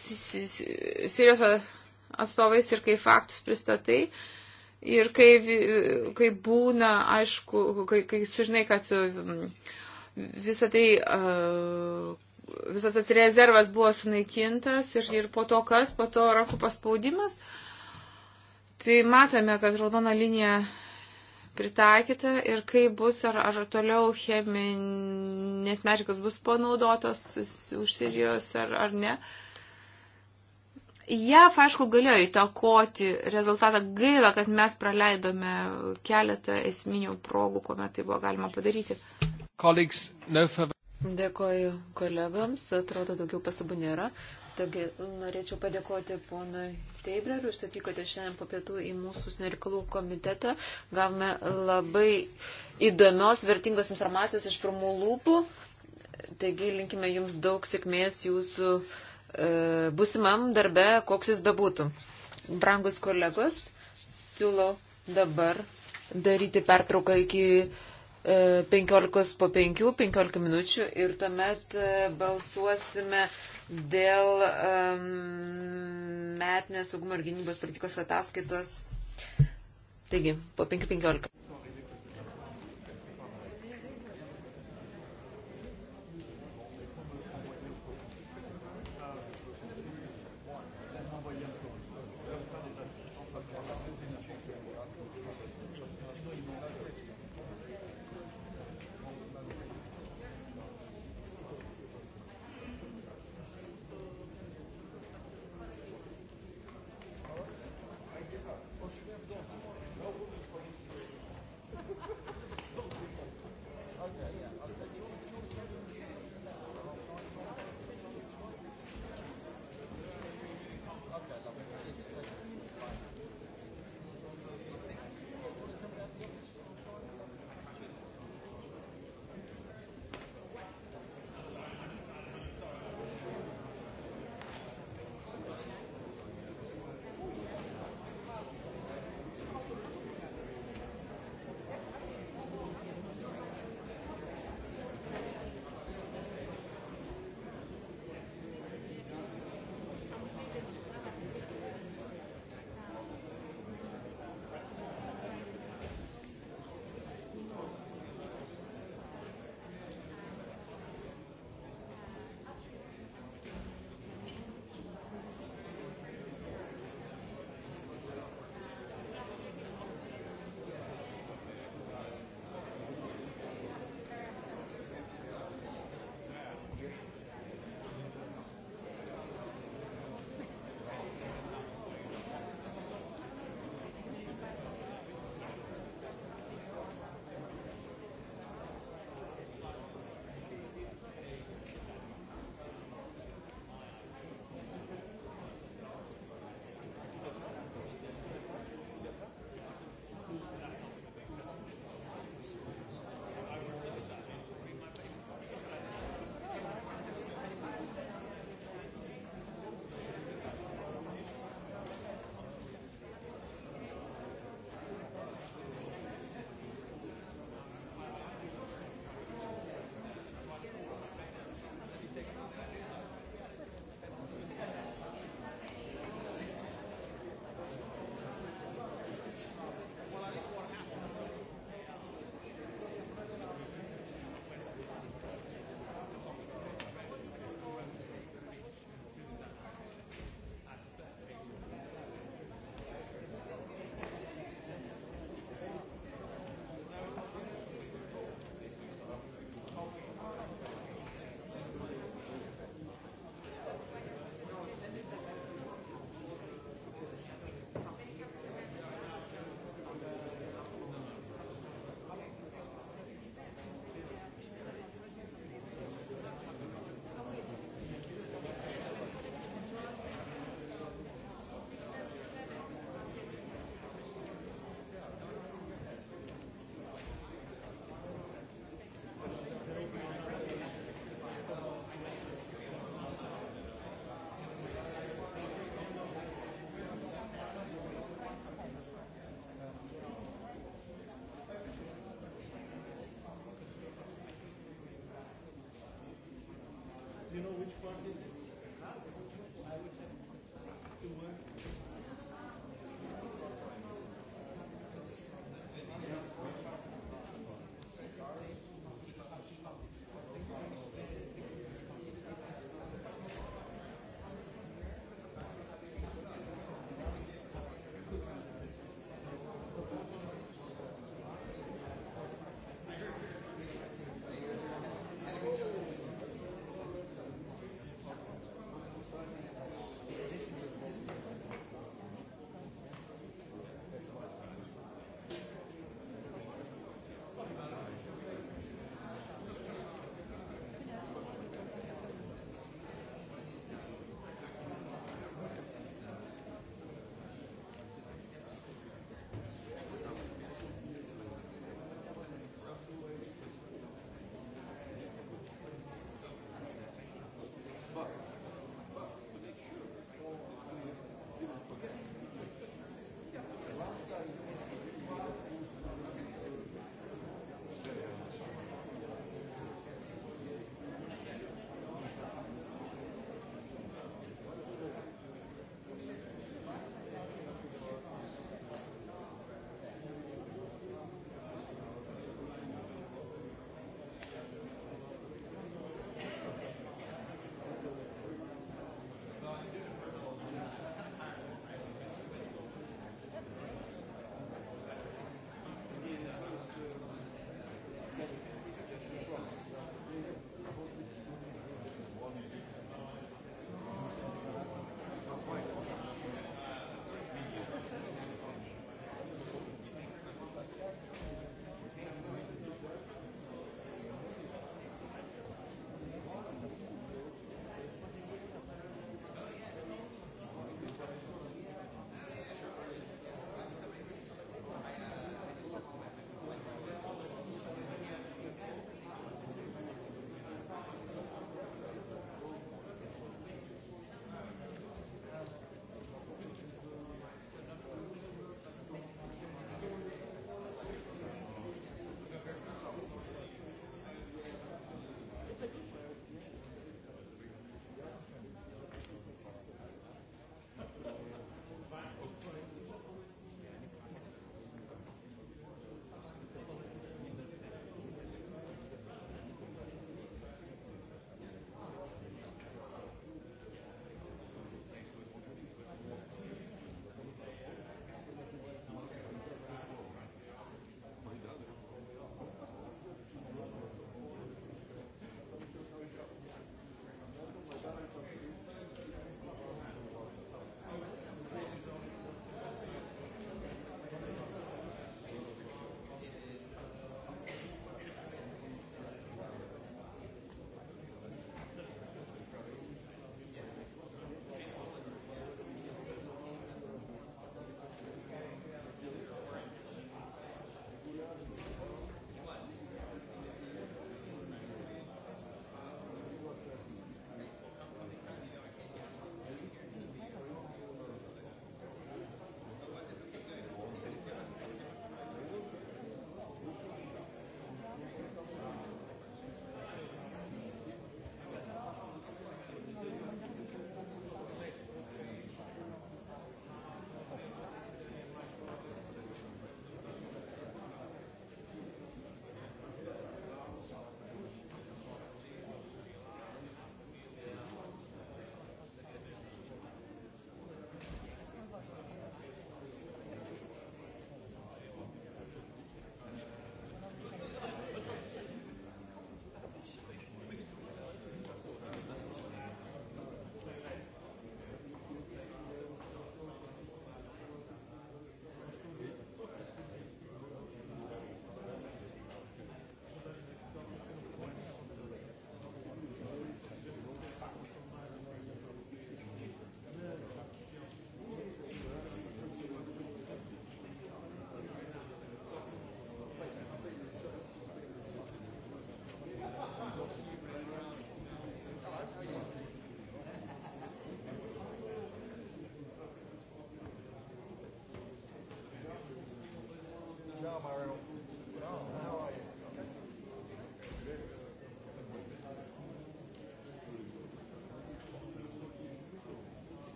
Sirijos atstovais ir kai faktus pristatai, uh, Ir kai, kai būna, aišku, kai, kai sužinai, kad mm, visą tai, visas tas rezervas buvo sunaikintas ir, ir po to kas, po to rankų paspaudimas, tai matome, kad raudona linija pritaikyta ir kaip bus, ar, ar toliau cheminės medžiagos bus panaudotos už Sirijos ar, ar ne. Uh, JAF, aišku, galėjo įtakoti rezultatą. Gaila, kad mes praleidome keletą esminių progų, kuomet tai buvo galima padaryti. Colleagues, no Dėkoju kolegams, atrodo daugiau pasabų nėra. Taigi norėčiau padėkoti ponui Teibreriu, jūs tai atvykote šiandien po pietų į mūsų snerikalų komitetą. Gavome labai įdomios, vertingos informacijos iš pirmų lūpų. Taigi linkime jums daug sėkmės jūsų uh, E, busimam darbe, koks jis bebūtų. Brangus kolegos, siūlau dabar daryti pertrauką iki 15 e, po 5, 15 minučių ir tuomet e, balsuosime dėl um, metinės saugumo ir gynybos politikos ataskaitos. Taigi, po 5.15. which part is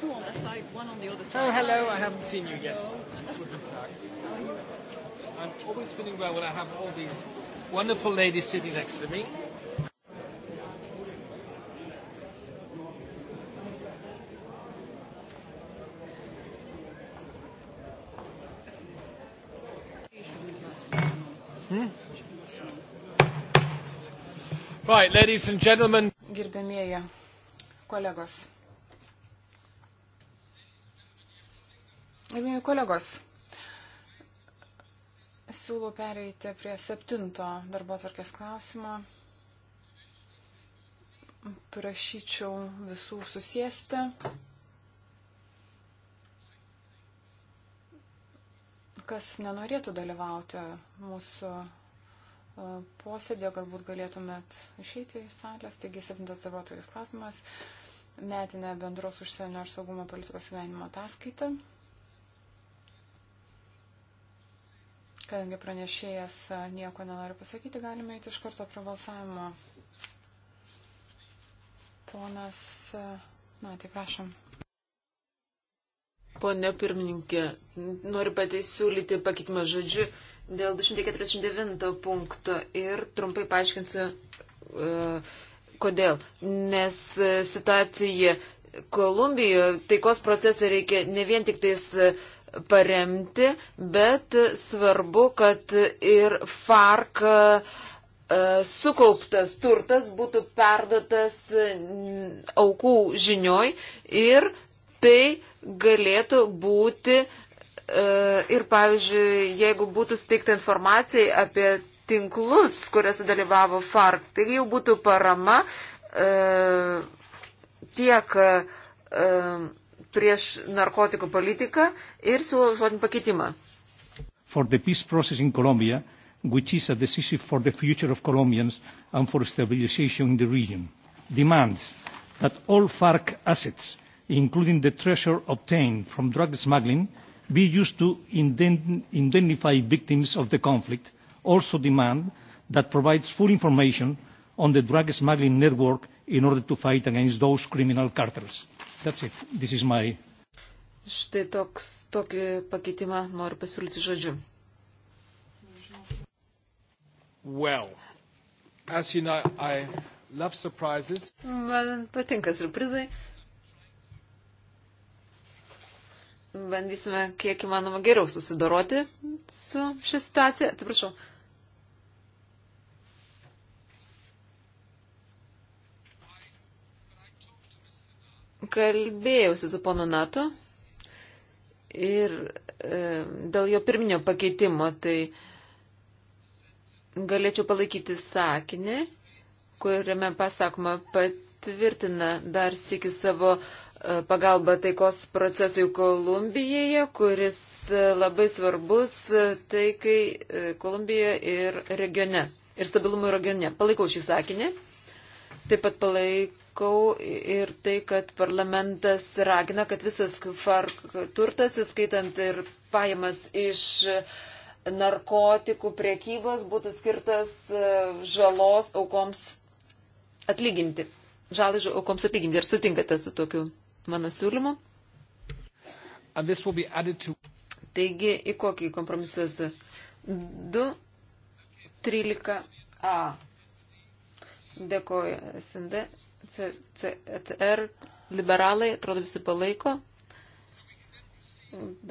two on that side, one on the other side. Oh, hello, I haven't seen you yet. I'm always feeling well when I have all these wonderful ladies sitting next to me. Hmm? Right, ladies and gentlemen. Gerbėmėje kolegos. Gerbiami kolegos, siūlau pereiti prie septinto darbo atvarkės klausimo. Prašyčiau visų susėsti. Kas nenorėtų dalyvauti mūsų e, posėdėje, galbūt galėtumėt išeiti iš salės. Taigi, septintas darbuotojas klausimas metinę bendros užsienio ir saugumo politikos gyvenimo ataskaitą. Kadangi pranešėjas e, nieko nenori pasakyti, galime eiti iš karto prie balsavimo. Ponas, e, na, tai prašom. Pone pirmininkė, noriu pateisiūlyti pakeitimą žodžiu dėl 249 punkto ir trumpai paaiškinsiu, uh, kodėl. Nes situacija Kolumbijoje taikos procesą reikia ne vien tik tais uh, paremti, bet svarbu, kad ir FARC e, sukauptas turtas būtų perdotas mm, aukų žinioj ir tai galėtų būti e, ir, pavyzdžiui, jeigu būtų steigta informacijai apie tinklus, kuriuose dalyvavo FARC, tai jau būtų parama e, tiek prieš narkotikų politiką ir siūlo žodinį pakeitimą. For the peace process in Colombia, which is a decision for the future of Colombians and for stabilization in the region, demands that all FARC assets, including the treasure obtained from drug smuggling, be used to indemnify victims of the conflict, also demand that provides full information on the drug smuggling network in order to fight against those criminal cartels. That's it. This is my. Štai toks, tokį pakeitimą noriu pasiūlyti žodžiu. Well, as you know, I love surprises. Man patinka surprizai. Bandysime kiek įmanoma geriau susidoroti su šią situaciją. Atsiprašau. Uh, kalbėjausi su ponu NATO ir e, dėl jo pirminio pakeitimo, tai galėčiau palaikyti sakinį, kuriame pasakoma patvirtina dar sėki savo e, pagalba taikos procesui Kolumbijoje, kuris labai svarbus taikai e, Kolumbijoje ir regione, ir stabilumui regione. Palaikau šį sakinį. Taip pat palaikau ir tai, kad parlamentas ragina, kad visas FARC turtas, įskaitant ir pajamas iš narkotikų priekybos, būtų skirtas e, žalos aukoms atlyginti. Žalai aukoms atlyginti. Ar sutinkate su tokiu mano siūlymu? To... Taigi, į kokį kompromisas? 2, 13a. Dėkoju. SND, CR, liberalai, atrodo, visi palaiko.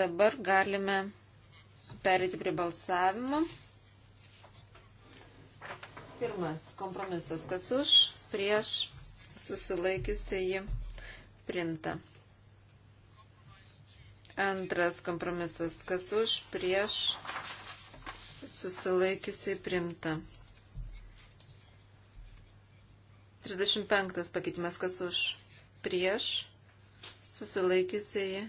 Dabar galime perėti prie balsavimo. Pirmas kompromisas, kas už, prieš, susilaikiusiai primta. Antras kompromisas, kas už, prieš, susilaikiusiai primta. 35 pakeitimas, kas už prieš susilaikiusieji.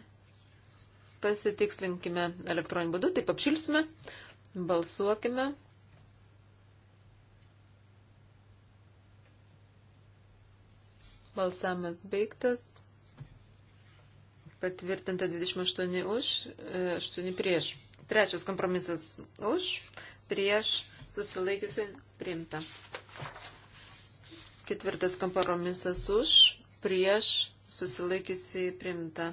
Pasitikslinkime elektroniniu būdu, taip apšilsime, balsuokime. Balsamas baigtas. Patvirtinta 28 už, 8 prieš. Trečias kompromisas už, prieš, susilaikiusi, priimta. Ketvirtas kompromisas už, prieš, susilaikiusiai primta.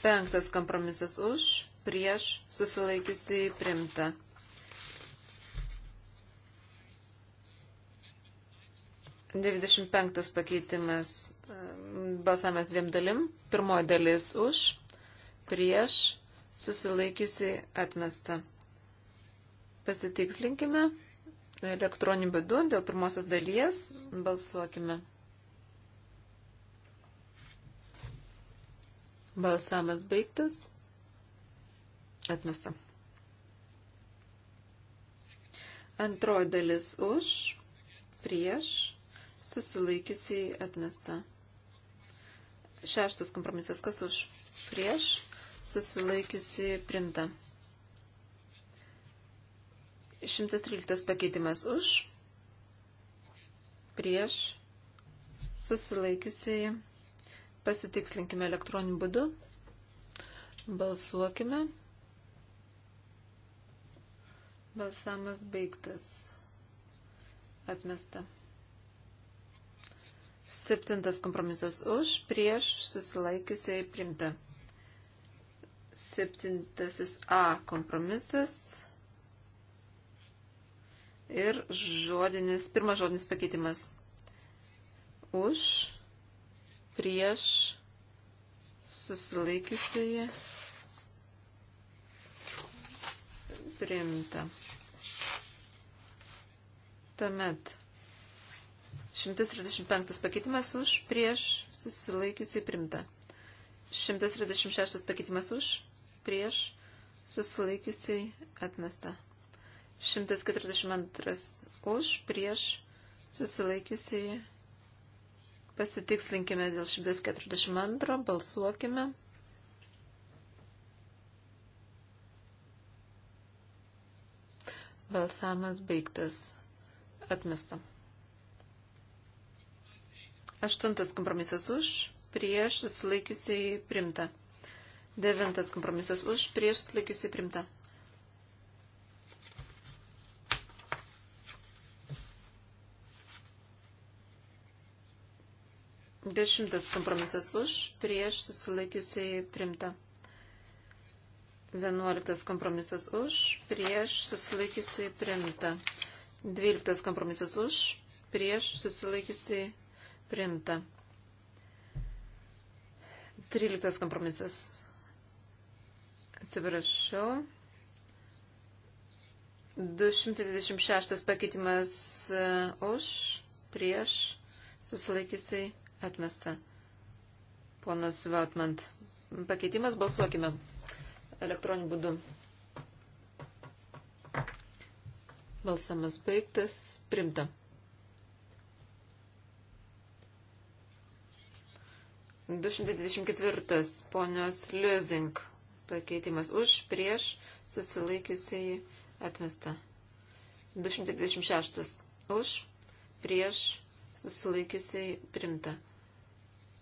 Penktas kompromisas už, prieš, susilaikiusiai primta. Devidešimt penktas pakeitimas e, balsavimas dviem dalim. Pirmoji dalis už, prieš, susilaikiusiai atmesta. Pasitikslinkime elektroniniu būdu dėl pirmosios dalies. Balsuokime. Balsamas baigtas. Atmesta. Antroji dalis už, prieš, susilaikiusiai atmesta. Šeštas kompromisas kas už, prieš, susilaikiusiai primta. 113 pakeitimas už, prieš, susilaikiusiai, pasitikslinkime elektroniniu būdu, balsuokime. Balsamas baigtas. Atmesta. Septintas kompromisas už, prieš, susilaikiusiai primta. Septintasis A kompromisas ir žodinis, pirmas žodinis pakeitimas. Už, prieš, susilaikiusioje, priimta. Tuomet 135 pakeitimas už, prieš, susilaikiusiai primta. 136 pakeitimas už, prieš, susilaikiusiai atmesta. 142 už, prieš susilaikiusiai. Pasitikslinkime dėl 142, balsuokime. Balsavimas baigtas. Atmesta. Aštuntas kompromisas už, prieš susilaikiusiai primta. Devintas kompromisas už, prieš susilaikiusiai primta. Dešimtas kompromisas už, prieš susilaikiusiai primta. Vienuoliktas kompromisas už, prieš susilaikiusiai primta. Dvyliktas kompromisas už, prieš susilaikiusiai primta. Tryliktas kompromisas. Atsiprašau. 226 pakeitimas e, už, prieš, susilaikiusiai Atmesta. Ponas Vautmant. Pakeitimas balsuokime elektroniniu būdu. Balsamas baigtas. Primta. Du šimtai dvidešimt ketvirtas. Ponios Liuzink. Pakeitimas už, prieš, susilaikiusiai atmesta. 226. Už, prieš, susilaikiusiai primta.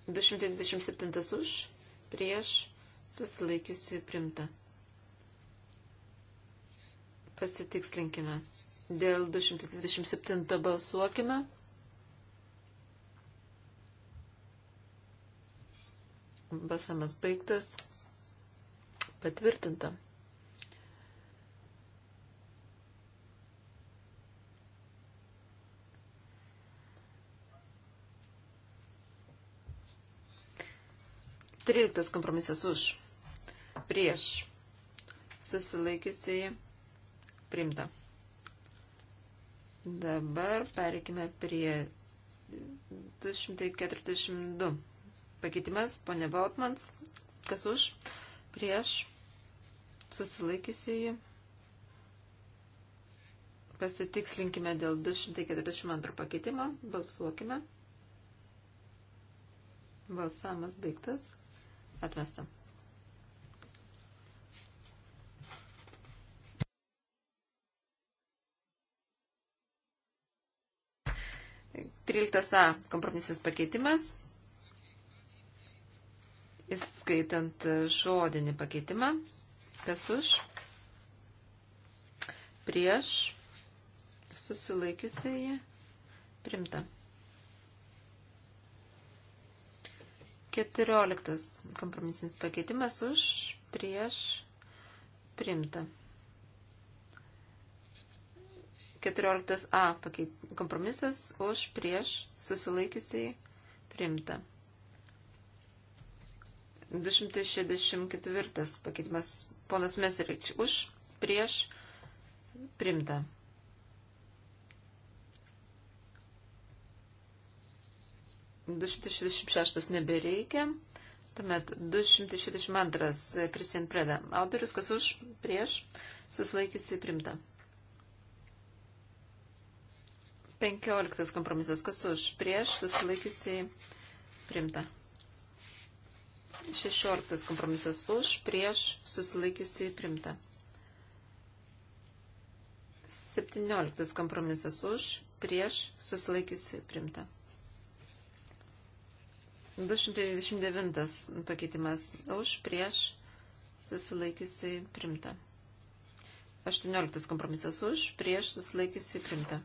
227 už, prieš, susilaikiusi primta. Pasitikslinkime. Dėl 227 balsuokime. Basamas baigtas. Patvirtinta. 13 kompromisas už, prieš, susilaikiusiai primta. Dabar perikime prie 242. Pakeitimas, ponė Vautmans, kas už, prieš, susilaikiusiai. Pasitikslinkime dėl 242 pakeitimo, balsuokime. Balsamas baigtas. Atmesta. Tryliktas A kompromisinis pakeitimas, įskaitant žodinį pakeitimą, kas už, prieš, susilaikiusiai, primta. 14 kompromisinis pakeitimas už prieš primta. 14a pakeit, kompromisas už prieš susilaikiusiai primta. 264 pakeitimas ponas Meserič už prieš primta. 266 nebereikia. Tuomet 262 e, Kristian Preda. Autoris, kas už, prieš, susilaikiusi primta. 15 kompromisas, kas už, prieš, susilaikiusi primta. 16 kompromisas už, prieš, susilaikiusi primta. 17 kompromisas už, prieš, susilaikiusi primta. 299 pakeitimas už prieš susilaikiusiai primta. 18 kompromisas už prieš susilaikiusiai primta.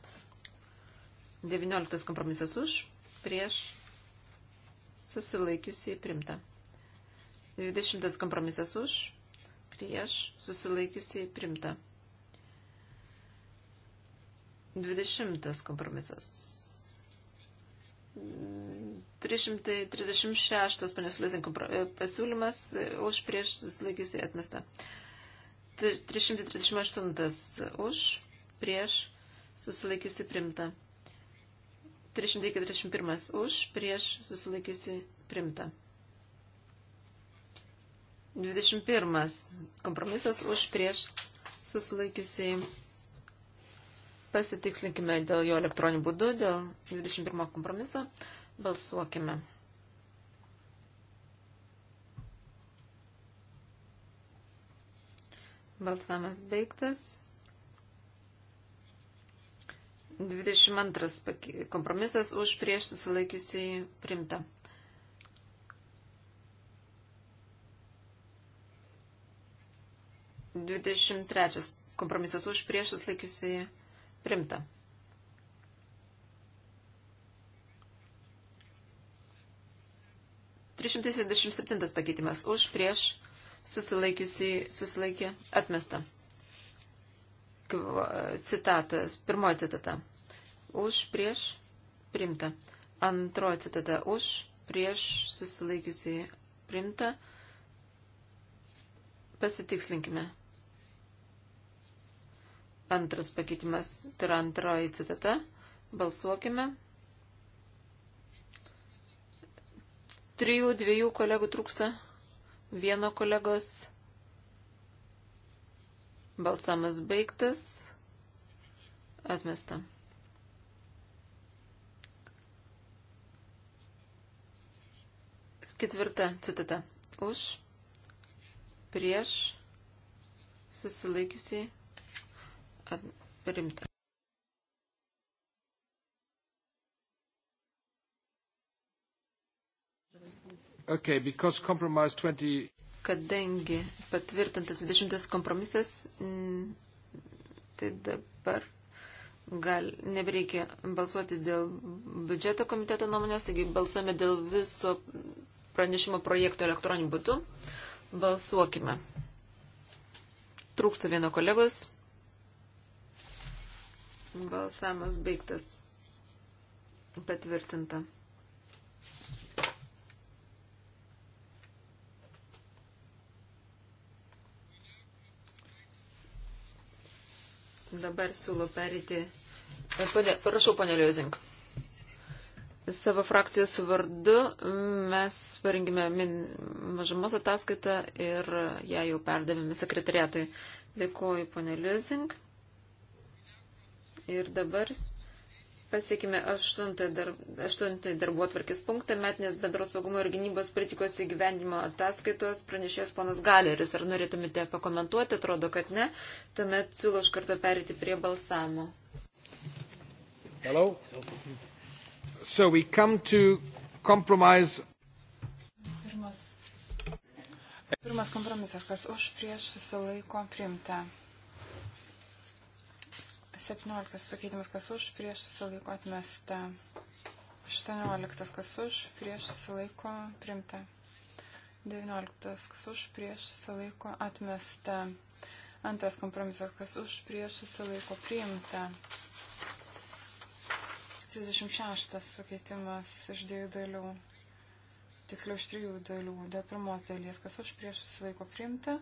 19 kompromisas už prieš susilaikiusiai primta. 20 kompromisas už prieš susilaikiusiai primta. 20 kompromisas. 336 panios Lezink pasiūlymas e, už prieš susilaikiusi atmesta. 338 už prieš susilaikiusi primta. 341 už prieš susilaikiusi primta. 21 kompromisas už prieš susilaikiusi pasitikslinkime dėl jo elektroninių būdų, dėl 21 kompromiso. Balsuokime. Balsamas baigtas. 22 kompromisas už prieš susilaikiusiai primta. Dvidešimt trečias kompromisas už prieš susilaikiusiai primta. 377 pakeitimas už prieš susilaikė atmesta. Kva, citatas, pirmoji citata. Už prieš primta. Antroji citata. Už prieš susilaikiusiai primta. Pasitikslinkime. Antras pakeitimas, tai yra antroji citata. Balsuokime. trijų, dviejų kolegų trūksta, vieno kolegos. Balsamas baigtas. Atmesta. Ketvirta citata. Už, prieš, susilaikiusiai, primta. Okay, because compromise 20... Kadangi patvirtintas 20 kompromisas, tai dabar gal nebereikia balsuoti dėl biudžeto komiteto nuomonės, taigi balsuojame dėl viso pranešimo projekto elektroniniu būdu. Balsuokime. Trūksta vieno kolegos. Balsamas baigtas. Patvirtinta. Dabar siūlau perėti. Pane, prašau, ponė Liozink. Savo frakcijos vardu mes parengėme mažumos ataskaitą ir ją jau perdavėme sekretariatui. Dėkuoju, ponė Liozink. Ir dabar Pasiekime aštuntą, dar, aštuntą darbo atvarkės punktą, metinės bendros saugumo ir gynybos politikos įgyvendimo ataskaitos pranešės ponas Galeris. Ar norėtumėte pakomentuoti? Atrodo, kad ne. Tuomet siūlau iš karto perėti prie balsamo. Hello? So we come to compromise. Pirmas, pirmas kompromisas, kas už prieš susilaiko primta. 17 pakeitimas kas už, prieš susilaiko atmesta. 18 kas už, prieš susilaiko primta. 19 kas už, prieš susilaiko atmesta. Antras kompromisas kas už, prieš susilaiko priimta. 36 pakeitimas iš dviejų dalių. Tiksliau iš trijų dalių. Dėl pirmos dalies kas už, prieš susilaiko priimta.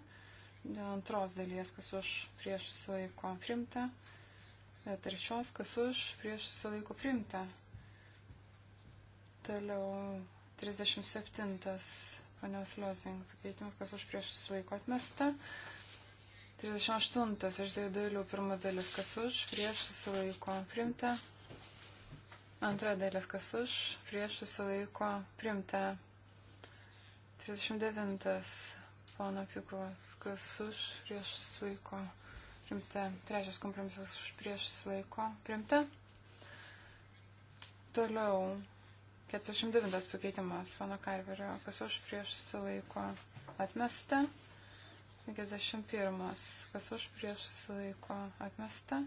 Dėl antros dalies kas už, prieš susilaiko priimta. E, trečios, kas už, prieš susilaiko priimta. Toliau 37 panios Liozing pakeitimas, kas už prieš susilaiko atmesta. 38 iš dviejų dalių pirma dalis, kas už, prieš susilaiko priimta. Antra dalis, kas už, prieš susilaiko priimta. 39 pono Pikos, kas už, prieš susilaiko priimta. Primta. Trečias kompromisas už prieš laiko. Primta. Toliau. 409 pakeitimas Vano Karverio. Kas už prieš laiko. Atmesta. 51. Kas už prieš susilaiko atmesta.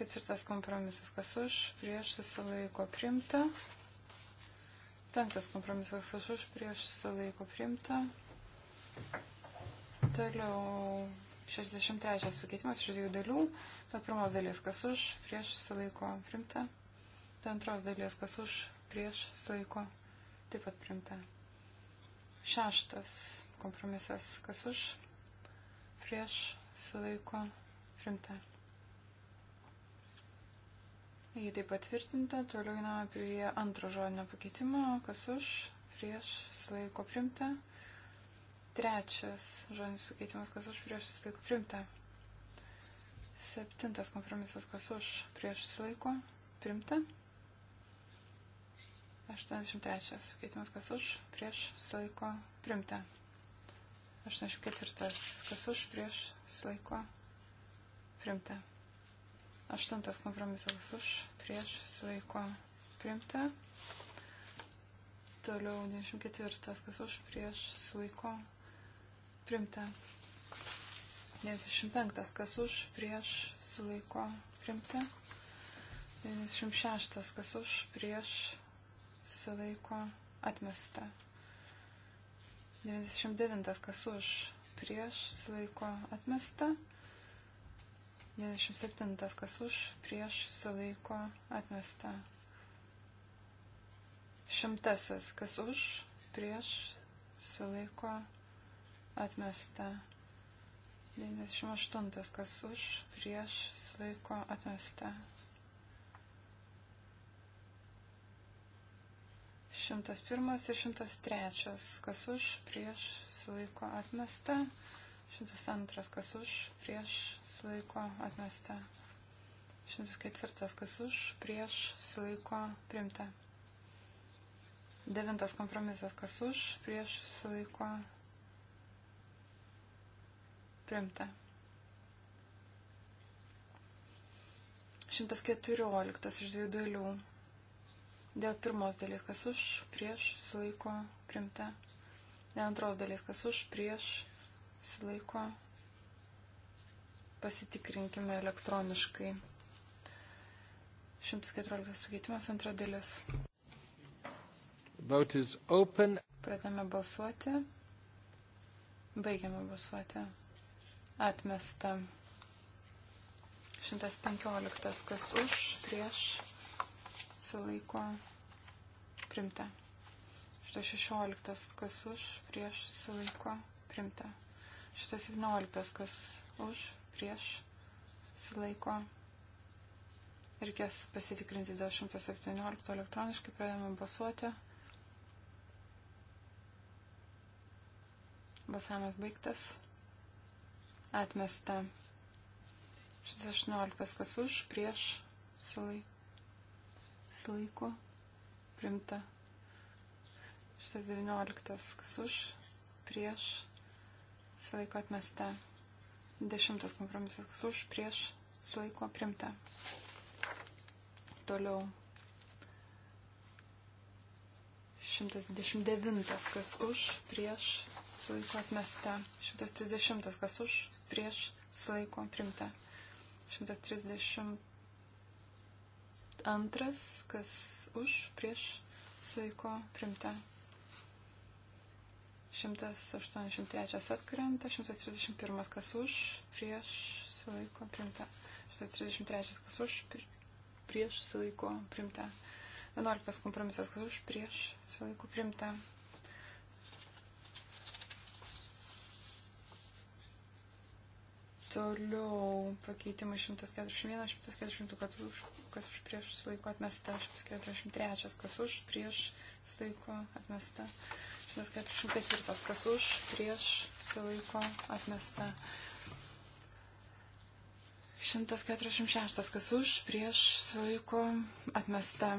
Ketvirtas kompromisas. Kas už prieš susilaiko primta. Penktas kompromisas. Kas už prieš susilaiko primta. Toliau 63 pakeitimas iš dviejų dalių. Bet pirmos dalies kas už, prieš sulaiko primta. Bet antros dalies kas už, prieš sulaiko taip pat primta. Šeštas kompromisas kas už, prieš sulaiko primta. Jei tai patvirtinta, toliau einame prie antro žodinio pakeitimo, kas už, prieš, sulaiko primta. Trečias žodinis pakeitimas, kas už prieš susilaiko primta. Septintas kompromisas, kas už prieš susilaiko primta. 83 pakeitimas, kas už prieš susilaiko primta. 84 kas už prieš susilaiko primta. Aštuntas kompromisas už, prieš, sveiko, primta. Toliau 94, kas už, prieš, sveiko, primta. 95. Kas už, prieš, sulaiko, primta. 96. Kas už, prieš, sulaiko, atmesta. 99. Kas už, prieš, sulaiko, atmesta. 97. Kas už, prieš, sulaiko, atmesta. Šimtasis. Kas už, prieš, sulaiko, atmesta atmesta. 98. Kas už, prieš, susilaiko, atmesta. 101 ir 103. Kas už, prieš, susilaiko, atmesta. 102. Kas už, prieš, susilaiko, atmesta. 104. Kas už, prieš, susilaiko, primta. Devintas kompromisas, kas už, prieš, susilaiko, Primta. 114 iš dviejų dalių. Dėl pirmos dalies, kas už, prieš, sulaiko, primta. Dėl antros dalies, kas už, prieš, sulaiko. Pasitikrinkime elektroniškai. 114 pakeitimas, antra dalis. Vote is open. Pradame balsuoti. Baigiame balsuoti. Atmesta. 115. Kas už, prieš, sulaiko, primta. 116. Kas už, prieš, sulaiko, primta. 117. Kas už, prieš, sulaiko. Reikės pasitikrinti dėl 117 elektroniškai, pradėjome balsuoti. Balsavimas baigtas atmesta. 16 kas už, prieš, silaiko, primta. 119 kas už, prieš, silaiko atmesta. 10 kompromisas kas už, prieš, silaiko, primta. Toliau 129 kas už, prieš, sulaiko atmesta. 130 kas už, prieš susilaiko primta. 132, kas už prieš susilaiko primta. 183 atkrenta, 131 kas už prieš susilaiko primta. 133 kas už prieš susilaiko primta. 11 kompromisas kas už prieš susilaiko primta. Toliau pakeitimai 141, 142, kas už, kas už prieš sulaiko atmesta, 143, kas už prieš sulaiko atmesta, 144, kas už prieš sulaiko atmesta, 146, kas už prieš sulaiko atmesta,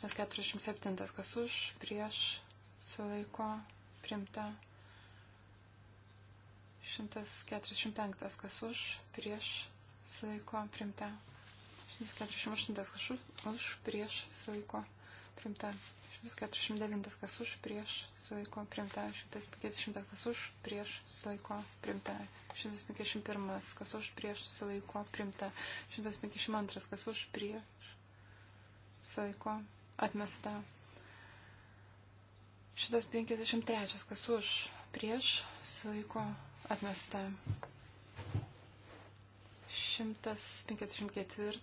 147, kas už prieš sulaiko primta. 145 kas už, prieš suvaiko primta. 148 kas už, prieš suvaiko primta. 149 kas už, prieš suvaiko primta. 150 kas už, prieš suvaiko primta. 151 kas už, prieš suvaiko primta. 152 kas už, prieš suvaiko atmesta. 153 kas už, prieš suvaiko primta Atmesta. 154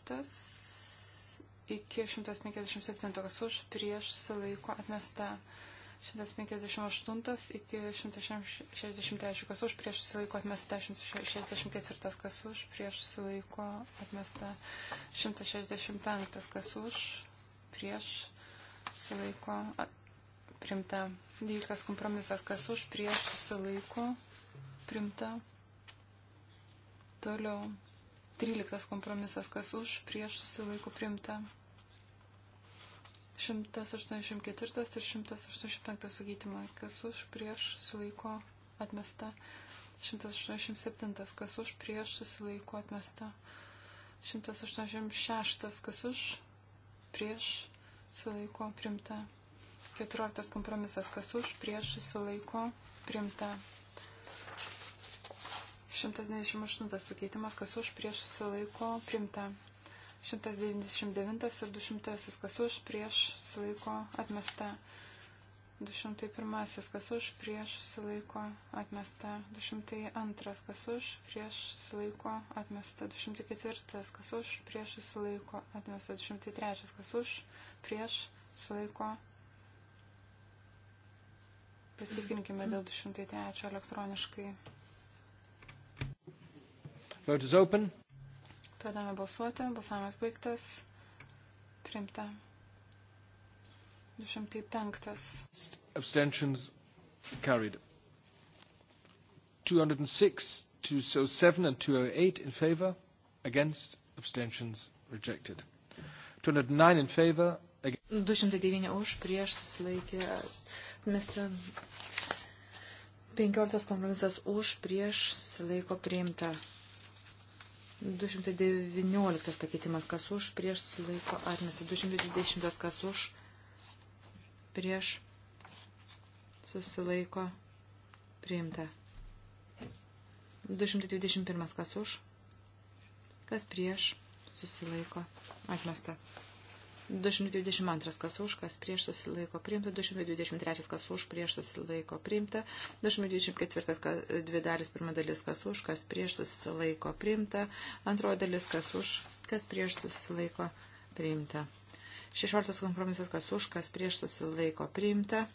iki 157, kas už, prieš, sulaiko, atmesta. 158 iki 163, kas už, prieš susilaiko atmesta, 164, kas už, prieš susilaiko atmesta, 165, kas už, prieš susilaiko primta, 12 kompromisas, kas už, prieš susilaiko atmesta primta. Toliau. 13 kompromisas, kas už, prieš susilaiko primta. 184 ir 185 pakeitimai, kas už, prieš susilaiko atmesta. 187, kas už, prieš susilaiko atmesta. 186, kas už, prieš susilaiko primta. 14 kompromisas, kas už, prieš susilaiko primta. 198 pakeitimas, kas už prieš susilaiko primta. 199 ir 200, kas už prieš susilaiko atmesta. 201, kas už prieš susilaiko atmesta. 202, kas už prieš susilaiko atmesta. 204, kas už prieš susilaiko atmesta. 203, kas už prieš susilaiko Pasitikrinkime dėl 203 elektroniškai. Vote is open. Pradame balsuoti. Balsavimas baigtas. Primta. 205. Abstentions carried. 206, 207 and 208 in favor. Against. Abstentions rejected. 209 in favor. 209 už, prieš susilaikė. Mesta 15 kompromisas už, prieš susilaiko priimta. 219 pakeitimas kas už, prieš sulaiko atmestą. 220 kas už, prieš susilaiko priimta. 221 kas už, kas prieš susilaiko atmestą. 222 kas už, kas prieš susilaiko priimta, 223 kas už, prieš susilaiko priimta, 224 kas, dvi dalis, pirma dalis kas už, kas prieš susilaiko priimta, antroji dalis kas už, kas prieš susilaiko priimta. 16 kompromisas kas už, kas prieš susilaiko priimta,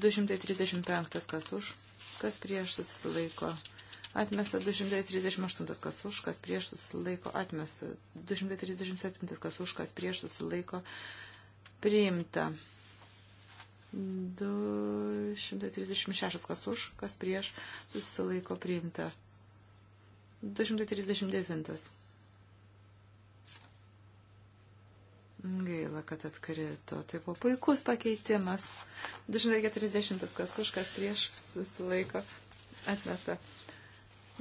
235 kas už, kas prieš susilaiko priimta. Atmesta 238, kas už, kas prieš susilaiko. Atmesta 237, kas už, kas prieš susilaiko. Priimta. 236, kas už, kas prieš susilaiko. Priimta. 239. Gaila, kad atkrito. Tai buvo puikus pakeitimas. 240, kas už, kas prieš susilaiko. Atmesta.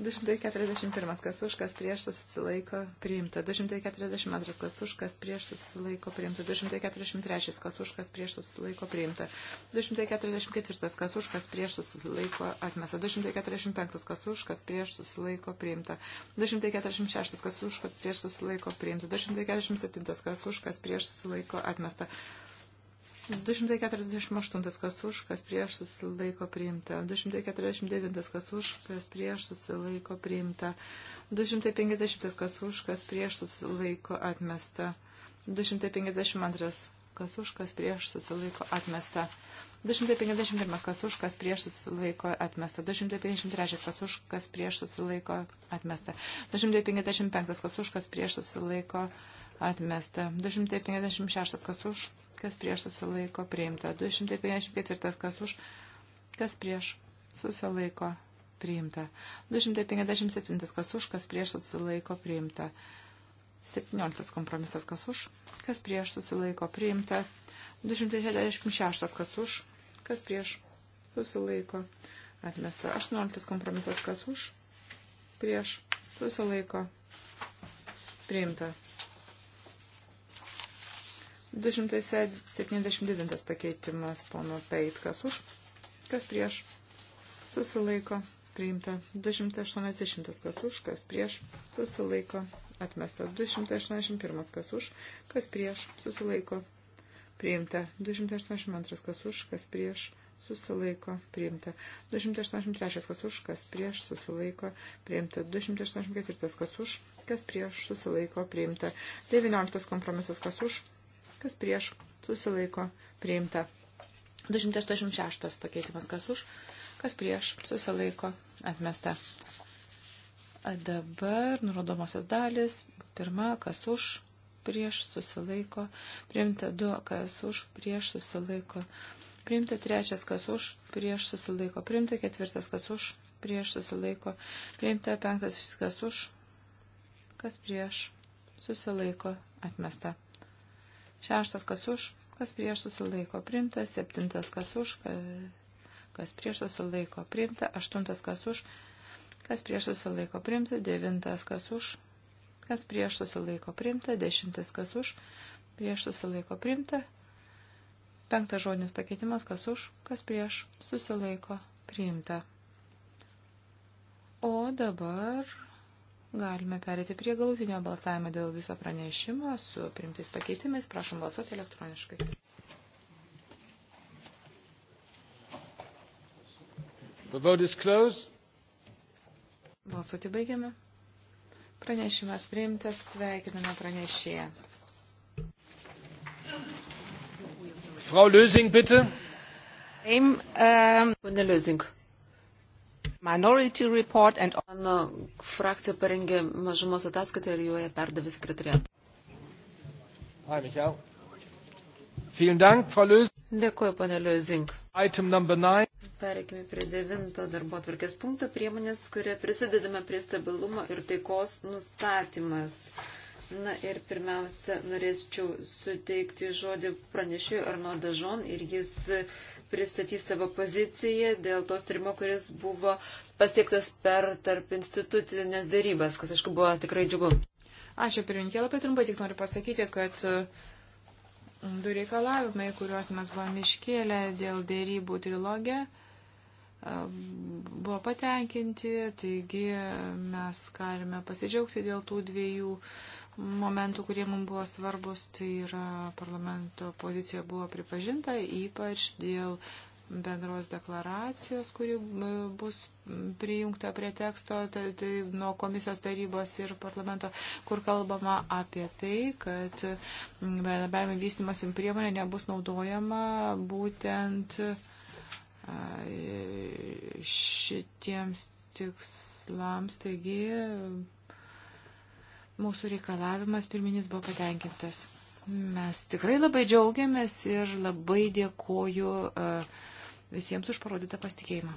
241 kas už, kas prieš susilaiko priimta. 242 kas už, kas prieš susilaiko priimta. 243 kas už, kas prieš susilaiko priimta. 244 kas už, kas prieš susilaiko atmesta. 245 kas už, kas prieš susilaiko priimta. 246 kas už, kas prieš susilaiko priimta. 247 kas už, kas prieš susilaiko atmesta. 248 kas už, kas prieš susilaiko priimta. 249 kas už, kas prieš susilaiko priimta. 250 kas už, kas prieš susilaiko atmesta. 252 kas už, kas prieš susilaiko atmesta. 251 kas už, kas prieš susilaiko atmesta. 253 kas už, kas prieš susilaiko atmesta. 255 kas už, kas prieš susilaiko atmesta. 256 kas už, kas prieš susilaiko priimta. 254 kas už, kas prieš susilaiko priimta. 257 kas už, kas prieš susilaiko priimta. 17 kompromisas kas už, kas prieš susilaiko priimta. 266 kas už, kas prieš susilaiko atmesta. 18 kompromisas kas už, prieš susilaiko priimta. 279 pakeitimas pono Peit, kas už, kas prieš, susilaiko, priimta. 280 kas už, kas prieš, susilaiko, atmesta. 281 kas už, kas prieš, susilaiko, priimta. 282 kas už, kas prieš, susilaiko, priimta. 283 kas už, kas prieš, susilaiko, priimta. 284 kas už, kas prieš, susilaiko, priimta. 19 kompromisas kas už, kas prieš, susilaiko, priimta. 286 pakeitimas, kas už, kas prieš, susilaiko, atmesta. A dabar nurodomosios dalis, pirma, kas už, prieš, susilaiko, priimta du, kas už, prieš, susilaiko, priimta trečias, kas už, prieš, susilaiko, priimta ketvirtas, kas už, prieš, susilaiko, priimta penktas, kas už, kas prieš, susilaiko, atmesta. Šeštas, kas už, kas prieš susilaiko priimta. Septintas, kas už, kas prieš susilaiko priimta. Aštuntas, kas už, kas prieš susilaiko priimta. Devintas, kas už, kas prieš susilaiko priimta. Dešimtas, kas už, prieš susilaiko priimta. Penktas žodinis pakeitimas, kas už, kas prieš susilaiko priimta. O dabar Galime perėti prie galutinio balsavimo dėl viso pranešimo su primtais pakeitimais. Prašom balsuoti elektroniškai. The vote is closed. Balsuoti baigiame. Pranešimas priimtas. Sveikiname pranešėją. Frau Lösing, bitte. Im, um... Pone Lösing. Minority report and... Mano frakcija parengė mažumos ataskaitą ir joje perdavė sekretariatą. Hi, Michael. Vielen Dank, Frau Lösing. Dėkuoju, ponė Liuzink. Pereikime prie devinto darbo atvarkės punkto priemonės, kurie prisidedame prie stabilumo ir taikos nustatymas. Na ir pirmiausia, norėčiau suteikti žodį pranešėjui Arno Dažon ir jis uh, pristatys savo poziciją dėl tos tyrimo, kuris buvo pasiektas per tarp institucinės darybas, kas, aišku, buvo tikrai džiugu. Ačiū, pirmininkė, labai trumpai tik noriu pasakyti, kad mm, du reikalavimai, kuriuos mes buvome iškėlę dėl dėrybų trilogė, buvo patenkinti, taigi mes galime pasidžiaugti dėl tų dviejų uh, momentų, kurie mums buvo svarbus, tai yra parlamento pozicija buvo pripažinta, ypač dėl bendros deklaracijos, kuri e, bus prijungta prie teksto tai, tai, nuo komisijos tarybos ir parlamento, kur kalbama apie tai, kad bendradarbiavimo vystimas priemonė nebus naudojama būtent e, šitiems tikslams. Taigi mūsų reikalavimas pirminis buvo patenkintas. Mes tikrai labai džiaugiamės ir labai dėkoju e, visiems už parodytą pasitikėjimą.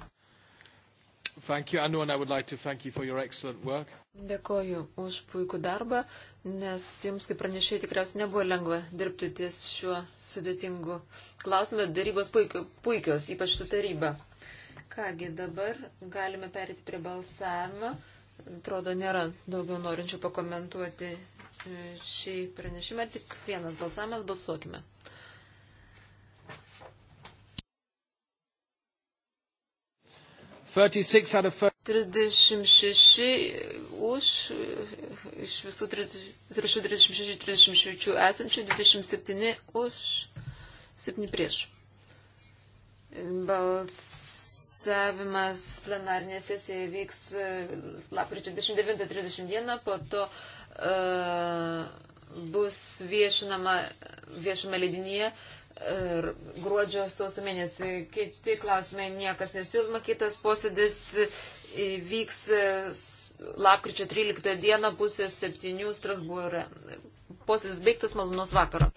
Thank you, Anu, and I would like to thank you for your excellent work. Dėkoju už puikų darbą, nes jums kaip pranešėjai tikriausiai nebuvo lengva dirbti ties šiuo sudėtingu klausimu, bet darybos puikio, puikios, ypač su taryba. Kągi, dabar galime perėti prie balsavimo. Atrodo, nėra daugiau norinčių pakomentuoti e, šį pranešimą. Tik vienas balsavimas, balsuokime. Of... 36 už, iš visų 36-36 esančių, 27 už, 7 prieš. Balsavimas balsavimas plenarinė sesija vyks e, lapkričio 29-30 dieną, po to uh, bus viešinama viešame leidinėje uh, e, gruodžio sausio mėnesį. Kiti klausimai niekas nesiūloma, kitas posėdis vyks lapkričio 13 dieną pusės 7 Strasbūrė. Posėdis baigtas, malonus vakaro.